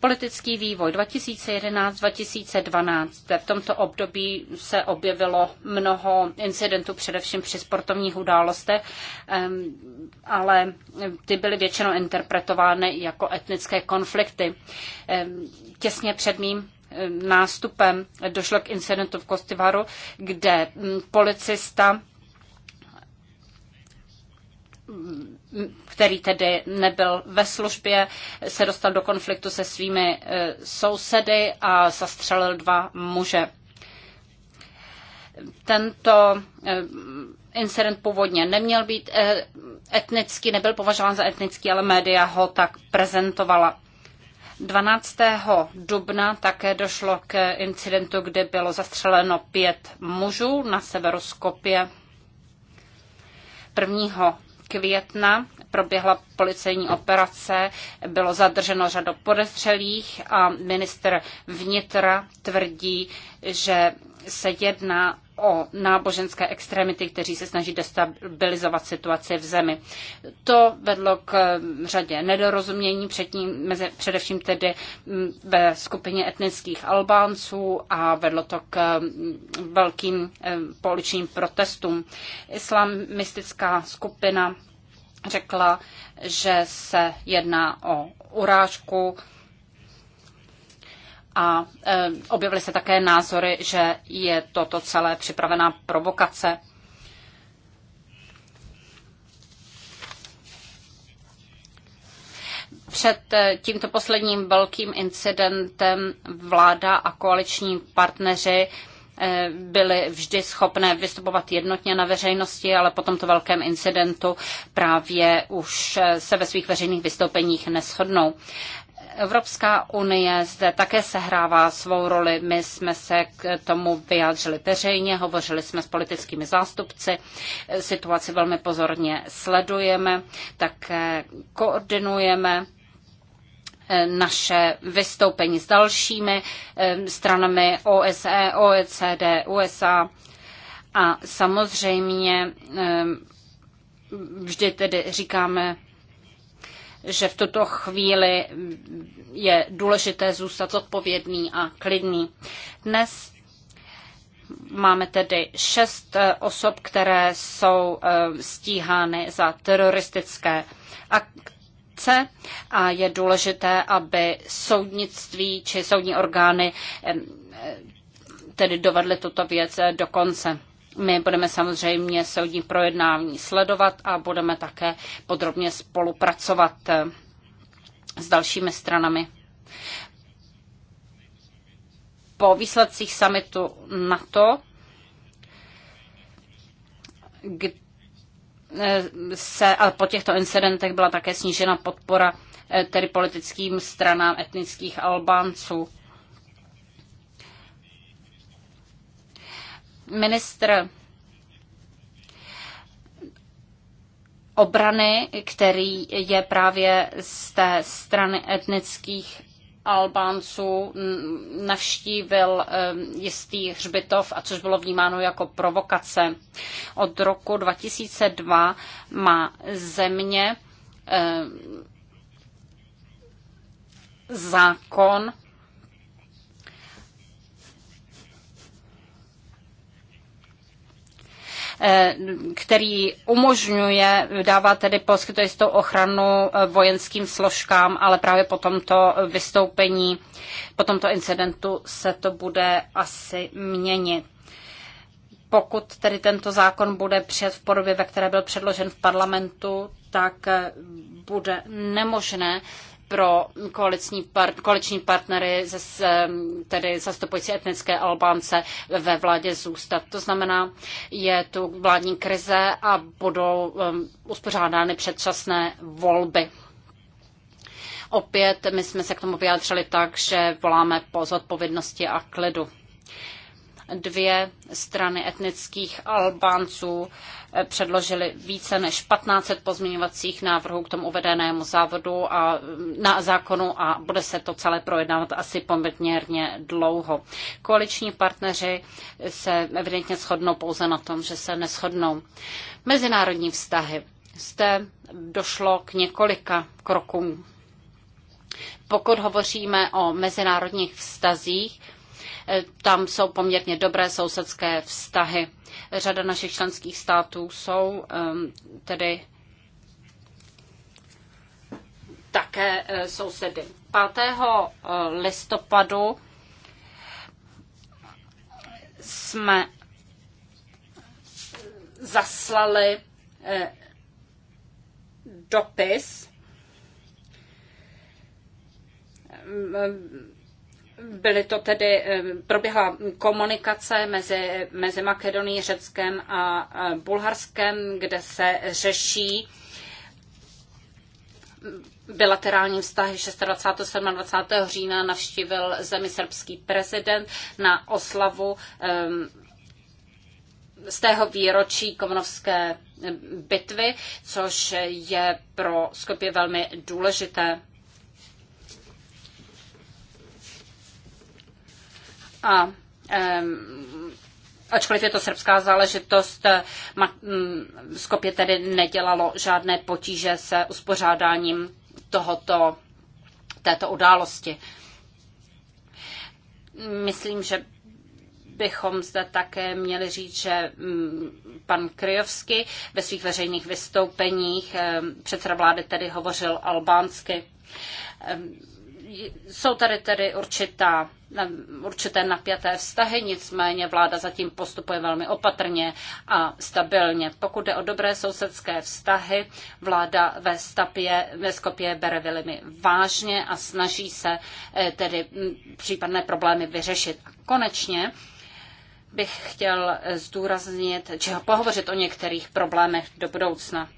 Politický vývoj 2011-2012. V tomto období se objevilo mnoho incidentů, především při sportovních událostech, ale ty byly většinou interpretovány jako etnické konflikty. Těsně před mým nástupem došlo k incidentu v Kostivaru, kde policista který tedy nebyl ve službě, se dostal do konfliktu se svými e, sousedy a zastřelil dva muže. Tento e, incident původně neměl být e, etnický, nebyl považován za etnický, ale média ho tak prezentovala. 12. dubna také došlo k incidentu, kde bylo zastřeleno pět mužů na severu Skopje. 1 května proběhla policejní operace, bylo zadrženo řadu podezřelých a minister vnitra tvrdí, že se jedná o náboženské extremity, kteří se snaží destabilizovat situaci v zemi. To vedlo k eh, řadě nedorozumění, předtím, mezi, především tedy mm, ve skupině etnických Albánců a vedlo to k mm, velkým eh, poličním protestům. Islamistická skupina řekla, že se jedná o urážku a e, objevily se také názory, že je toto celé připravená provokace. Před e, tímto posledním velkým incidentem vláda a koaliční partneři e, byly vždy schopné vystupovat jednotně na veřejnosti, ale po tomto velkém incidentu právě už se ve svých veřejných vystoupeních neshodnou. Evropská unie zde také sehrává svou roli. My jsme se k tomu vyjádřili veřejně, hovořili jsme s politickými zástupci, situaci velmi pozorně sledujeme, také koordinujeme eh, naše vystoupení s dalšími eh, stranami OSE, OECD, USA a samozřejmě eh, vždy tedy říkáme že v tuto chvíli je důležité zůstat odpovědný a klidný. Dnes máme tedy šest eh, osob, které jsou eh, stíhány za teroristické akce a je důležité, aby soudnictví či soudní orgány eh, tedy dovedly tuto věc do konce. My budeme samozřejmě soudní projednání sledovat a budeme také podrobně spolupracovat eh, s dalšími stranami. Po výsledcích samitu NATO eh, se, a po těchto incidentech byla také snížena podpora eh, tedy politickým stranám etnických Albánců. ministr obrany, který je právě z té strany etnických Albánců navštívil jistý hřbitov, a což bylo vnímáno jako provokace. Od roku 2002 má země zákon Eh, který umožňuje, dává tedy poskytuje jistou ochranu eh, vojenským složkám, ale právě po tomto vystoupení, po tomto incidentu se to bude asi měnit pokud tedy tento zákon bude přijat v podobě, ve které byl předložen v parlamentu, tak eh, bude nemožné pro koaliční, par, koaliční partnery, ze, tedy zastupující etnické Albánce ve vládě zůstat. To znamená, je tu vládní krize a budou um, uspořádány předčasné volby. Opět my jsme se k tomu vyjádřili tak, že voláme po zodpovědnosti a klidu. Dvě strany etnických Albánců předložili více než 1500 pozměňovacích návrhů k tomu uvedenému závodu a na zákonu a bude se to celé projednávat asi poměrně dlouho. Koaliční partneři se evidentně shodnou pouze na tom, že se neschodnou. Mezinárodní vztahy. Zde došlo k několika krokům. Pokud hovoříme o mezinárodních vztazích, tam jsou poměrně dobré sousedské vztahy Řada našich členských států jsou tedy také e, sousedy. 5. E, listopadu jsme zaslali e, dopis Byly to tedy, eh, proběhla komunikace mezi, mezi Makedonií, Řeckem a Bulharskem, kde se řeší bilaterální vztahy 26. 27. října navštívil zemi srbský prezident na oslavu ehm, z tého výročí Komnovské bitvy, což je pro Skopje velmi důležité. A ačkoliv je to srbská záležitost, eh, mm, Skopje tedy nedělalo žádné potíže se uspořádáním tohoto, této události. Myslím, že bychom zde také měli říct, že mm, pan Kryjovsky ve svých veřejných vystoupeních, předseda vlády tedy hovořil albánsky jsou tady tedy určitá, určité napjaté vztahy, nicméně vláda zatím postupuje velmi opatrně a stabilně. Pokud jde o dobré sousedské vztahy, vláda ve, stapě, ve Skopě bere velmi vážně a snaží se eh, tedy mm, případné problémy vyřešit. A konečně bych chtěl eh, zdůraznit, či pohovořit o některých problémech do budoucna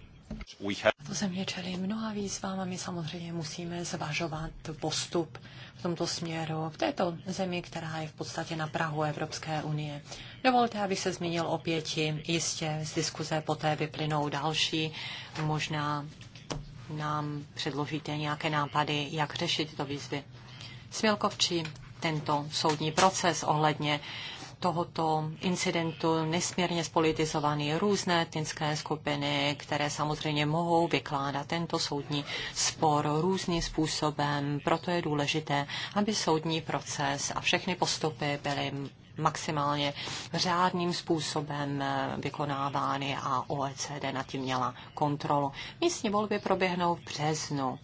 to země čelí mnoha výzvám a my samozřejmě musíme zvažovat postup v tomto směru v této zemi, která je v podstatě na Prahu Evropské unie. Dovolte, abych se zmínil o pěti. Jistě z diskuze poté vyplynou další. Možná nám předložíte nějaké nápady, jak řešit tyto výzvy. Smilkovčí tento soudní proces ohledně tohoto incidentu nesmírně spolitizovaný různé etnické skupiny, které samozřejmě mohou vykládat tento soudní spor různým způsobem. Proto je důležité, aby soudní proces a všechny postupy byly maximálně řádným způsobem eh, vykonávány a OECD na tím měla kontrolu. Místní volby proběhnou v březnu.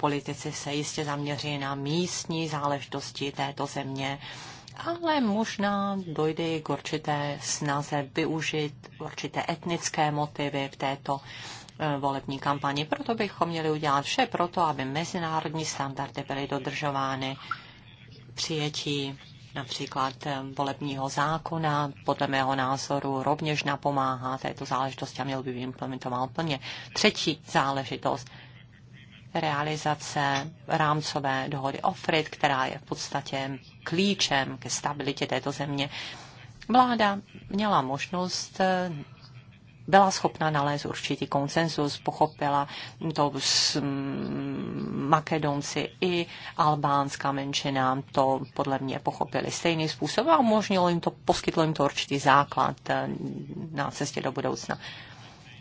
Politici se jistě zaměří na místní záležitosti této země ale možná dojde i k určité snaze využít určité etnické motivy v této eh, volební kampani. Proto bychom měli udělat vše proto, aby mezinárodní standardy byly dodržovány přijetí například eh, volebního zákona, podle mého názoru rovněž napomáhá této záležitosti a měl by být implementován plně. Třetí záležitost, realizace rámcové dohody OFRID, která je v podstatě klíčem ke stabilitě této země. Vláda měla možnost byla schopna nalézt určitý konsenzus, pochopila to s mm, Makedonci i albánská menšina, to podle mě pochopili stejný způsob a umožnilo jim to, poskytlo jim to určitý základ eh, na cestě do budoucna.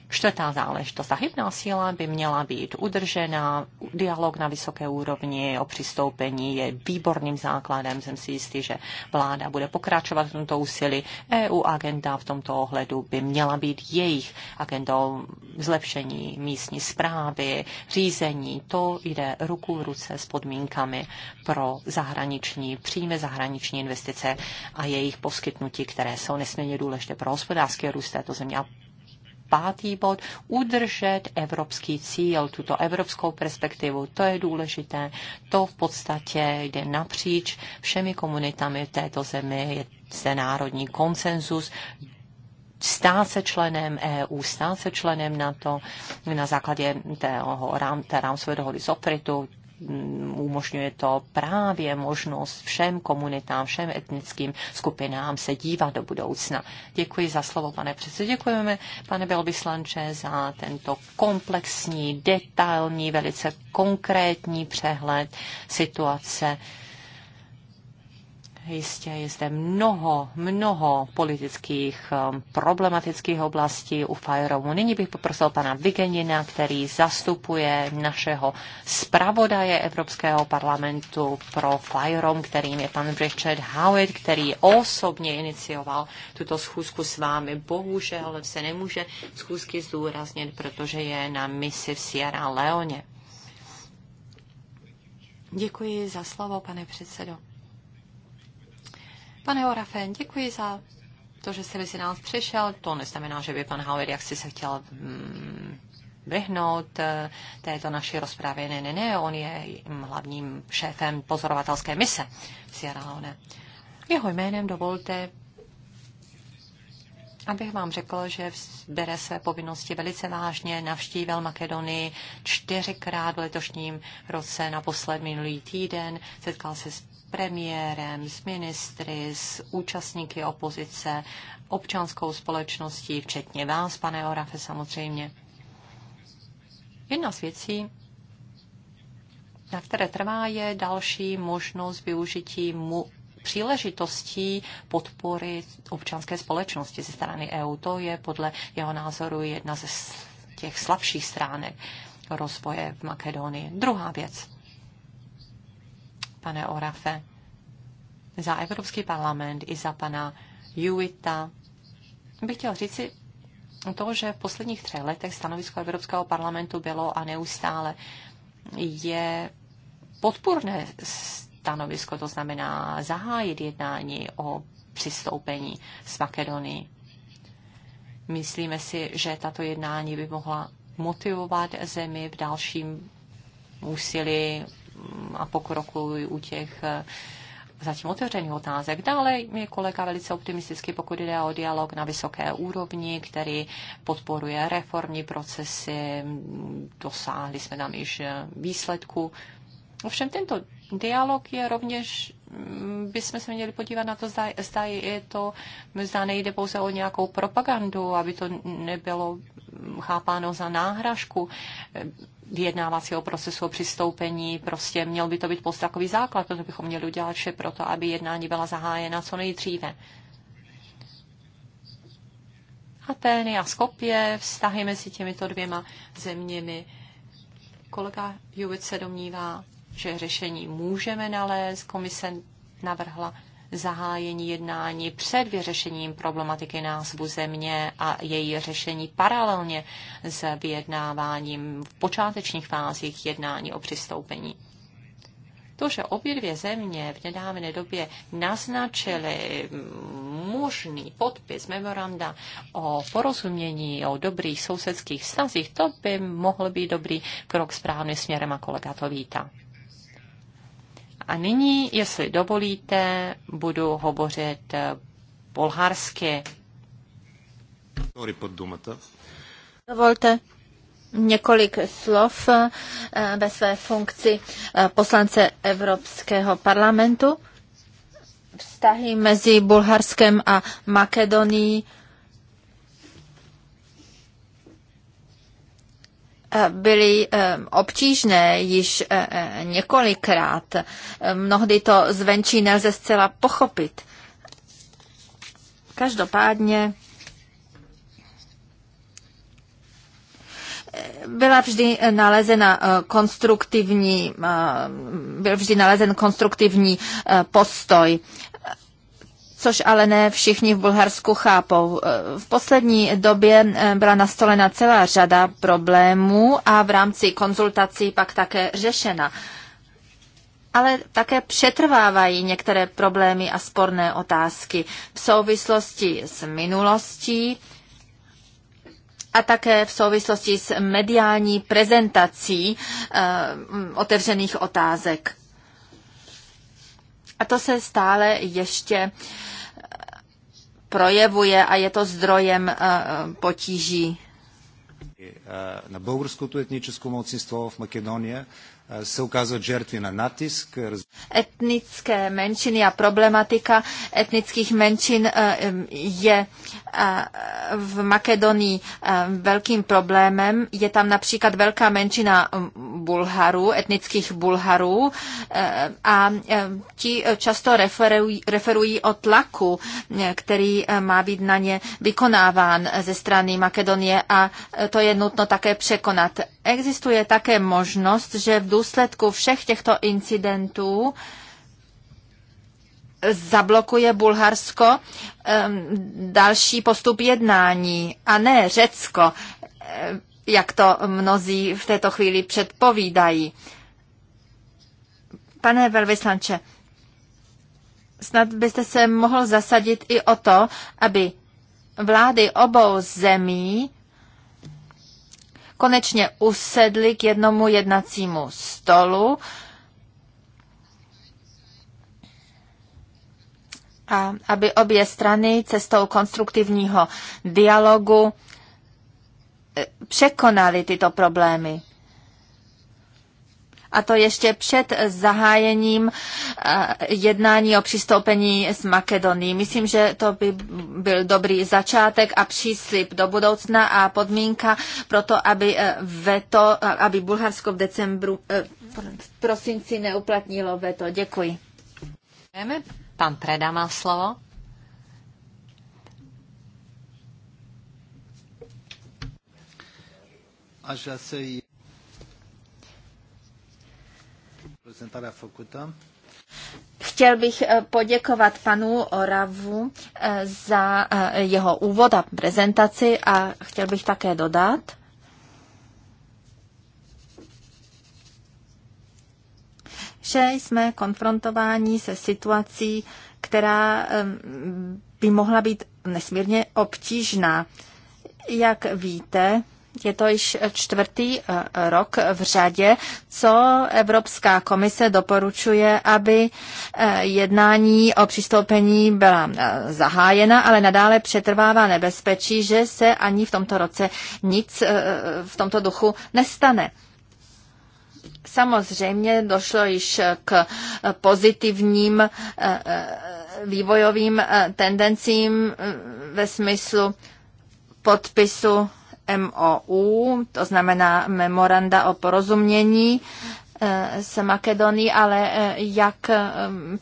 Čtvrtá záležitost. Ta hybná síla by měla být udržena. Dialog na vysoké úrovni o přistoupení je výborným základem. Jsem si jistý, že vláda bude pokračovat v tomto úsilí. EU agenda v tomto ohledu by měla být jejich agendou zlepšení místní zprávy, řízení. To jde ruku v ruce s podmínkami pro zahraniční, příjmy, zahraniční investice a jejich poskytnutí, které jsou nesmírně důležité pro hospodářský růst této země. A pátý bod, udržet evropský cíl, tuto evropskou perspektivu. To je důležité. To v podstatě jde napříč všemi komunitami v této zemi. Je se národní konsenzus stát se členem EU, stát se členem NATO na základě té rámcové dohody z Opritu, Mm, umožňuje to právě možnost všem komunitám, všem etnickým skupinám se dívat do budoucna. Děkuji za slovo, pane předsedo. Děkujeme, pane Belbislanče, za tento komplexní, detailní, velice konkrétní přehled situace Jistě je zde mnoho, mnoho politických um, problematických oblastí u Fajerovu. Nyní bych poprosil pana Vigenina, který zastupuje našeho zpravodaje Evropského parlamentu pro Fajerom, kterým je pan Richard Howard, který osobně inicioval tuto schůzku s vámi. Bohužel se nemůže schůzky zdůraznit, protože je na misi v Sierra Leone. Děkuji za slovo, pane předsedo. Pane Orafen, děkuji za to, že jste mezi nás přišel. To neznamená, že by pan Howard jaksi se chtěl mm, vyhnout eh, této naší rozprávě. Ne, ne, ne, on je hlavním šéfem pozorovatelské mise v Sierra Leone. Jeho jménem dovolte, abych vám řekl, že bere své povinnosti velice vážně, navštívil Makedonii čtyřikrát v letošním roce, naposled minulý týden, setkal se s premiérem, s ministry, s účastníky opozice, občanskou společností, včetně vás, pane Orafe, samozřejmě. Jedna z věcí, na které trvá, je další možnost využití mu příležitostí podpory občanské společnosti ze strany EU. To je podle jeho názoru jedna ze těch slabších stránek rozvoje v Makedonii. Druhá věc pane Orafe, za Evropský parlament i za pana Juita Bych chtěl říci to, že v posledních třech letech stanovisko Evropského parlamentu bylo a neustále je podpůrné stanovisko, to znamená zahájit jednání o přistoupení s Makedonií. Myslíme si, že tato jednání by mohla motivovat zemi v dalším úsilí a pokroku u těch eh, zatím otevřených otázek. Dále je kolega velice optimistický, pokud jde o dialog na vysoké úrovni, který podporuje reformní procesy. Dosáhli jsme tam již eh, výsledku. Ovšem tento dialog je rovněž, mm, bychom se měli podívat na to, zda, zda je to, zda nejde pouze o nějakou propagandu, aby to nebylo mm, chápáno za náhražku vyjednávacího procesu o přistoupení. Prostě měl by to být pouze takový základ, protože bychom měli udělat vše pro to, aby jednání byla zahájena co nejdříve. Ateny a Skopje, vztahy mezi těmito dvěma zeměmi. Kolega Juvic se domnívá, že řešení můžeme nalézt. Komise navrhla zahájení jednání před vyřešením problematiky názvu země a její řešení paralelně s vyjednáváním v počátečních fázích jednání o přistoupení. To, že obě dvě země v nedávné době naznačily možný podpis memoranda o porozumění, o dobrých sousedských vztazích, to by mohl být dobrý krok správným směrem a kolega to vítá. A nyní, jestli dovolíte, budu hovořit bulharsky. Dovolte několik slov eh, ve své funkci eh, poslance Evropského parlamentu. Vztahy mezi Bulharskem a Makedonií byly eh, obtížné již eh, eh, několikrát. Mnohdy to zvenčí nelze zcela pochopit. Každopádně byla vždy nalezena konstruktivní, byl vždy nalezen konstruktivní postoj což ale ne všichni v Bulharsku chápou. Eh, v poslední době eh, byla nastolena celá řada problémů a v rámci konzultací pak také řešena. Ale také přetrvávají některé problémy a sporné otázky v souvislosti s minulostí a také v souvislosti s mediální prezentací uh, otevřených otázek. A to se stále ještě eh, projevuje a je to zdrojem eh, potíží. Na Българското етническо младсинство v Makedonii se ukázat žertvy na natisk. Etnické menšiny a problematika etnických menšin eh, je eh, v Makedonii eh, velkým problémem. Je tam například velká menšina mm, Bulharů, etnických Bulharů a ti často referují, referují o tlaku, který má být na ně vykonáván ze strany Makedonie a to je nutno také překonat. Existuje také možnost, že v důsledku všech těchto incidentů zablokuje Bulharsko další postup jednání a ne Řecko, jak to mnozí v této chvíli předpovídají. Pane velvyslanče, snad byste se mohl zasadit i o to, aby vlády obou zemí konečně usedli k jednomu jednacímu stolu a aby obě strany cestou konstruktivního dialogu eh, překonaly tyto problémy a to ještě před zahájením eh, jednání o přistoupení s Makedonií. Myslím, že to by byl dobrý začátek a příslip do budoucna a podmínka pro to, aby, eh, veto, eh, aby Bulharsko v decembru v prosinci neuplatnilo veto. Děkuji. Pan Preda má slovo. Až se jí... prezentarea făcută. Chtěl bych eh, poděkovat panu Oravu eh, za eh, jeho úvod a prezentaci a chtěl bych také dodat, že jsme konfrontováni se situací, která by mohla být nesmírně obtížná. Jak víte, je to již čtvrtý eh, rok v řadě, co Evropská komise doporučuje, aby eh, jednání o přistoupení byla eh, zahájena, ale nadále přetrvává nebezpečí, že se ani v tomto roce nic v tomto duchu nestane. Samozřejmě došlo již k pozitivním vývojovým tendencím ve smyslu podpisu MOU, to znamená memoranda o porozumění eh, s Makedonií, ale eh, jak eh,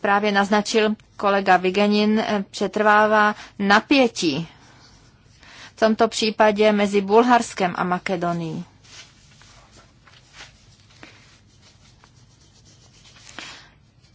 právě naznačil kolega Vigenin, přetrvává napětí v tomto případě mezi Bulharskem a Makedonií.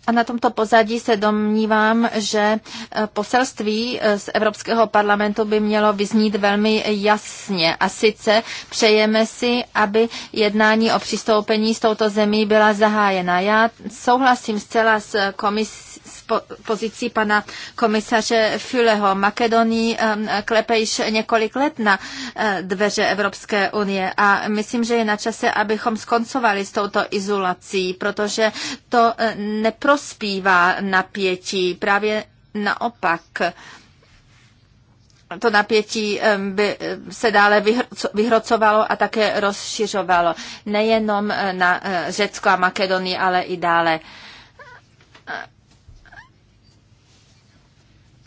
A na tomto pozadí se domnívám, že e, poselství e, z Evropského parlamentu by mělo vyznít velmi jasně. A sice přejeme si, aby jednání o přistoupení s touto zemí byla zahájena. Já souhlasím zcela s e, komisí pozicí pana komisaře Füleho. Makedonii klepe již několik let na eh, dveře Evropské unie a myslím, že je na čase, abychom skoncovali s touto izolací, protože to eh, neprospívá napětí. Právě naopak to napětí by se dále vyhrocovalo a také rozšiřovalo. Nejenom eh, na Řecko a Makedonii, ale i dále.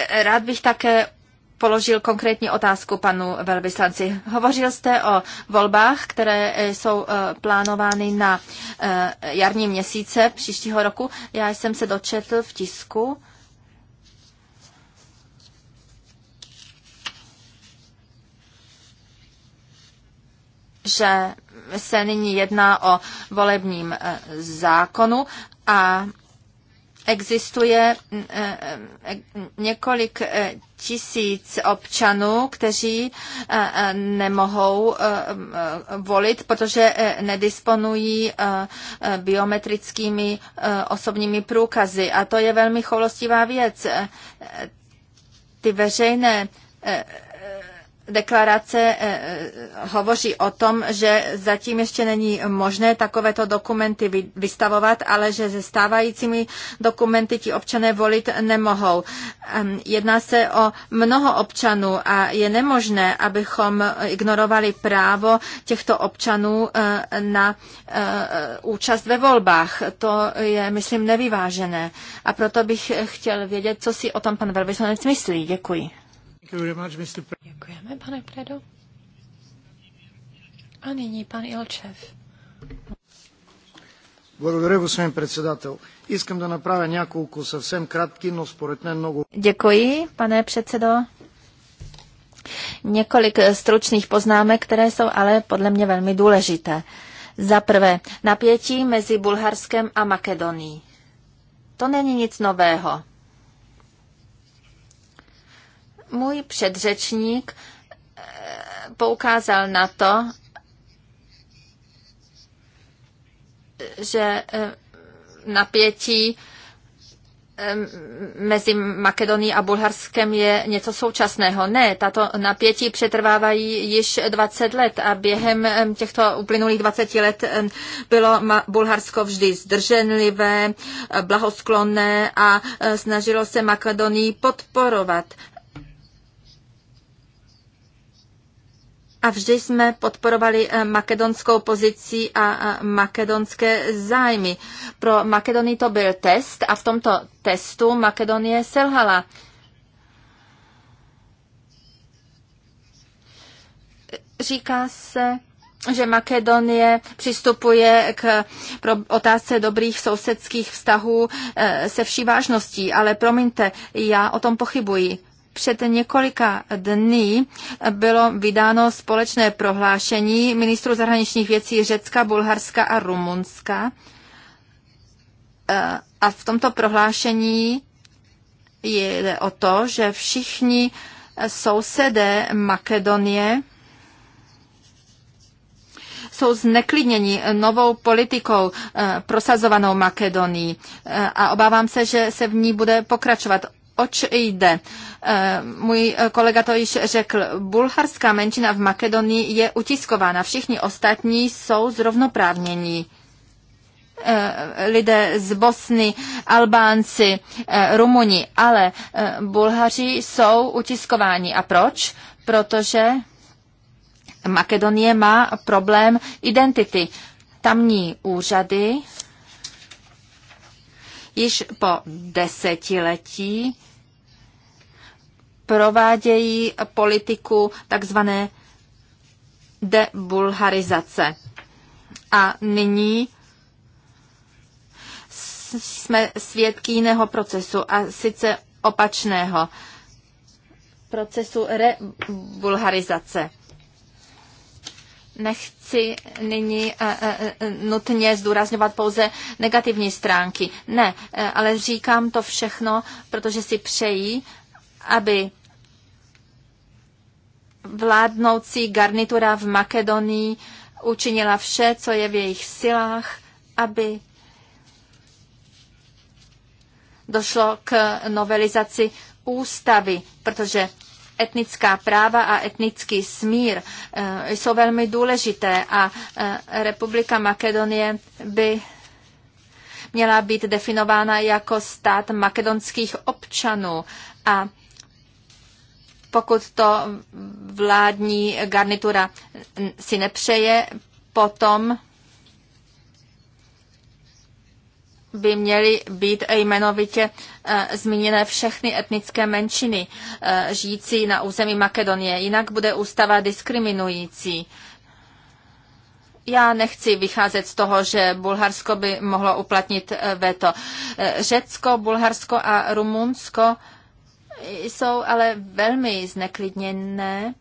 Rád bych také položil konkrétní otázku panu velvyslanci. Hovořil jste o volbách, které eh, jsou eh, plánovány na eh, jarní měsíce příštího roku. Já jsem se dočetl v tisku, že se nyní jedná o volebním zákonu a existuje mm, eh, eh, eh, několik tisíc občanů, kteří nemohou volit, protože nedisponují biometrickými osobními průkazy. A to je velmi choulostivá věc. Ty veřejné deklarace eh, eh, hovoří o tom, že zatím ještě není možné takovéto dokumenty vystavovat, ale že se stávajícími dokumenty ti občané volit nemohou. Ehm, jedná se o mnoho občanů a je nemožné, abychom ignorovali právo těchto občanů eh, na účast ve volbách. To je, myslím, nevyvážené. A proto bych chtěl vědět, co si o tom pan velvyslanec myslí. Děkuji. Děkujeme, pane Predo. A nyní pan Ilčev. Děkuji, pane předsedo. Několik eh, stručných poznámek, které jsou ale podle mě velmi důležité. Za prvé, napětí mezi Bulharskem a Makedonií. To není nic nového. Můj předřečník eh, poukázal na to, že eh, napětí eh, mezi Makedonií a Bulharskem je něco současného. Ne, tato napětí přetrvávají již 20 let a během těchto uplynulých 20 let bylo Bulharsko vždy zdrženlivé, blahosklonné a snažilo se Makedonii podporovat. a vždy jsme podporovali eh, makedonskou pozici a makedonské zájmy. Pro Makedonii to byl test a v tomto testu Makedonie selhala. Říká se, že Makedonie přistupuje k otázce dobrých sousedských vztahů eh, se vší vážností, ale promiňte, já o tom pochybuji. Před několika dny bylo vydáno společné prohlášení ministrů zahraničních věcí Řecka, Bulharska a Rumunska. Eh, a v tomto prohlášení je o to, že všichni sousedé Makedonie jsou zneklidněni novou politikou eh, prosazovanou Makedonii eh, a obávám se, že se v ní bude pokračovat oč jde. Eh, můj kolega to již řekl. Bulharská menšina v Makedonii je utiskována. Všichni ostatní jsou zrovnoprávnění eh, lidé z Bosny, Albánci, eh, Rumuni, ale Bulhaři jsou utiskováni. A proč? Protože Makedonie má problém identity. Tamní úřady již po desetiletí provádějí politiku takzvané debulharizace. A nyní jsme svědky jiného procesu, a sice opačného procesu rebulharizace. Nechci nyní eh, eh, eh, nutně zdůrazňovat pouze negativní stránky. Ne, ale říkám to všechno, protože si přejí, aby vládnoucí garnitura v Makedonii učinila vše, co je v jejich silách, aby došlo k novelizaci ústavy, protože etnická práva a etnický smír eh, jsou velmi důležité a eh, Republika Makedonie by měla být definována jako stát makedonských občanů a pokud to vládní garnitura si nepřeje, potom by měly být jmenovitě eh, zmíněné všechny etnické menšiny eh, žijící na území Makedonie. Jinak bude ústava diskriminující. Já nechci vycházet z toho, že Bulharsko by mohlo uplatnit eh, veto. Řecko, Bulharsko a Rumunsko jsou ale velmi zneklidněné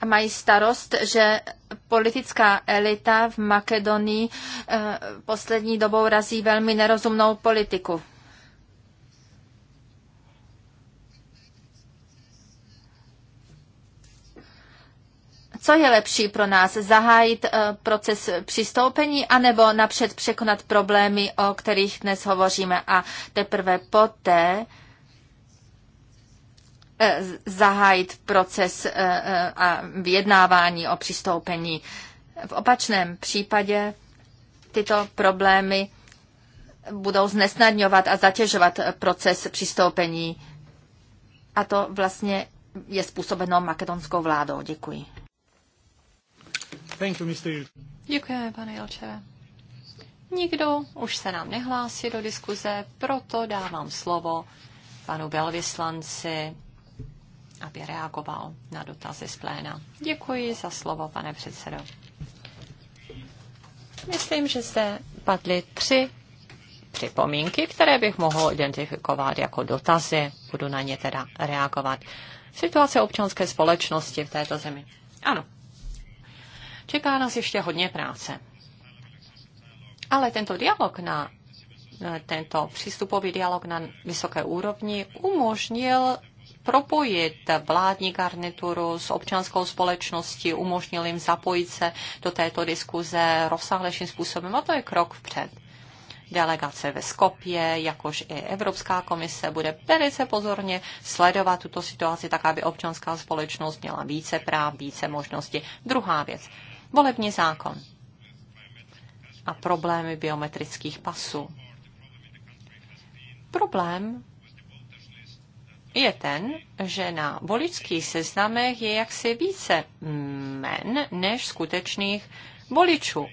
a mají starost, že politická elita v Makedonii eh, poslední dobou razí velmi nerozumnou politiku. co je lepší pro nás? Zahájit eh, proces přistoupení anebo napřed překonat problémy, o kterých dnes hovoříme a teprve poté eh, zahájit proces eh, a vyjednávání o přistoupení. V opačném případě tyto problémy budou znesnadňovat a zatěžovat proces přistoupení. A to vlastně je způsobeno makedonskou vládou. Děkuji. Thank you, Mr. Děkujeme, pane Jelčeve. Nikdo už se nám nehlásí do diskuze, proto dávám slovo panu Belvislanci, aby reagoval na dotazy z pléna. Děkuji za slovo, pane předsedo. Myslím, že zde padly tři připomínky, které bych mohl identifikovat jako dotazy. Budu na ně teda reagovat. Situace občanské společnosti v této zemi. Ano, Čeká nás ještě hodně práce. Ale tento dialog na tento přístupový dialog na vysoké úrovni umožnil propojit vládní garnituru s občanskou společností, umožnil jim zapojit se do této diskuze rozsáhlejším způsobem a to je krok vpřed. Delegace ve Skopě, jakož i Evropská komise bude velice pozorně sledovat tuto situaci tak, aby občanská společnost měla více práv, více možností. Druhá věc. Volební zákon a problémy biometrických pasů. Problém je ten, že na voličských seznamech je jaksi více men než skutečných voličů.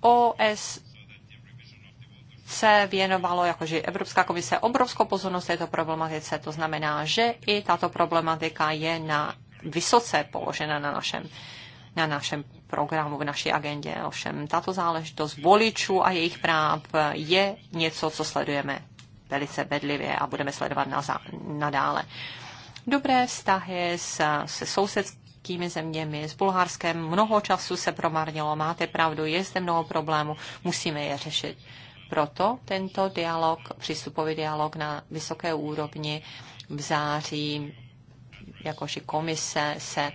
OSC věnovalo, jakože Evropská komise, obrovskou pozornost této problematice. To znamená, že i tato problematika je na vysoce položena na našem, na našem programu, v naší agendě. Ovšem, tato záležitost voličů a jejich práv je něco, co sledujeme velice bedlivě a budeme sledovat na nadále. Dobré vztahy se, se sousedskými zeměmi, s Bulharskem. Mnoho času se promarnilo, máte pravdu, je zde mnoho problémů, musíme je řešit. Proto tento dialog, přístupový dialog na vysoké úrovni v září jakož i komise se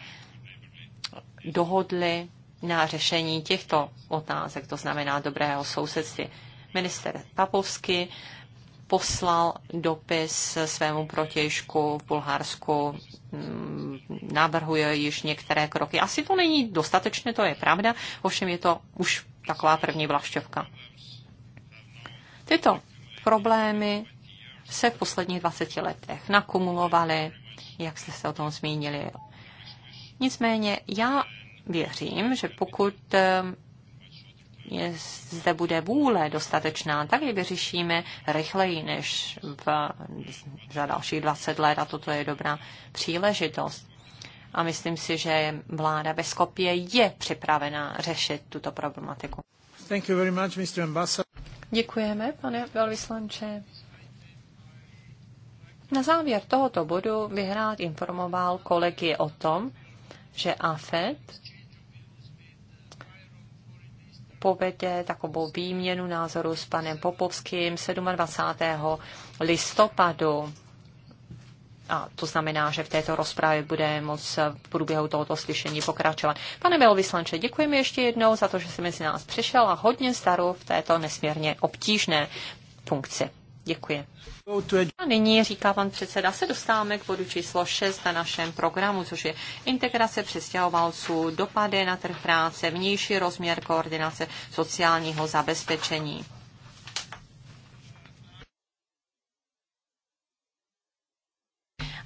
dohodli na řešení těchto otázek, to znamená dobrého sousedství. Minister Papovsky poslal dopis svému protěžku v Bulharsku, mm, navrhuje již některé kroky. Asi to není dostatečné, to je pravda, ovšem je to už taková první vlašťovka. Tyto problémy se v posledních 20 letech nakumulovaly jak jste se o tom zmínili. Nicméně já věřím, že pokud eh, je, zde bude vůle dostatečná, tak ji vyřešíme rychleji než v, za dalších 20 let a toto je dobrá příležitost. A myslím si, že vláda ve Skopje je připravena řešit tuto problematiku. Thank you very much, Mr. Ambassador. Děkujeme, pane velvyslanče. Na závěr tohoto bodu bych rád informoval kolegy o tom, že AFED povede takovou výměnu názoru s panem Popovským 27. listopadu. A to znamená, že v této rozprávě bude moc v průběhu tohoto slyšení pokračovat. Pane velvyslanče, děkujeme ještě jednou za to, že jste mezi nás přišel a hodně starou v této nesmírně obtížné funkci. Děkuji. A nyní, říká pan předseda, se dostáváme k bodu číslo 6 na našem programu, což je integrace přestěhovalců, dopady na trh práce, vnější rozměr koordinace sociálního zabezpečení.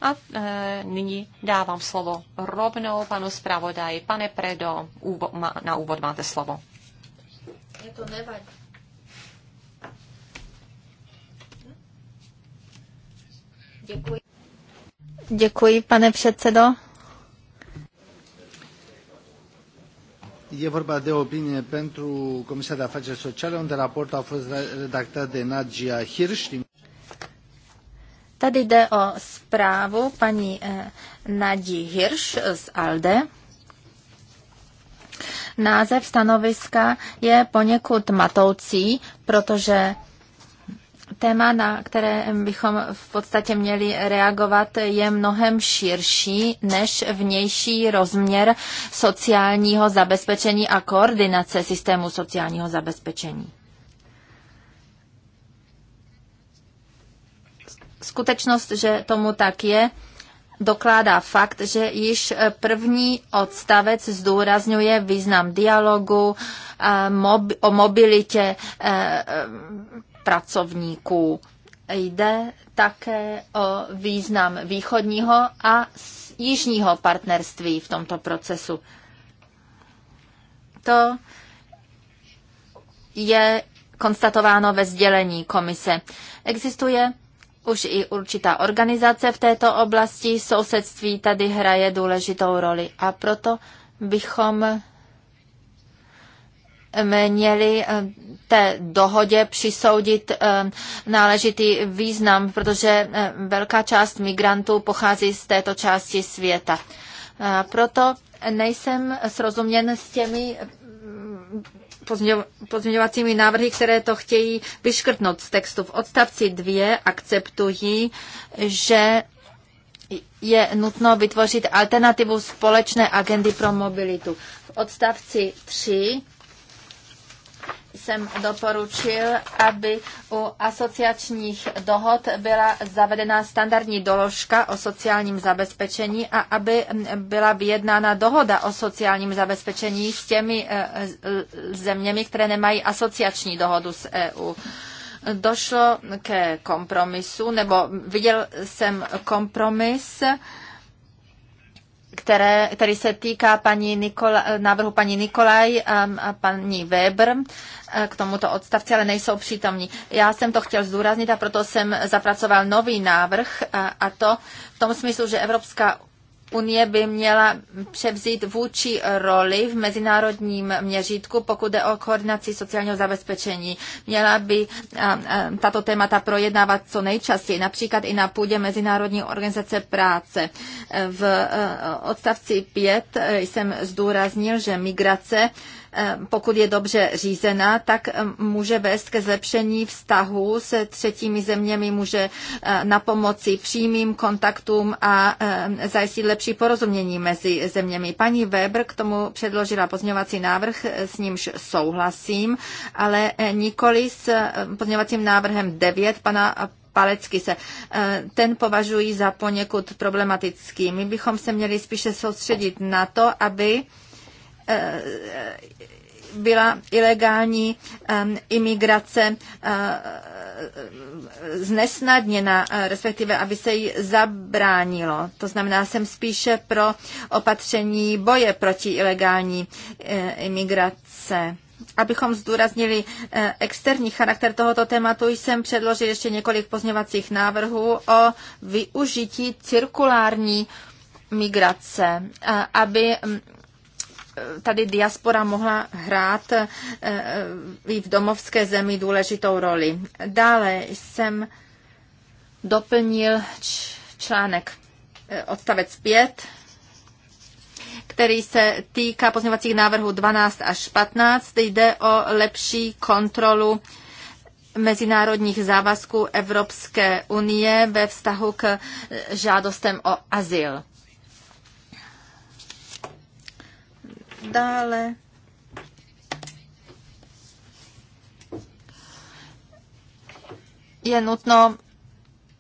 A e, nyní dávám slovo rovnou panu zpravodaji. Pane Predo, úvo, ma, na úvod máte slovo. Je to nevadí. Děkuji. Děkuji, pane předsedo. E vorba de opinie pentru Comisia de Afaceri Sociale, unde raportul a fost redactat de Nadia Hirsch. Tady jde o zprávu paní eh, Nadí Hirsch z ALDE. Název stanoviska je poněkud matoucí, protože Téma, na které bychom v podstatě měli reagovat, je mnohem širší než vnější rozměr sociálního zabezpečení a koordinace systému sociálního zabezpečení. Skutečnost, že tomu tak je, dokládá fakt, že již první odstavec zdůrazňuje význam dialogu eh, o mobilitě eh, eh, pracovníků. Jde také o význam východního a jižního partnerství v tomto procesu. To je konstatováno ve sdělení komise. Existuje už i určitá organizace v této oblasti, sousedství tady hraje důležitou roli a proto bychom měli eh, té dohodě přisoudit eh, náležitý význam, protože eh, velká část migrantů pochází z této části světa. Proto nejsem srozuměn s těmi mm, pozměňovacími návrhy, které to chtějí vyškrtnout z textu. V odstavci 2 akceptují, že je nutno vytvořit alternativu společné agendy pro mobilitu. V odstavci 3 jsem doporučil, aby u asociačních dohod byla zavedena standardní doložka o sociálním zabezpečení a aby byla vyjednána dohoda o sociálním zabezpečení s těmi eh, zeměmi, které nemají asociační dohodu s EU došlo ke kompromisu, nebo viděl jsem kompromis které, který se týká paní Nikola, návrhu paní Nikolaj a, um, a paní Weber uh, k tomuto odstavci, ale nejsou přítomní. Já jsem to chtěl zdůraznit a proto jsem zapracoval nový návrh a, uh, a to v tom smyslu, že Evropská Unie by měla převzít vůči roli v mezinárodním měřítku, pokud jde o koordinaci sociálního zabezpečení. Měla by tato témata projednávat co nejčastěji, například i na půdě Mezinárodní organizace práce. V e, odstavci 5 e, jsem zdůraznil, že migrace Eh, pokud je dobře řízena, tak eh, může vést ke zlepšení vztahu se třetími zeměmi, může eh, na pomoci přímým kontaktům a zajistit lepší porozumění mezi zeměmi. Paní Weber k tomu předložila pozměňovací návrh, s nímž souhlasím, ale nikoli s pozměňovacím návrhem 9 pana Palecky se ten považuji za poněkud problematický. My bychom se měli spíše soustředit na to, aby Eh, byla ilegální ehm, imigrace eh, znesnadněna, eh, respektive aby se jí zabránilo. To znamená, jsem spíše pro opatření boje proti ilegální imigrace. Abychom zdůraznili externí charakter tohoto tématu, jsem předložil ještě několik pozněvacích návrhů o využití cirkulární migrace, aby mm, tady diaspora mohla hrát eh, eh, i v domovské zemi důležitou roli. Dále jsem doplnil článek eh, odstavec 5, který se týká pozměňovacích návrhů 12 až 15. Jde o lepší kontrolu mezinárodních závazků Evropské unie ve vztahu k žádostem o azyl. Dále je nutno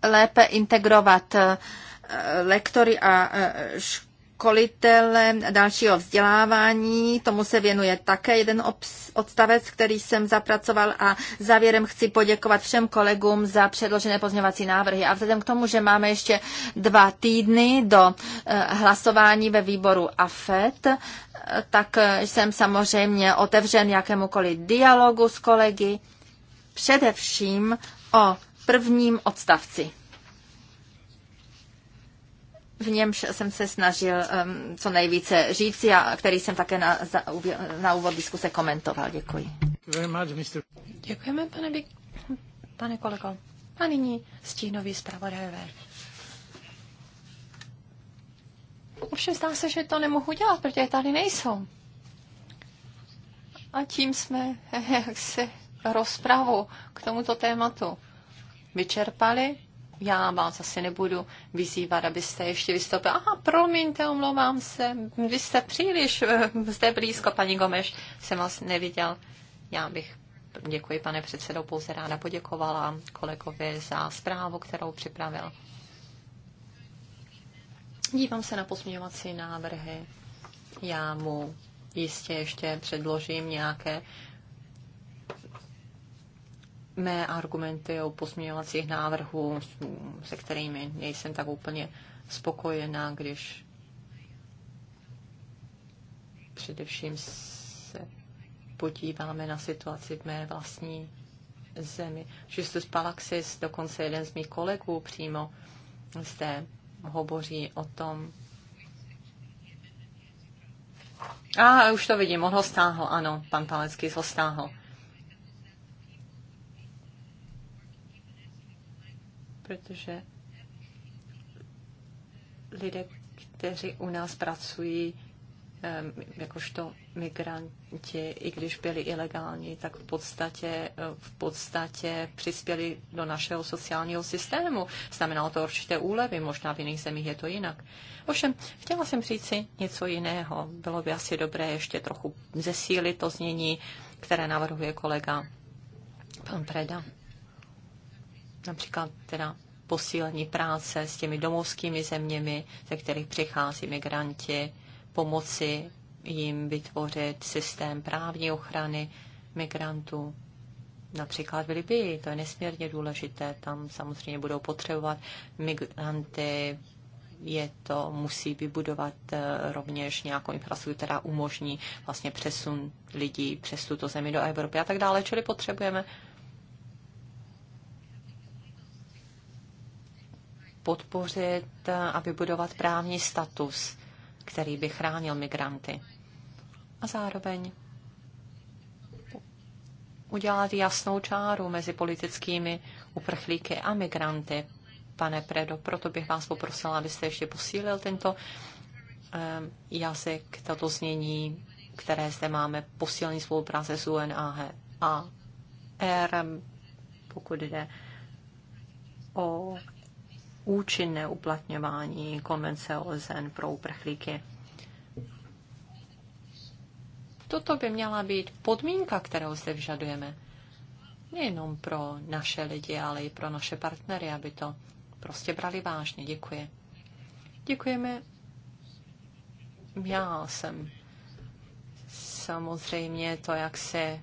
lépe integrovat eh, lektory a eh, školy školitelem dalšího vzdělávání, tomu se věnuje také jeden odstavec, který jsem zapracoval a závěrem chci poděkovat všem kolegům za předložené pozměňovací návrhy. A vzhledem k tomu, že máme ještě dva týdny do eh, hlasování ve výboru AFET, eh, tak eh, jsem samozřejmě otevřen jakémukoliv dialogu s kolegy, především o prvním odstavci v němž jsem se snažil um, co nejvíce říci a který jsem také na, za, na úvod diskuse komentoval. Děkuji. Děkujeme, pane, Bik, pane kolego. A nyní stínový zpravodajové. Ovšem zdá se, že to nemohu dělat, protože tady nejsou. A tím jsme jaksi rozpravu k tomuto tématu vyčerpali já vás asi nebudu vyzývat, abyste ještě vystoupil. Aha, promiňte, omlouvám se, vy jste příliš eh, zde blízko, paní Gomeš, jsem vás neviděl. Já bych, děkuji pane předsedo, pouze ráda poděkovala kolegovi za zprávu, kterou připravil. Dívám se na posměňovací návrhy. Já mu jistě ještě předložím nějaké mé argumenty o pozměňovacích návrhů, se kterými nejsem tak úplně spokojená, když především se podíváme na situaci v mé vlastní zemi. Justus Palaxis, dokonce jeden z mých kolegů přímo zde hovoří o tom. A už to vidím, on ho stáhl, ano, pan Palecký ho stáhl. protože lidé, kteří u nás pracují, jakožto migranti, i když byli ilegální, tak v podstatě, v podstatě přispěli do našeho sociálního systému. Znamenalo to určité úlevy, možná v jiných zemích je to jinak. Ovšem, chtěla jsem říct si něco jiného. Bylo by asi dobré ještě trochu zesílit to znění, které navrhuje kolega pan Preda například teda posílení práce s těmi domovskými zeměmi, ze kterých přichází migranti, pomoci jim vytvořit systém právní ochrany migrantů. Například v Libii, to je nesmírně důležité, tam samozřejmě budou potřebovat migranty, je to, musí vybudovat eh, rovněž nějakou infrastrukturu, která umožní vlastně přesun lidí přes tuto zemi do Evropy a tak dále. Čili potřebujeme podpořit a vybudovat právní status, který by chránil migranty. A zároveň udělat jasnou čáru mezi politickými uprchlíky a migranty. Pane Predo, proto bych vás poprosila, abyste ještě posílil tento eh, jazyk, tato znění, které zde máme, posílení spolupráce s UNHR, pokud jde o účinné uplatňování konvence OSN pro uprchlíky. Toto by měla být podmínka, kterou zde vyžadujeme. Nejenom pro naše lidi, ale i pro naše partnery, aby to prostě brali vážně. Děkuji. Děkujeme. Já jsem samozřejmě to, jak se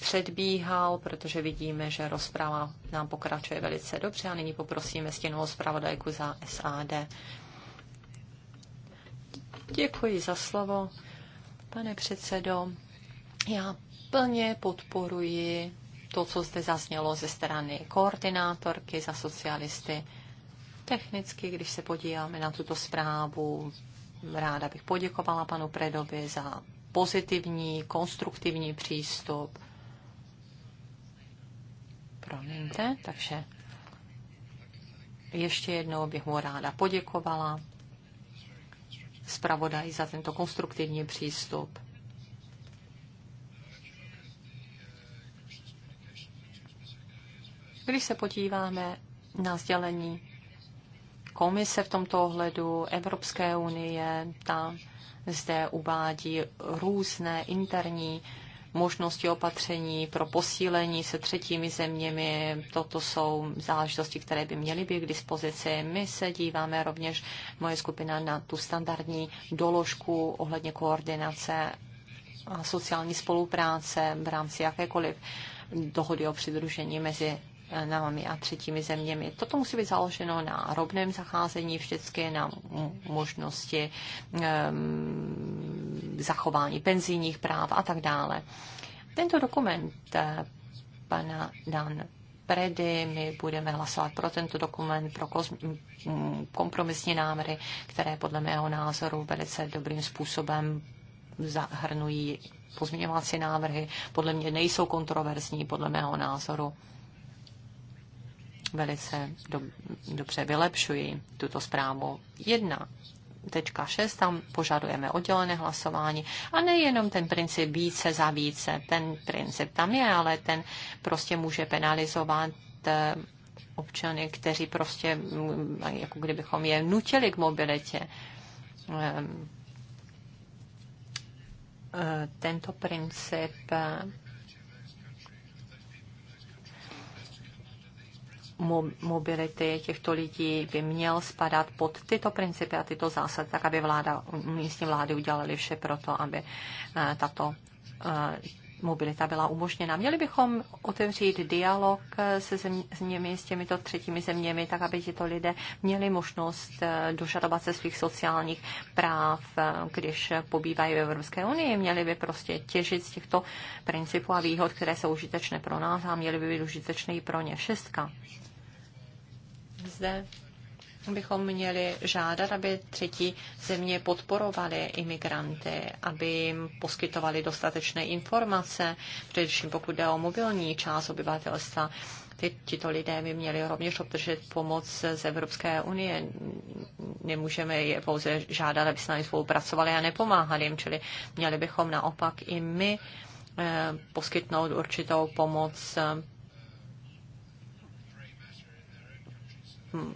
předbíhal, protože vidíme, že rozprava nám pokračuje velice dobře a nyní poprosíme stěnou zpravodajku za SAD. Děkuji za slovo, pane předsedo. Já plně podporuji to, co zde zaznělo ze strany koordinátorky za socialisty. Technicky, když se podíváme na tuto zprávu, ráda bych poděkovala panu Predovi za pozitivní, konstruktivní přístup promiňte, takže ještě jednou bych mu ráda poděkovala zpravodaji za tento konstruktivní přístup. Když se podíváme na sdělení komise v tomto ohledu Evropské unie, tam zde uvádí různé interní uh, možnosti opatření pro posílení se třetími zeměmi. Toto jsou záležitosti, které by měly být k dispozici. My se díváme rovněž, moje skupina, na tu standardní doložku ohledně koordinace a sociální spolupráce v rámci jakékoliv dohody o přidružení mezi námi a třetími zeměmi. Toto musí být založeno na rovném zacházení, vždycky na možnosti um, zachování penzijních práv a tak dále. Tento dokument eh, pana Dan Predy, my budeme hlasovat pro tento dokument, pro kompromisní návrhy, které podle mého názoru velice dobrým způsobem zahrnují pozměňovací návrhy. Podle mě nejsou kontroverzní, podle mého názoru velice do, dobře vylepšují tuto zprávu. Jedna 6, tam požadujeme oddělené hlasování a nejenom ten princip více za více, ten princip tam je, ale ten prostě může penalizovat eh, občany, kteří prostě, mm, jako kdybychom je nutili k mobilitě. Ehm, eh, tento princip eh, mobility těchto lidí by měl spadat pod tyto principy a tyto zásady, tak aby vláda, místní vlády udělali vše pro to, aby eh, tato eh, mobilita byla umožněna. Měli bychom otevřít dialog eh, se zeměmi, s těmito třetími zeměmi, tak aby tito lidé měli možnost dožadovat se svých sociálních práv, když pobývají v Evropské unii. Měli by prostě těžit z těchto principů a výhod, které jsou užitečné pro nás a měly by být užitečné i pro ně. Šestka zde bychom měli žádat, aby třetí země podporovaly imigranty, aby jim poskytovali dostatečné informace, především pokud jde o mobilní část obyvatelstva. Ty, tito lidé by měli rovněž obdržet pomoc z Evropské unie. Nemůžeme je pouze žádat, aby s námi spolupracovali a nepomáhali jim, čili měli bychom naopak i my eh, poskytnout určitou pomoc eh,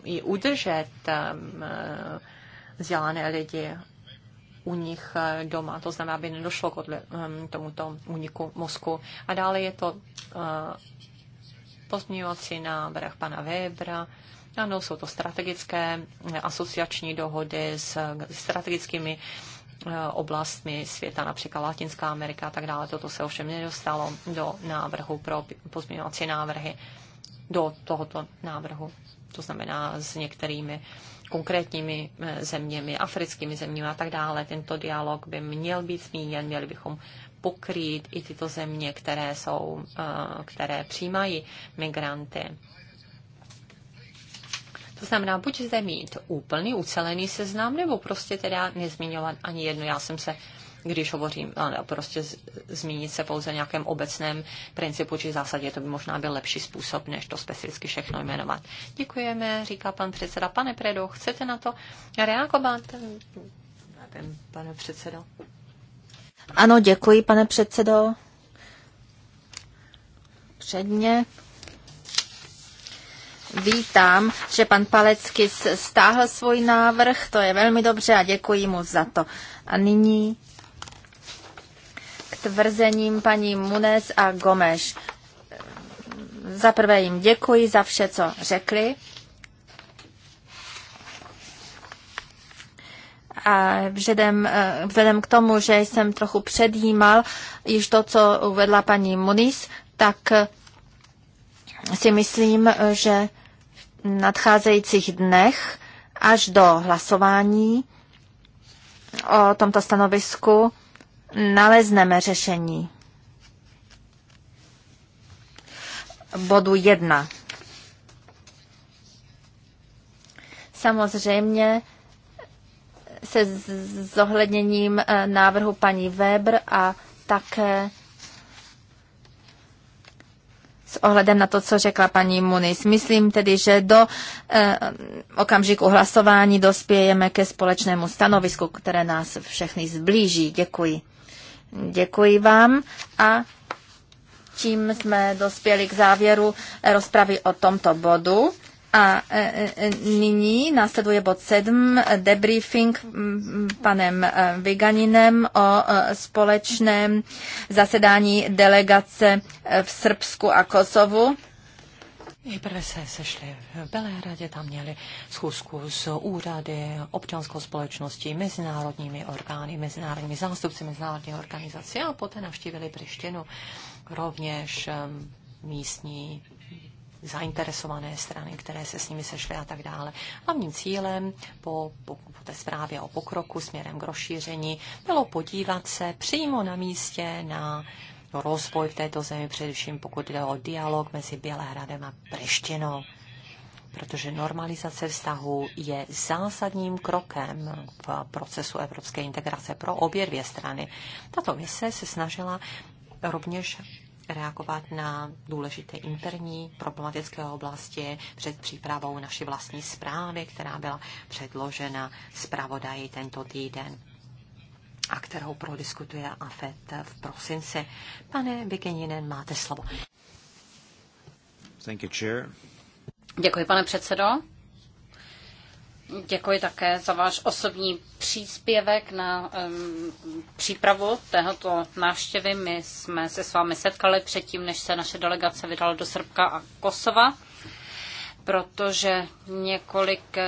i udržet um, vzdělané lidi u nich eh, doma. To znamená, aby nedošlo k hm, tomuto úniku mozku. A dále je to eh, pozměňovací návrh pana Webera. Ano, jsou to strategické eh, asociační dohody s strategickými oblastmi světa, například Latinská Amerika a tak dále. Toto se ovšem nedostalo do návrhu pro pozměňovací návrhy, do tohoto návrhu to znamená s některými konkrétními eh, zeměmi, africkými zeměmi a tak dále. Tento dialog by měl být zmíněn, měli bychom pokrýt i tyto země, které, jsou, eh, které přijímají migranty. To znamená, buď zde mít úplný, ucelený seznam, nebo prostě teda nezmiňovat ani jedno. Já jsem se uh, když hovořím, prostě zmínit se pouze nějakém obecném principu či zásadě, to by možná byl lepší způsob, než to specificky všechno jmenovat. Děkujeme, říká pan předseda. Pane Predo, chcete na to reagovat? Nevím, pane předsedo. Ano, děkuji, pane předsedo. Předně vítám, že pan Palecky stáhl svůj návrh, to je velmi dobře a děkuji mu za to. A nyní tvrzením paní Munes a Gomeš. Za prvé jim děkuji za vše, co řekli. A vzhledem, eh, vzhledem k tomu, že jsem trochu předjímal již to, co uvedla paní Muniz, tak eh, si myslím, že v nadcházejících dnech až do hlasování o tomto stanovisku nalezneme řešení. Bodu jedna. Samozřejmě se zohledněním eh, návrhu paní Weber a také s ohledem na to, co řekla paní Muniz. Myslím tedy, že do eh, okamžiku hlasování dospějeme ke společnému stanovisku, které nás všechny zblíží. Děkuji. Děkuji vám a tím jsme dospěli k závěru rozpravy o tomto bodu. A e, e, nyní následuje bod 7, debriefing panem e, Viganinem o společném zasedání delegace v Srbsku a Kosovu. Nejprve se sešli v Bělehradě, tam měli schůzku s úřady, občanskou společností, mezinárodními orgány, mezinárodními zástupci mezinárodní organizace a poté navštívili Prištinu rovněž místní zainteresované strany, které se s nimi sešly a tak dále. Hlavním cílem po, po, po té zprávě o pokroku směrem k rozšíření bylo podívat se přímo na místě na uh, rozvoj v této zemi, především pokud jde o dialog mezi Bělehradem a Prištinou. Protože normalizace vztahu je zásadním krokem v procesu evropské integrace pro obě dvě strany. Tato mise se snažila rovněž reagovat na důležité interní problematické oblasti před přípravou naší vlastní zprávy, která byla předložena zpravodaji tento týden a kterou prodiskutuje AFET v prosinci. Pane Bikeninen, máte slovo. Thank you, chair. Děkuji, pane předsedo. Děkuji také za váš osobní příspěvek na um, přípravu tohoto návštěvy. My jsme se s vámi setkali předtím, než se naše delegace vydala do Srbka a Kosova, protože několik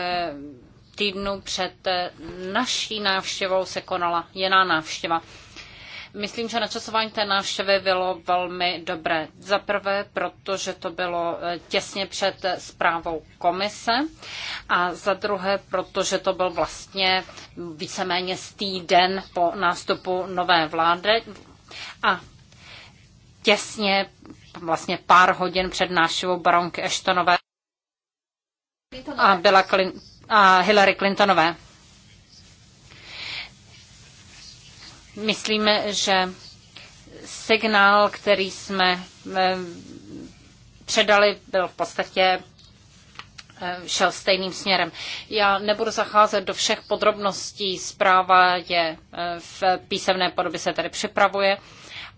týdnu před eh, naší návštěvou se konala jiná návštěva. Myslím, že načasování té návštěvy bylo velmi dobré. Za prvé, protože to bylo eh, těsně před eh, zprávou komise a za druhé, protože to byl vlastně víceméně týden po nástupu nové vlády a těsně vlastně pár hodin před návštěvou baronky Eštonové a byla Clinton a Hillary Clintonové. Myslíme, že signál, který jsme eh, předali, byl v podstatě eh, šel stejným směrem. Já nebudu zacházet do všech podrobností. Zpráva je eh, v písemné podobě se tady připravuje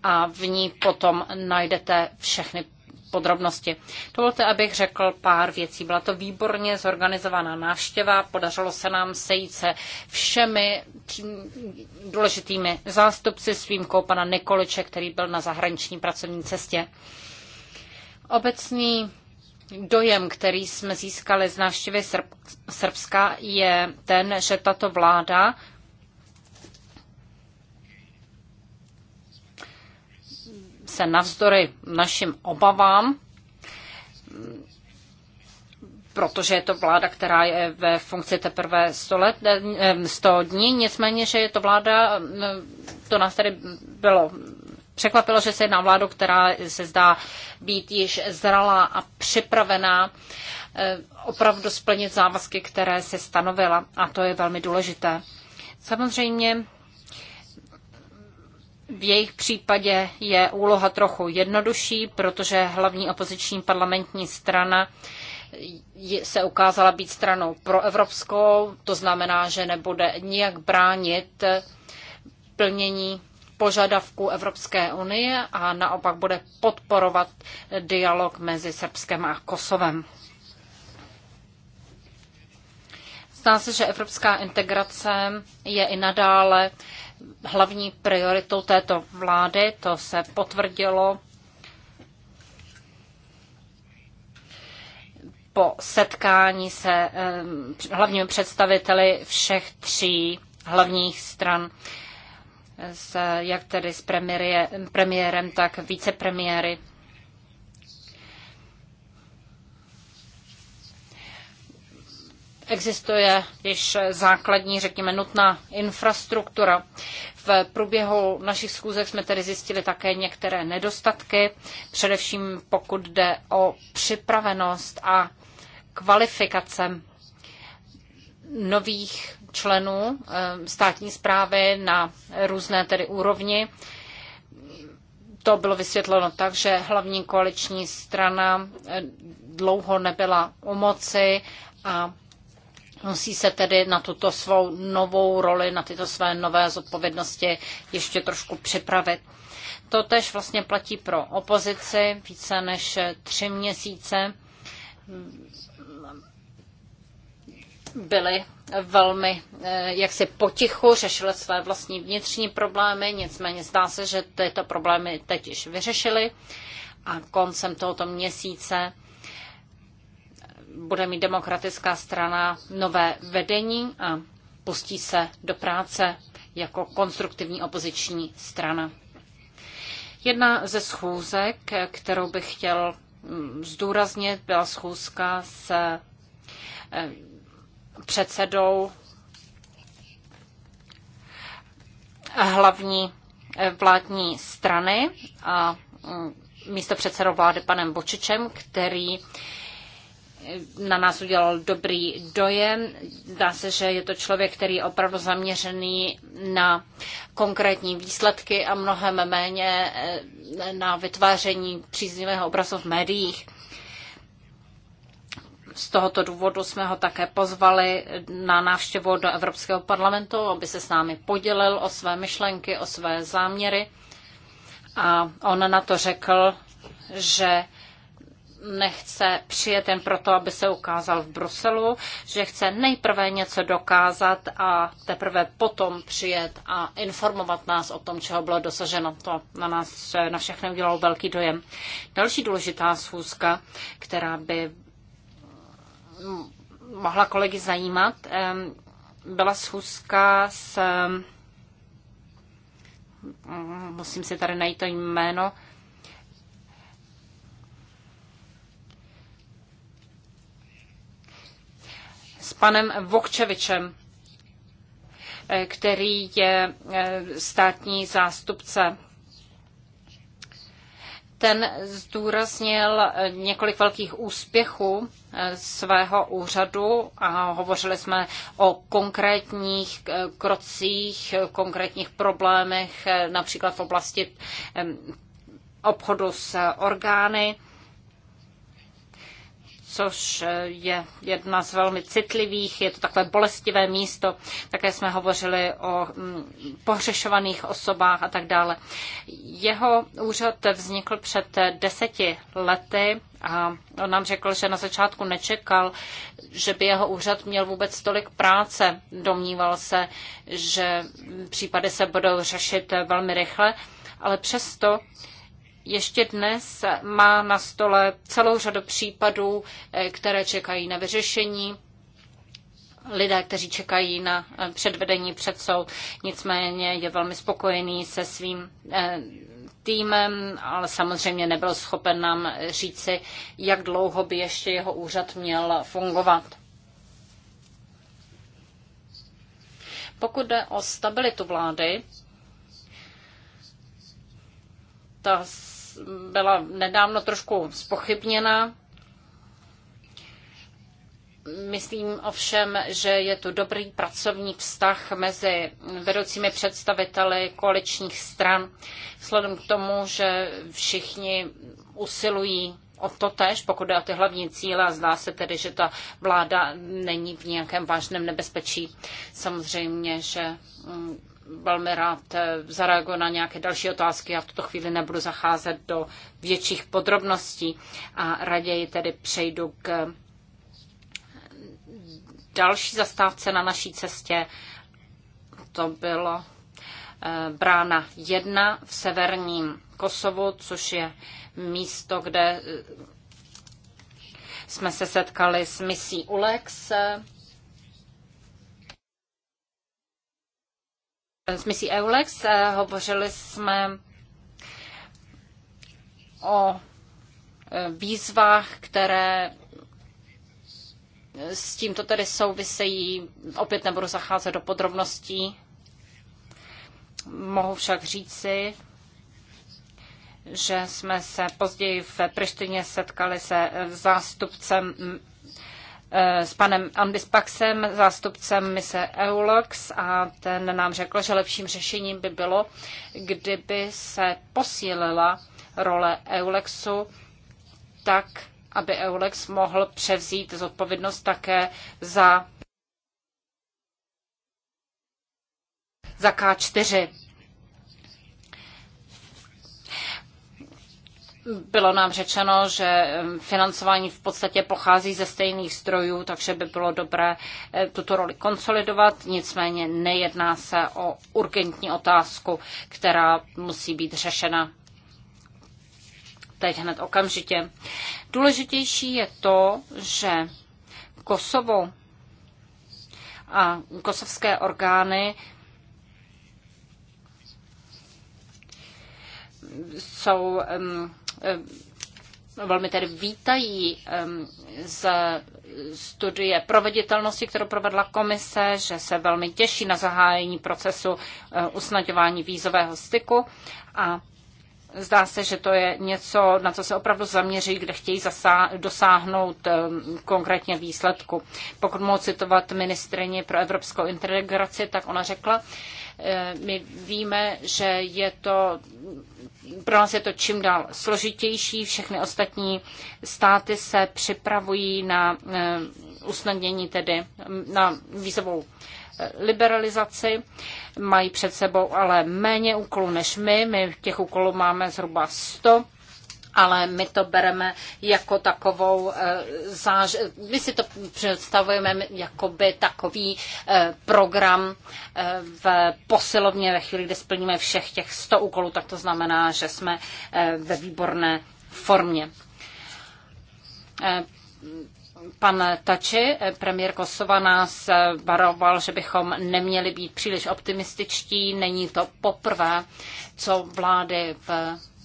a v ní potom najdete všechny podrobnosti. Dovolte, abych řekl pár věcí. Byla to výborně zorganizovaná návštěva, podařilo se nám sejít se všemi důležitými zástupci s výjimkou pana Nikoliče, který byl na zahraniční pracovní cestě. Obecný dojem, který jsme získali z návštěvy Srbska, je ten, že tato vláda se navzdory našim obavám, protože je to vláda, která je ve funkci teprve 100, let, 100 eh, dní, nicméně, že je to vláda, eh, to nás tady bylo překvapilo, že se jedná vládu, která se zdá být již zralá a připravená eh, opravdu splnit závazky, které se stanovila a to je velmi důležité. Samozřejmě v jejich případě je úloha trochu jednodušší, protože hlavní opoziční parlamentní strana se ukázala být stranou proevropskou, to znamená, že nebude nijak bránit plnění požadavků Evropské unie a naopak bude podporovat dialog mezi Srbskem a Kosovem. Zdá se, že evropská integrace je i nadále hlavní prioritou této vlády, to se potvrdilo po setkání se eh, hlavními představiteli všech tří hlavních stran, eh, s, jak tedy s premiérem, tak vicepremiéry. existuje již základní, řekněme, nutná infrastruktura. V průběhu našich schůzek jsme tedy zjistili také některé nedostatky, především pokud jde o připravenost a kvalifikace nových členů eh, státní zprávy na různé tedy úrovni. To bylo vysvětleno tak, že hlavní koaliční strana eh, dlouho nebyla u moci a Musí se tedy na tuto svou novou roli, na tyto své nové zodpovědnosti ještě trošku připravit. To tež vlastně platí pro opozici více než tři měsíce. Byly velmi eh, jaksi potichu, řešili své vlastní vnitřní problémy, nicméně zdá se, že tyto problémy teď již vyřešili a koncem tohoto měsíce bude mít demokratická strana nové vedení a pustí se do práce jako konstruktivní opoziční strana. Jedna ze schůzek, kterou bych chtěl mm, zdůraznit, byla schůzka s eh, předsedou eh, hlavní eh, vládní strany a mm, místo předsedou vlády panem Bočičem, který na nás udělal dobrý dojem. Zdá se, že je to člověk, který je opravdu zaměřený na konkrétní výsledky a mnohem méně eh, na vytváření příznivého obrazu v médiích. Z tohoto důvodu jsme ho také pozvali na návštěvu do Evropského parlamentu, aby se s námi podělil o své myšlenky, o své záměry. A on na to řekl, že nechce přijet jen proto, aby se ukázal v Bruselu, že chce nejprve něco dokázat a teprve potom přijet a informovat nás o tom, čeho bylo dosaženo. To na nás na všechny udělalo velký dojem. Další důležitá schůzka, která by mohla kolegy zajímat, byla schůzka s musím si tady najít to jméno, s panem Vokčevičem, eh, který je eh, státní zástupce. Ten zdůraznil eh, několik velkých úspěchů svého úřadu a hovořili jsme o konkrétních krocích, konkrétních problémech, například v oblasti obchodu s orgány což je jedna z velmi citlivých, je to takové bolestivé místo. Také jsme hovořili o mm, pohřešovaných osobách a tak dále. Jeho úřad vznikl před deseti lety a on nám řekl, že na začátku nečekal, že by jeho úřad měl vůbec tolik práce. Domníval se, že případy se budou řešit velmi rychle, ale přesto ještě dnes má na stole celou řadu případů, eh, které čekají na vyřešení. Lidé, kteří čekají na eh, předvedení před soud, nicméně je velmi spokojený se svým eh, týmem, ale samozřejmě nebyl schopen nám říci, jak dlouho by ještě jeho úřad měl fungovat. Pokud jde o stabilitu vlády, ta byla nedávno trošku spochybněna. Myslím ovšem, že je tu dobrý pracovní vztah mezi vedoucími představiteli koaličních stran, vzhledem k tomu, že všichni usilují o to tež, pokud jde o ty hlavní cíle a zdá se tedy, že ta vláda není v nějakém vážném nebezpečí. Samozřejmě, že mm, velmi rád eh, zareaguji na nějaké další otázky. Já v tuto chvíli nebudu zacházet do větších podrobností a raději tedy přejdu k další zastávce na naší cestě. To bylo eh, brána 1 v severním Kosovu, což je místo, kde eh, jsme se setkali s misí ULEX s misí EULEX. Eh, hovořili jsme o eh, výzvách, které eh, s tímto tedy souvisejí. Opět nebudu zacházet do podrobností. Mohu však říci, že jsme se později v Prištině setkali se zástupcem Eh, s panem Paxem, zástupcem mise EULOX, a ten nám řekl, že lepším řešením by bylo, kdyby se posílila role EULEXu tak, aby EULEX mohl převzít zodpovědnost také za za K4. Bylo nám řečeno, že financování v podstatě pochází ze stejných strojů, takže by bylo dobré eh, tuto roli konsolidovat. Nicméně nejedná se o urgentní otázku, která musí být řešena teď hned okamžitě. Důležitější je to, že Kosovo a kosovské orgány jsou um, Ehm, velmi tedy vítají ehm, z studie proveditelnosti, kterou provedla komise, že se velmi těší na zahájení procesu eh, usnadňování vízového styku a Zdá se, že to je něco, na co se opravdu zaměří, kde chtějí zasá- dosáhnout um, konkrétně výsledku. Pokud mohu citovat ministrině pro evropskou integraci, tak ona řekla, eh, my víme, že je to, pro nás je to čím dál složitější, všechny ostatní státy se připravují na eh, usnadnění tedy, na vízovou liberalizaci. Mají před sebou ale méně úkolů než my. My těch úkolů máme zhruba 100 ale my to bereme jako takovou eh, záž... My si to představujeme jako by takový eh, program eh, v posilovně ve chvíli, kdy splníme všech těch 100 úkolů, tak to znamená, že jsme ve výborné formě Pan Tači, premiér Kosova, nás varoval, že bychom neměli být příliš optimističtí. Není to poprvé, co vlády v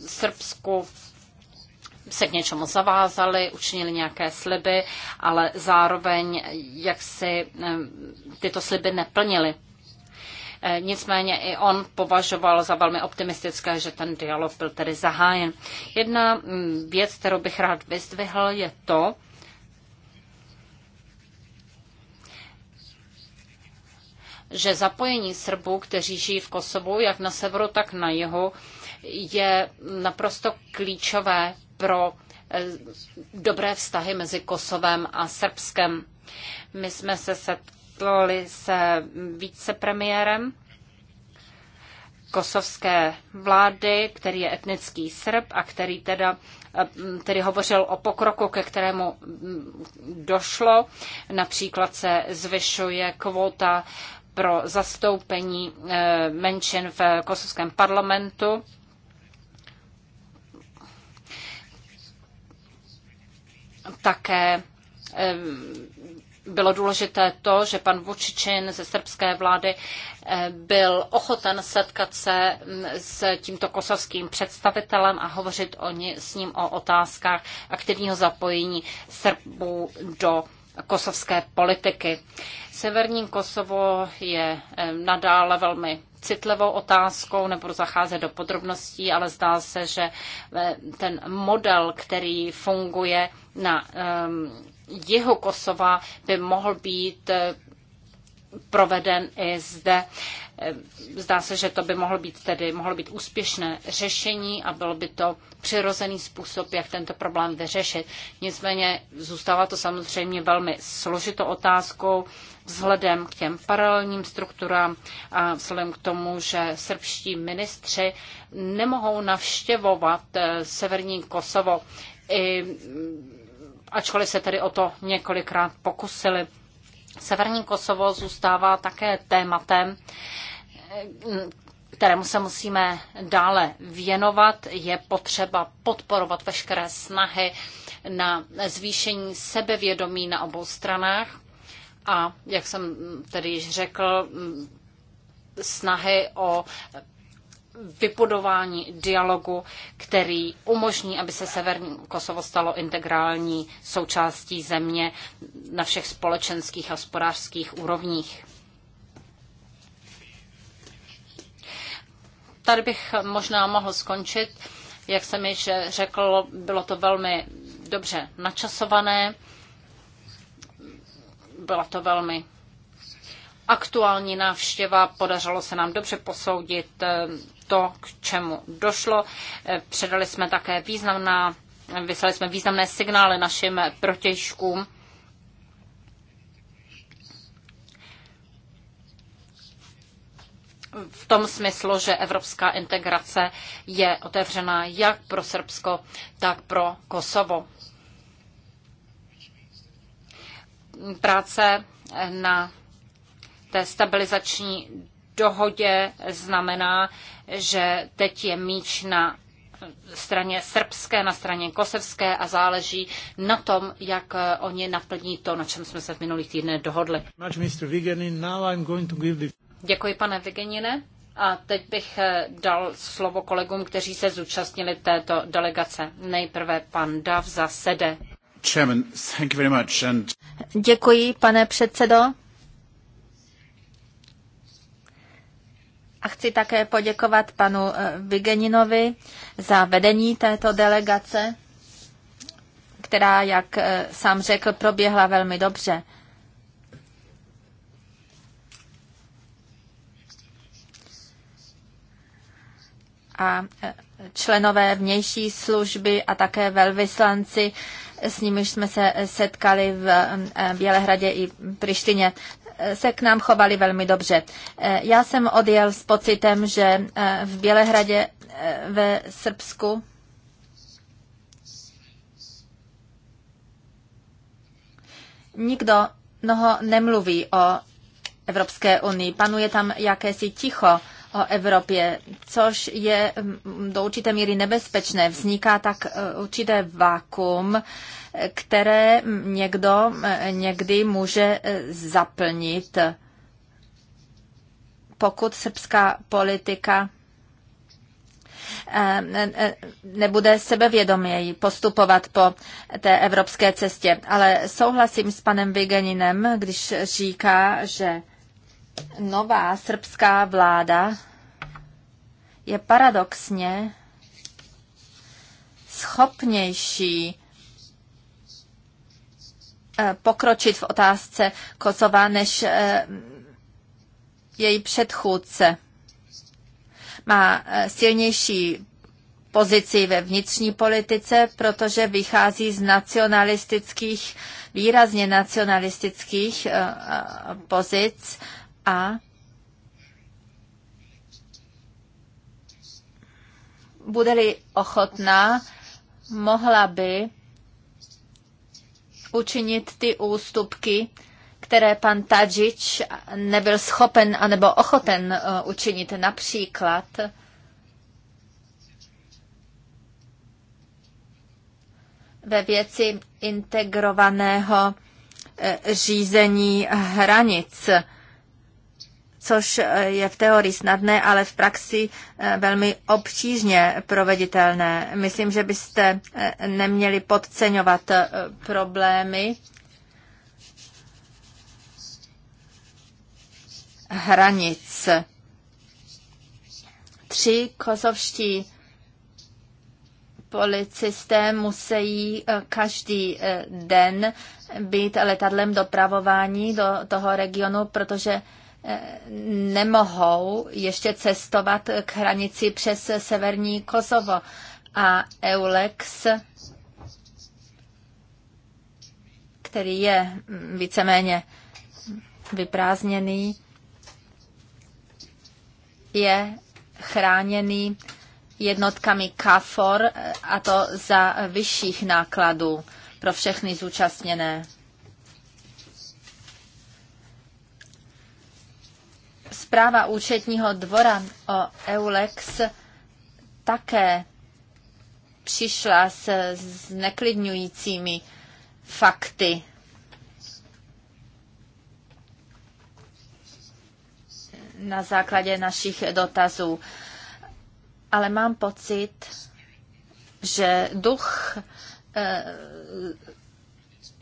Srbsku se k něčemu zavázali, učinili nějaké sliby, ale zároveň jak si eh, tyto sliby neplnili. Eh, nicméně i on považoval za velmi optimistické, že ten dialog byl tedy zahájen. Jedna mm, věc, kterou bych rád vyzdvihl, je to, že zapojení Srbů, kteří žijí v Kosovu, jak na severu, tak na jihu, je naprosto klíčové pro eh, dobré vztahy mezi Kosovem a Srbskem. My jsme se setkali se vicepremiérem kosovské vlády, který je etnický Srb a který teda který eh, hovořil o pokroku, ke kterému mm, došlo. Například se zvyšuje kvota pro zastoupení eh, menšin v kosovském parlamentu. Také eh, bylo důležité to, že pan Vučičin ze srbské vlády eh, byl ochoten setkat se mm, s tímto kosovským představitelem a hovořit o ní, s ním o otázkách aktivního zapojení Srbů do kosovské politiky. Severní Kosovo je eh, nadále velmi citlivou otázkou, nebudu zacházet do podrobností, ale zdá se, že eh, ten model, který funguje na um, jihu Kosova, by mohl být eh, proveden i zde. Eh, zdá se, že to by mohlo být tedy mohlo být úspěšné řešení a bylo by to přirozený způsob, jak tento problém vyřešit. Nicméně zůstává to samozřejmě velmi složitou otázkou vzhledem k těm paralelním strukturám a vzhledem k tomu, že srbští ministři nemohou navštěvovat eh, severní Kosovo, i, mm, ačkoliv se tedy o to několikrát pokusili. Severní Kosovo zůstává také tématem, kterému se musíme dále věnovat. Je potřeba podporovat veškeré snahy na zvýšení sebevědomí na obou stranách a, jak jsem tedy již řekl, snahy o vybudování dialogu, který umožní, aby se Severní Kosovo stalo integrální součástí země na všech společenských a hospodářských úrovních. Tady bych možná mohl skončit. Jak jsem již řekl, bylo to velmi dobře načasované, byla to velmi aktuální návštěva, podařilo se nám dobře posoudit to, k čemu došlo. Eh, předali jsme také významná, vyslali jsme významné signály našim protěžkům. v tom smyslu, že evropská integrace je otevřená jak pro Srbsko, tak pro Kosovo. Práce eh, na té stabilizační dohodě znamená, že teď je míč na straně srbské, na straně kosevské a záleží na tom, jak eh, oni naplní to, na čem jsme se v minulých týdnech dohodli. Děkuji, pane Vigenine. A teď bych eh, dal slovo kolegům, kteří se zúčastnili této delegace. Nejprve pan Dav za sede. Děkuji, pane předsedo. A chci také poděkovat panu eh, Vigeninovi za vedení této delegace, která, jak eh, sám řekl, proběhla velmi dobře. A eh, členové vnější služby a také velvyslanci s nimiž jsme se setkali v Bělehradě i Prištině se k nám chovali velmi dobře. E, já jsem odjel s pocitem, že e, v Bělehradě e, ve Srbsku nikdo mnoho nemluví o Evropské unii. Panuje tam jakési ticho o Evropě, což je mm, do určité míry nebezpečné. Vzniká tak e, určité vákum, které někdo e, někdy může e, zaplnit, pokud srbská politika nebude sebevědoměji postupovat po té evropské cestě. Ale souhlasím s panem Vigeninem, když říká, že nová srbská vláda je paradoxně schopnější eh, pokročit v otázce Kosova než eh, její předchůdce. Má eh, silnější pozici ve vnitřní politice, protože vychází z nacionalistických, výrazně nacionalistických pozic a bude-li ochotná, mohla by učinit ty ústupky, které pan Tadžič nebyl schopen anebo ochoten eh, učinit. Například ve věci integrovaného eh, řízení hranic což eh, je v teorii snadné, ale v praxi eh, velmi obtížně proveditelné. Myslím, že byste eh, neměli podceňovat problémy hranic. Tři kosovští policisté musí každý den být letadlem dopravování do toho regionu, protože nemohou ještě cestovat k hranici přes severní Kosovo. A Eulex, který je víceméně vyprázdněný, je chráněný jednotkami KFOR a to za vyšších nákladů pro všechny zúčastněné. Zpráva účetního dvora o EULEX také přišla s neklidňujícími fakty. na základě našich dotazů. Ale mám pocit, že duch eh,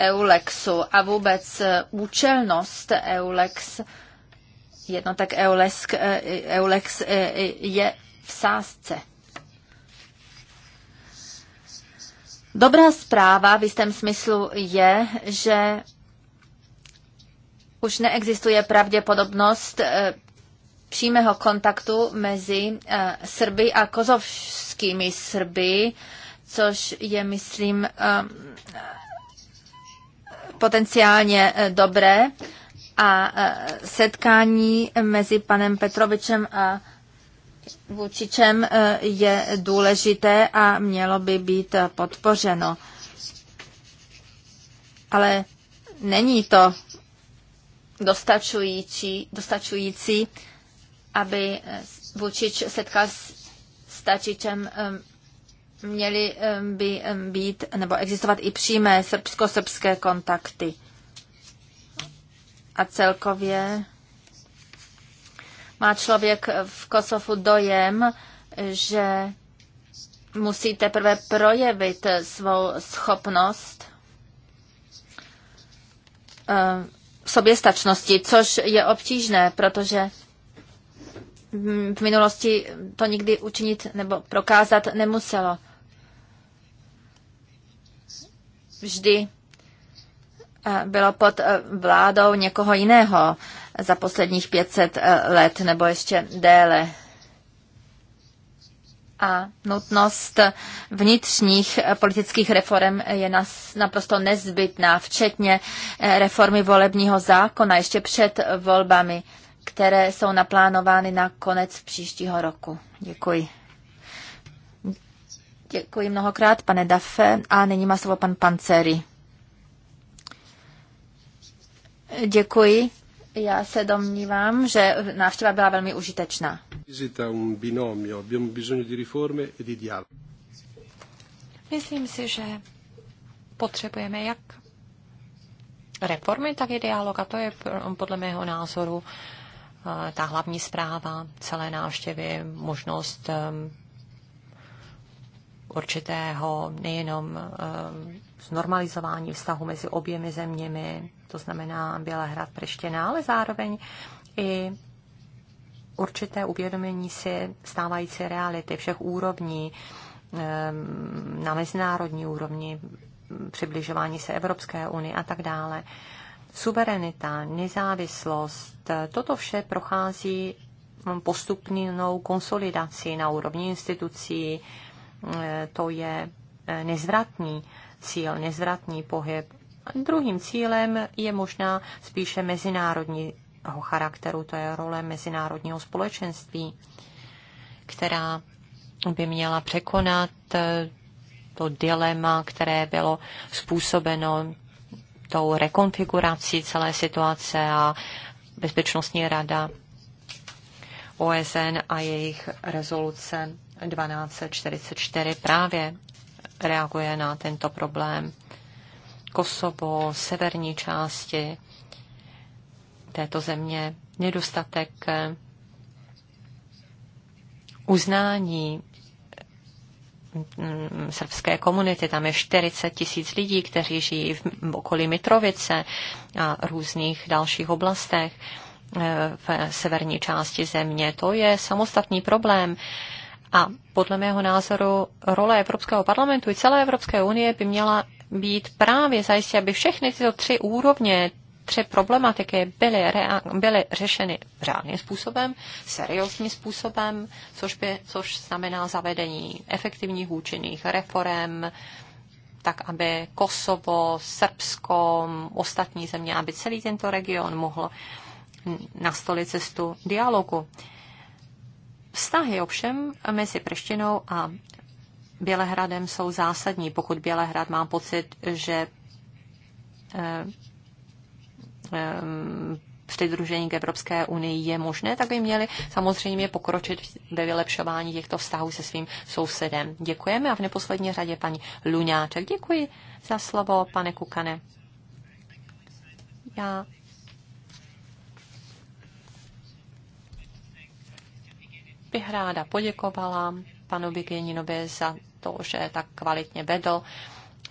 Eulexu a vůbec účelnost Eulex tak Eulesk, eh, EULEX eh, je v sásce. Dobrá zpráva v jistém smyslu je, že už neexistuje pravděpodobnost eh, přímého kontaktu mezi Srby a kozovskými Srby, což je, myslím, potenciálně dobré a setkání mezi panem Petrovičem a Vučičem e, je důležité a mělo by být podpořeno. Ale není to dostačující, dostačující aby Vučič setkal s Stačičem, e, měly e, by být nebo existovat i přímé srbsko-srbské kontakty a celkově má člověk v Kosovu dojem, že musí teprve projevit svou schopnost eh, soběstačnosti, což je obtížné, protože v minulosti to nikdy učinit nebo prokázat nemuselo. Vždy Eh, bylo pod eh, vládou někoho jiného za posledních 500 eh, let nebo ještě déle. A nutnost vnitřních politických reform je naprosto nezbytná, včetně reformy volebního zákona ještě před volbami, které jsou naplánovány na konec příštího roku. Děkuji. Děkuji mnohokrát, pane Dafe. A nyní má slovo pan Panceri. Děkuji. Já se domnívám, že návštěva byla velmi užitečná. E Myslím si, že potřebujeme jak reformy, tak i dialog. A to je podle mého názoru eh, ta hlavní zpráva celé návštěvy, možnost ehm, určitého nejenom ehm, znormalizování vztahu mezi oběmi zeměmi, to znamená Bělehrad, Preštěna, ale zároveň i určité uvědomění si stávající reality všech úrovní, na mezinárodní úrovni, přibližování se Evropské unii a tak dále. Suverenita, nezávislost, toto vše prochází postupnou konsolidací na úrovni institucí, e, to je e, nezvratný cíl, nezvratný pohyb. A druhým cílem je možná spíše mezinárodního charakteru, to je role mezinárodního společenství, která by měla překonat eh, to dilema, které bylo způsobeno tou rekonfigurací celé situace a Bezpečnostní rada OSN a jejich rezoluce 1244 právě reaguje na tento problém. Kosovo, severní části této země, nedostatek eh, uznání mm, srbské komunity. Tam je 40 tisíc lidí, kteří žijí v okolí Mitrovice a různých dalších oblastech eh, v severní části země. To je samostatný problém a podle mého názoru role Evropského parlamentu i celé Evropské unie by měla být právě zajistit, aby všechny tyto tři úrovně, tři problematiky byly, rea- byly řešeny řádným způsobem, seriózním způsobem, což, by, což znamená zavedení efektivních účinných reform, tak aby Kosovo, Srbsko, ostatní země, aby celý tento region mohl nastolit cestu dialogu. Vztahy ovšem mezi Prštinou a Bělehradem jsou zásadní. Pokud Bělehrad má pocit, že eh, eh, přidružení k Evropské unii je možné, tak by měli samozřejmě pokročit ve vylepšování těchto vztahů se svým sousedem. Děkujeme a v neposlední řadě paní Luňáček. Děkuji za slovo, pane Kukane. Já bych ráda poděkovala panu Bigeninovi za to, že tak kvalitně vedl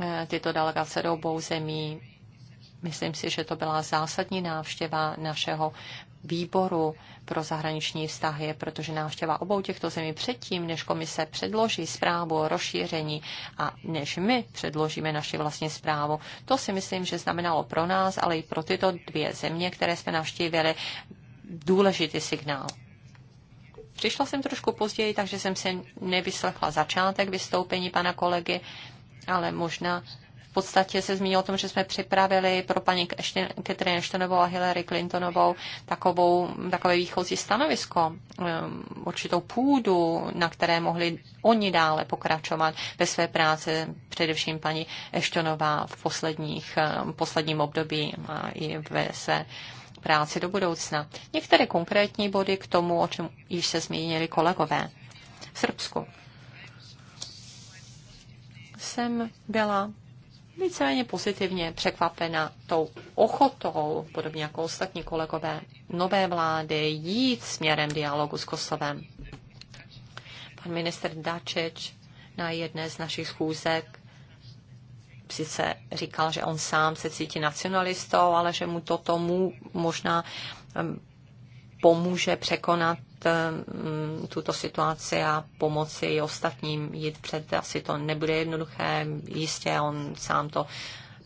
eh, tyto delegace do obou zemí. Myslím si, že to byla zásadní návštěva našeho výboru pro zahraniční vztahy, protože návštěva obou těchto zemí předtím, než komise předloží zprávu o rozšíření a než my předložíme naši vlastní zprávu. To si myslím, že znamenalo pro nás, ale i pro tyto dvě země, které jsme navštívili, důležitý signál. Přišla jsem trošku později, takže jsem se nevyslechla začátek vystoupení pana kolegy, ale možná v podstatě se zmínil o tom, že jsme připravili pro paní Catherine Ashtonovou a Hillary Clintonovou takovou, takové výchozí stanovisko, um, určitou půdu, na které mohli oni dále pokračovat ve své práci, především paní Ashtonová v posledních, um, posledním období a i ve své práci do budoucna. Některé konkrétní body k tomu, o čem již se zmínili kolegové. V Srbsku jsem byla víceméně pozitivně překvapena tou ochotou, podobně jako ostatní kolegové, nové vlády jít směrem dialogu s Kosovem. Pan minister Dačič na jedné z našich schůzek sice říkal, že on sám se cítí nacionalistou, ale že mu to tomu možná pomůže překonat tuto situaci a pomoci i ostatním jít před. Asi to nebude jednoduché, jistě on sám to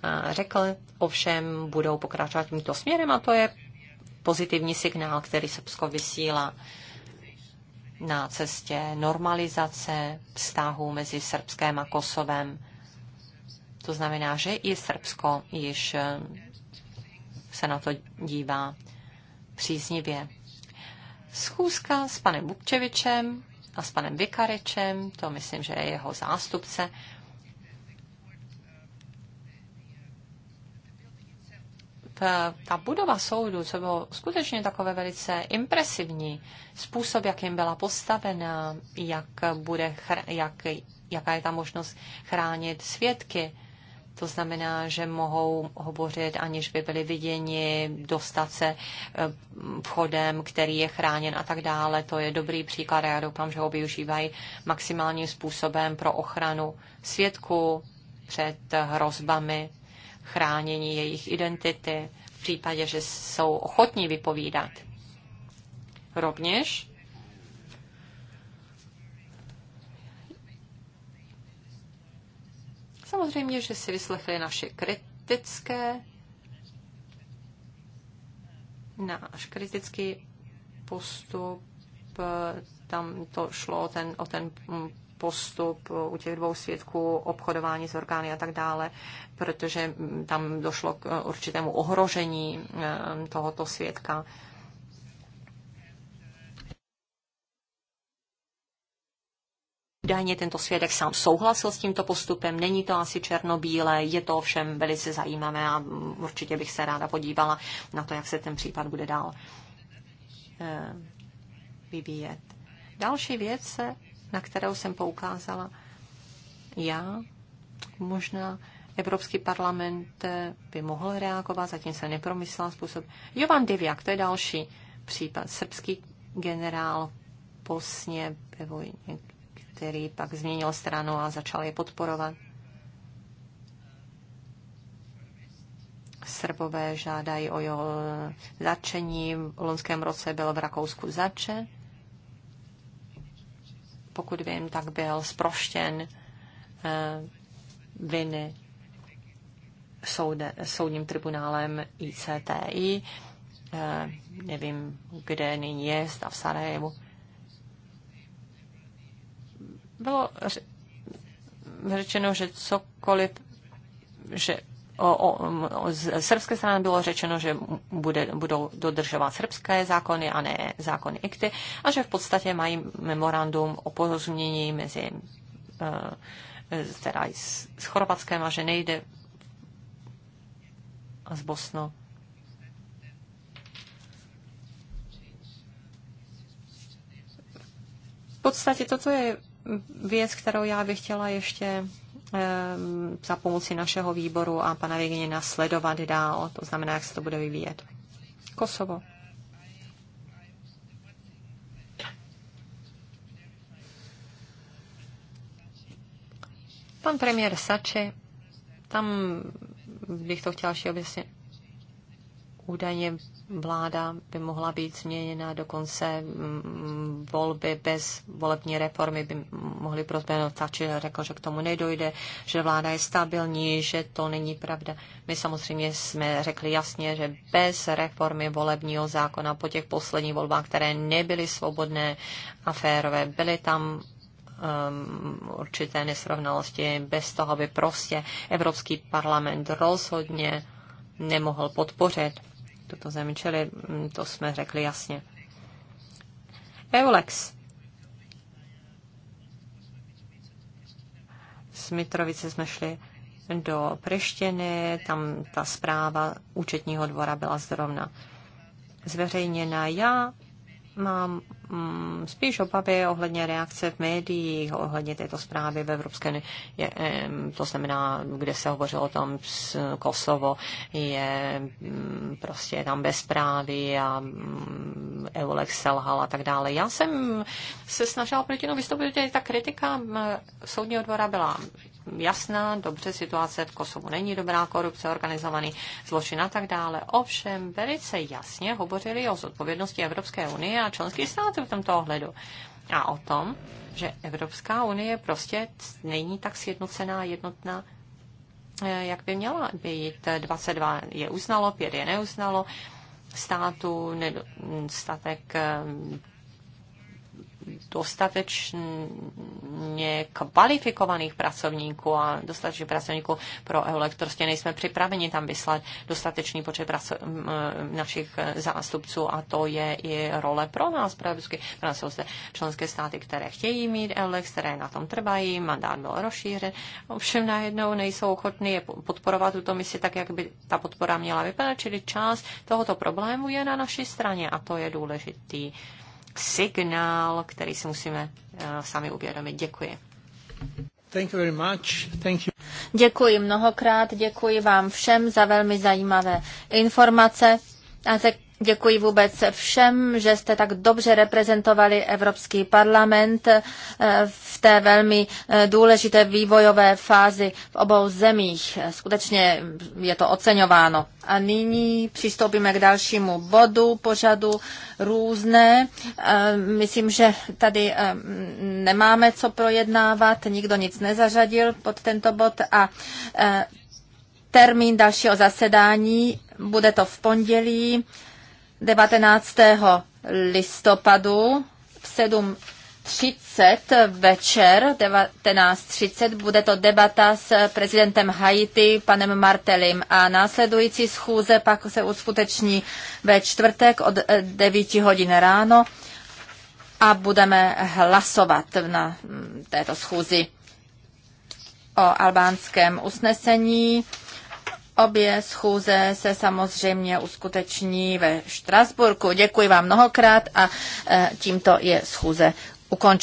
eh, řekl, ovšem budou pokračovat tímto směrem a to je pozitivní signál, který Srbsko vysílá na cestě normalizace vztahu mezi Srbskem a Kosovem. To znamená, že i Srbsko již eh, se na to dívá příznivě. Schůzka s panem Bukčevičem a s panem Vikarečem, to myslím, že je jeho zástupce, ta budova soudu, co bylo skutečně takové velice impresivní, způsob, jakým byla postavena, jak bude, jak, jaká je ta možnost chránit svědky, to znamená, že mohou hovořit, aniž by byli viděni, dostat se eh, vchodem, který je chráněn a tak dále. To je dobrý příklad a já doufám, že ho využívají maximálním způsobem pro ochranu svědků před hrozbami, chránění jejich identity v případě, že jsou ochotní vypovídat. Rovněž Samozřejmě, že si vyslechli naše kritické, náš kritický postup, tam to šlo ten, o ten postup u těch dvou svědků, obchodování s orgány a tak dále, protože tam došlo k určitému ohrožení eh, tohoto svědka Údajně tento svědek sám souhlasil s tímto postupem, není to asi černobílé, je to ovšem velice zajímavé a určitě bych se ráda podívala na to, jak se ten případ bude dál eh, vyvíjet. Další věc, na kterou jsem poukázala já, možná Evropský parlament eh, by mohl reagovat, zatím se nepromyslel způsob. Jovan Diviak, to je další případ, srbský generál Bosně ve vojně který pak změnil stranu a začal je podporovat. Srbové žádají o jeho zatčení. V loňském roce byl v Rakousku zatčen. Pokud vím, tak byl sproštěn eh, viny soude, soudním tribunálem ICTI. Eh, nevím, kde nyní je, zda v Sarajevu. Bylo řečeno, že cokoliv, že o, o, o, z srbské strany bylo řečeno, že bude, budou dodržovat srbské zákony a ne zákony IKTY a že v podstatě mají memorandum o porozumění mezi eh, eh, teda i s, s Chorvatskem a že nejde a z Bosnou. V podstatě toto je věc, kterou já bych chtěla ještě ehm, za pomoci našeho výboru a pana Vigenina nasledovat dál, to znamená, jak se to bude vyvíjet. Kosovo. Pan premiér Sači, tam bych to chtěla ještě objasnit. Údajně vláda by mohla být změněna, dokonce mm, volby bez volební reformy by mohly prozběhnout tak, že řekl, že k tomu nedojde, že vláda je stabilní, že to není pravda. My samozřejmě jsme řekli jasně, že bez reformy volebního zákona po těch posledních volbách, které nebyly svobodné a férové, byly tam um, určité nesrovnalosti, bez toho, aby prostě Evropský parlament rozhodně nemohl podpořit tuto zemi, čili mm, to jsme řekli jasně. Eulex. Z Mitrovice jsme šli do Prištiny, tam ta zpráva účetního dvora byla zrovna zveřejněna. Já mám Mm, spíš obavy ohledně reakce v médiích, ohledně této zprávy v Evropské je, to znamená, kde se hovořilo o tom, Kosovo je mm, prostě tam bez zprávy a mm, Eulex selhal a tak dále. Já jsem se snažila proti tomu vystoupit, že ta kritika soudního dvora byla jasná, dobře, situace v Kosovu není dobrá, korupce, organizovaný zločin a tak dále. Ovšem velice jasně hovořili o zodpovědnosti Evropské unie a členských států v tomto ohledu. A o tom, že Evropská unie prostě není tak sjednocená, jednotná, eh, jak by měla být. 22 je uznalo, 5 je neuznalo státu, nedostatek eh, dostatečně kvalifikovaných pracovníků a dostatečných pracovníků pro EULEX. Prostě nejsme připraveni tam vyslat dostatečný počet praco- našich zástupců a to je i role pro nás, pro Evropské. Pro nás jsou zde členské státy, které chtějí mít EULEX, které na tom trvají, mandát byl rozšířen. Ovšem najednou nejsou ochotní je podporovat tuto misi tak, jak by ta podpora měla vypadat, čili část tohoto problému je na naší straně a to je důležitý signál, který si musíme eh, sami uvědomit. Děkuji. Thank you very much. Thank you. Děkuji mnohokrát, děkuji vám všem za velmi zajímavé informace a Děkuji vůbec všem, že jste tak dobře reprezentovali Evropský parlament eh, v té velmi eh, důležité vývojové fázi v obou zemích. Skutečně je to oceňováno. A nyní přistoupíme k dalšímu bodu pořadu různé. Eh, myslím, že tady nemáme co projednávat, nikdo nic nezařadil pod tento bod a termín dalšího zasedání bude to v pondělí 19. listopadu v 7.30 večer 19.30 bude to debata s prezidentem Haiti, panem Martelim a následující schůze pak se uskuteční ve čtvrtek od 9 eh, hodin ráno a budeme hlasovat na mm, této schůzi o albánském usnesení. Obě schůze se samozřejmě uskuteční ve Štrasburku. Děkuji vám mnohokrát a e, tímto je schůze ukončena.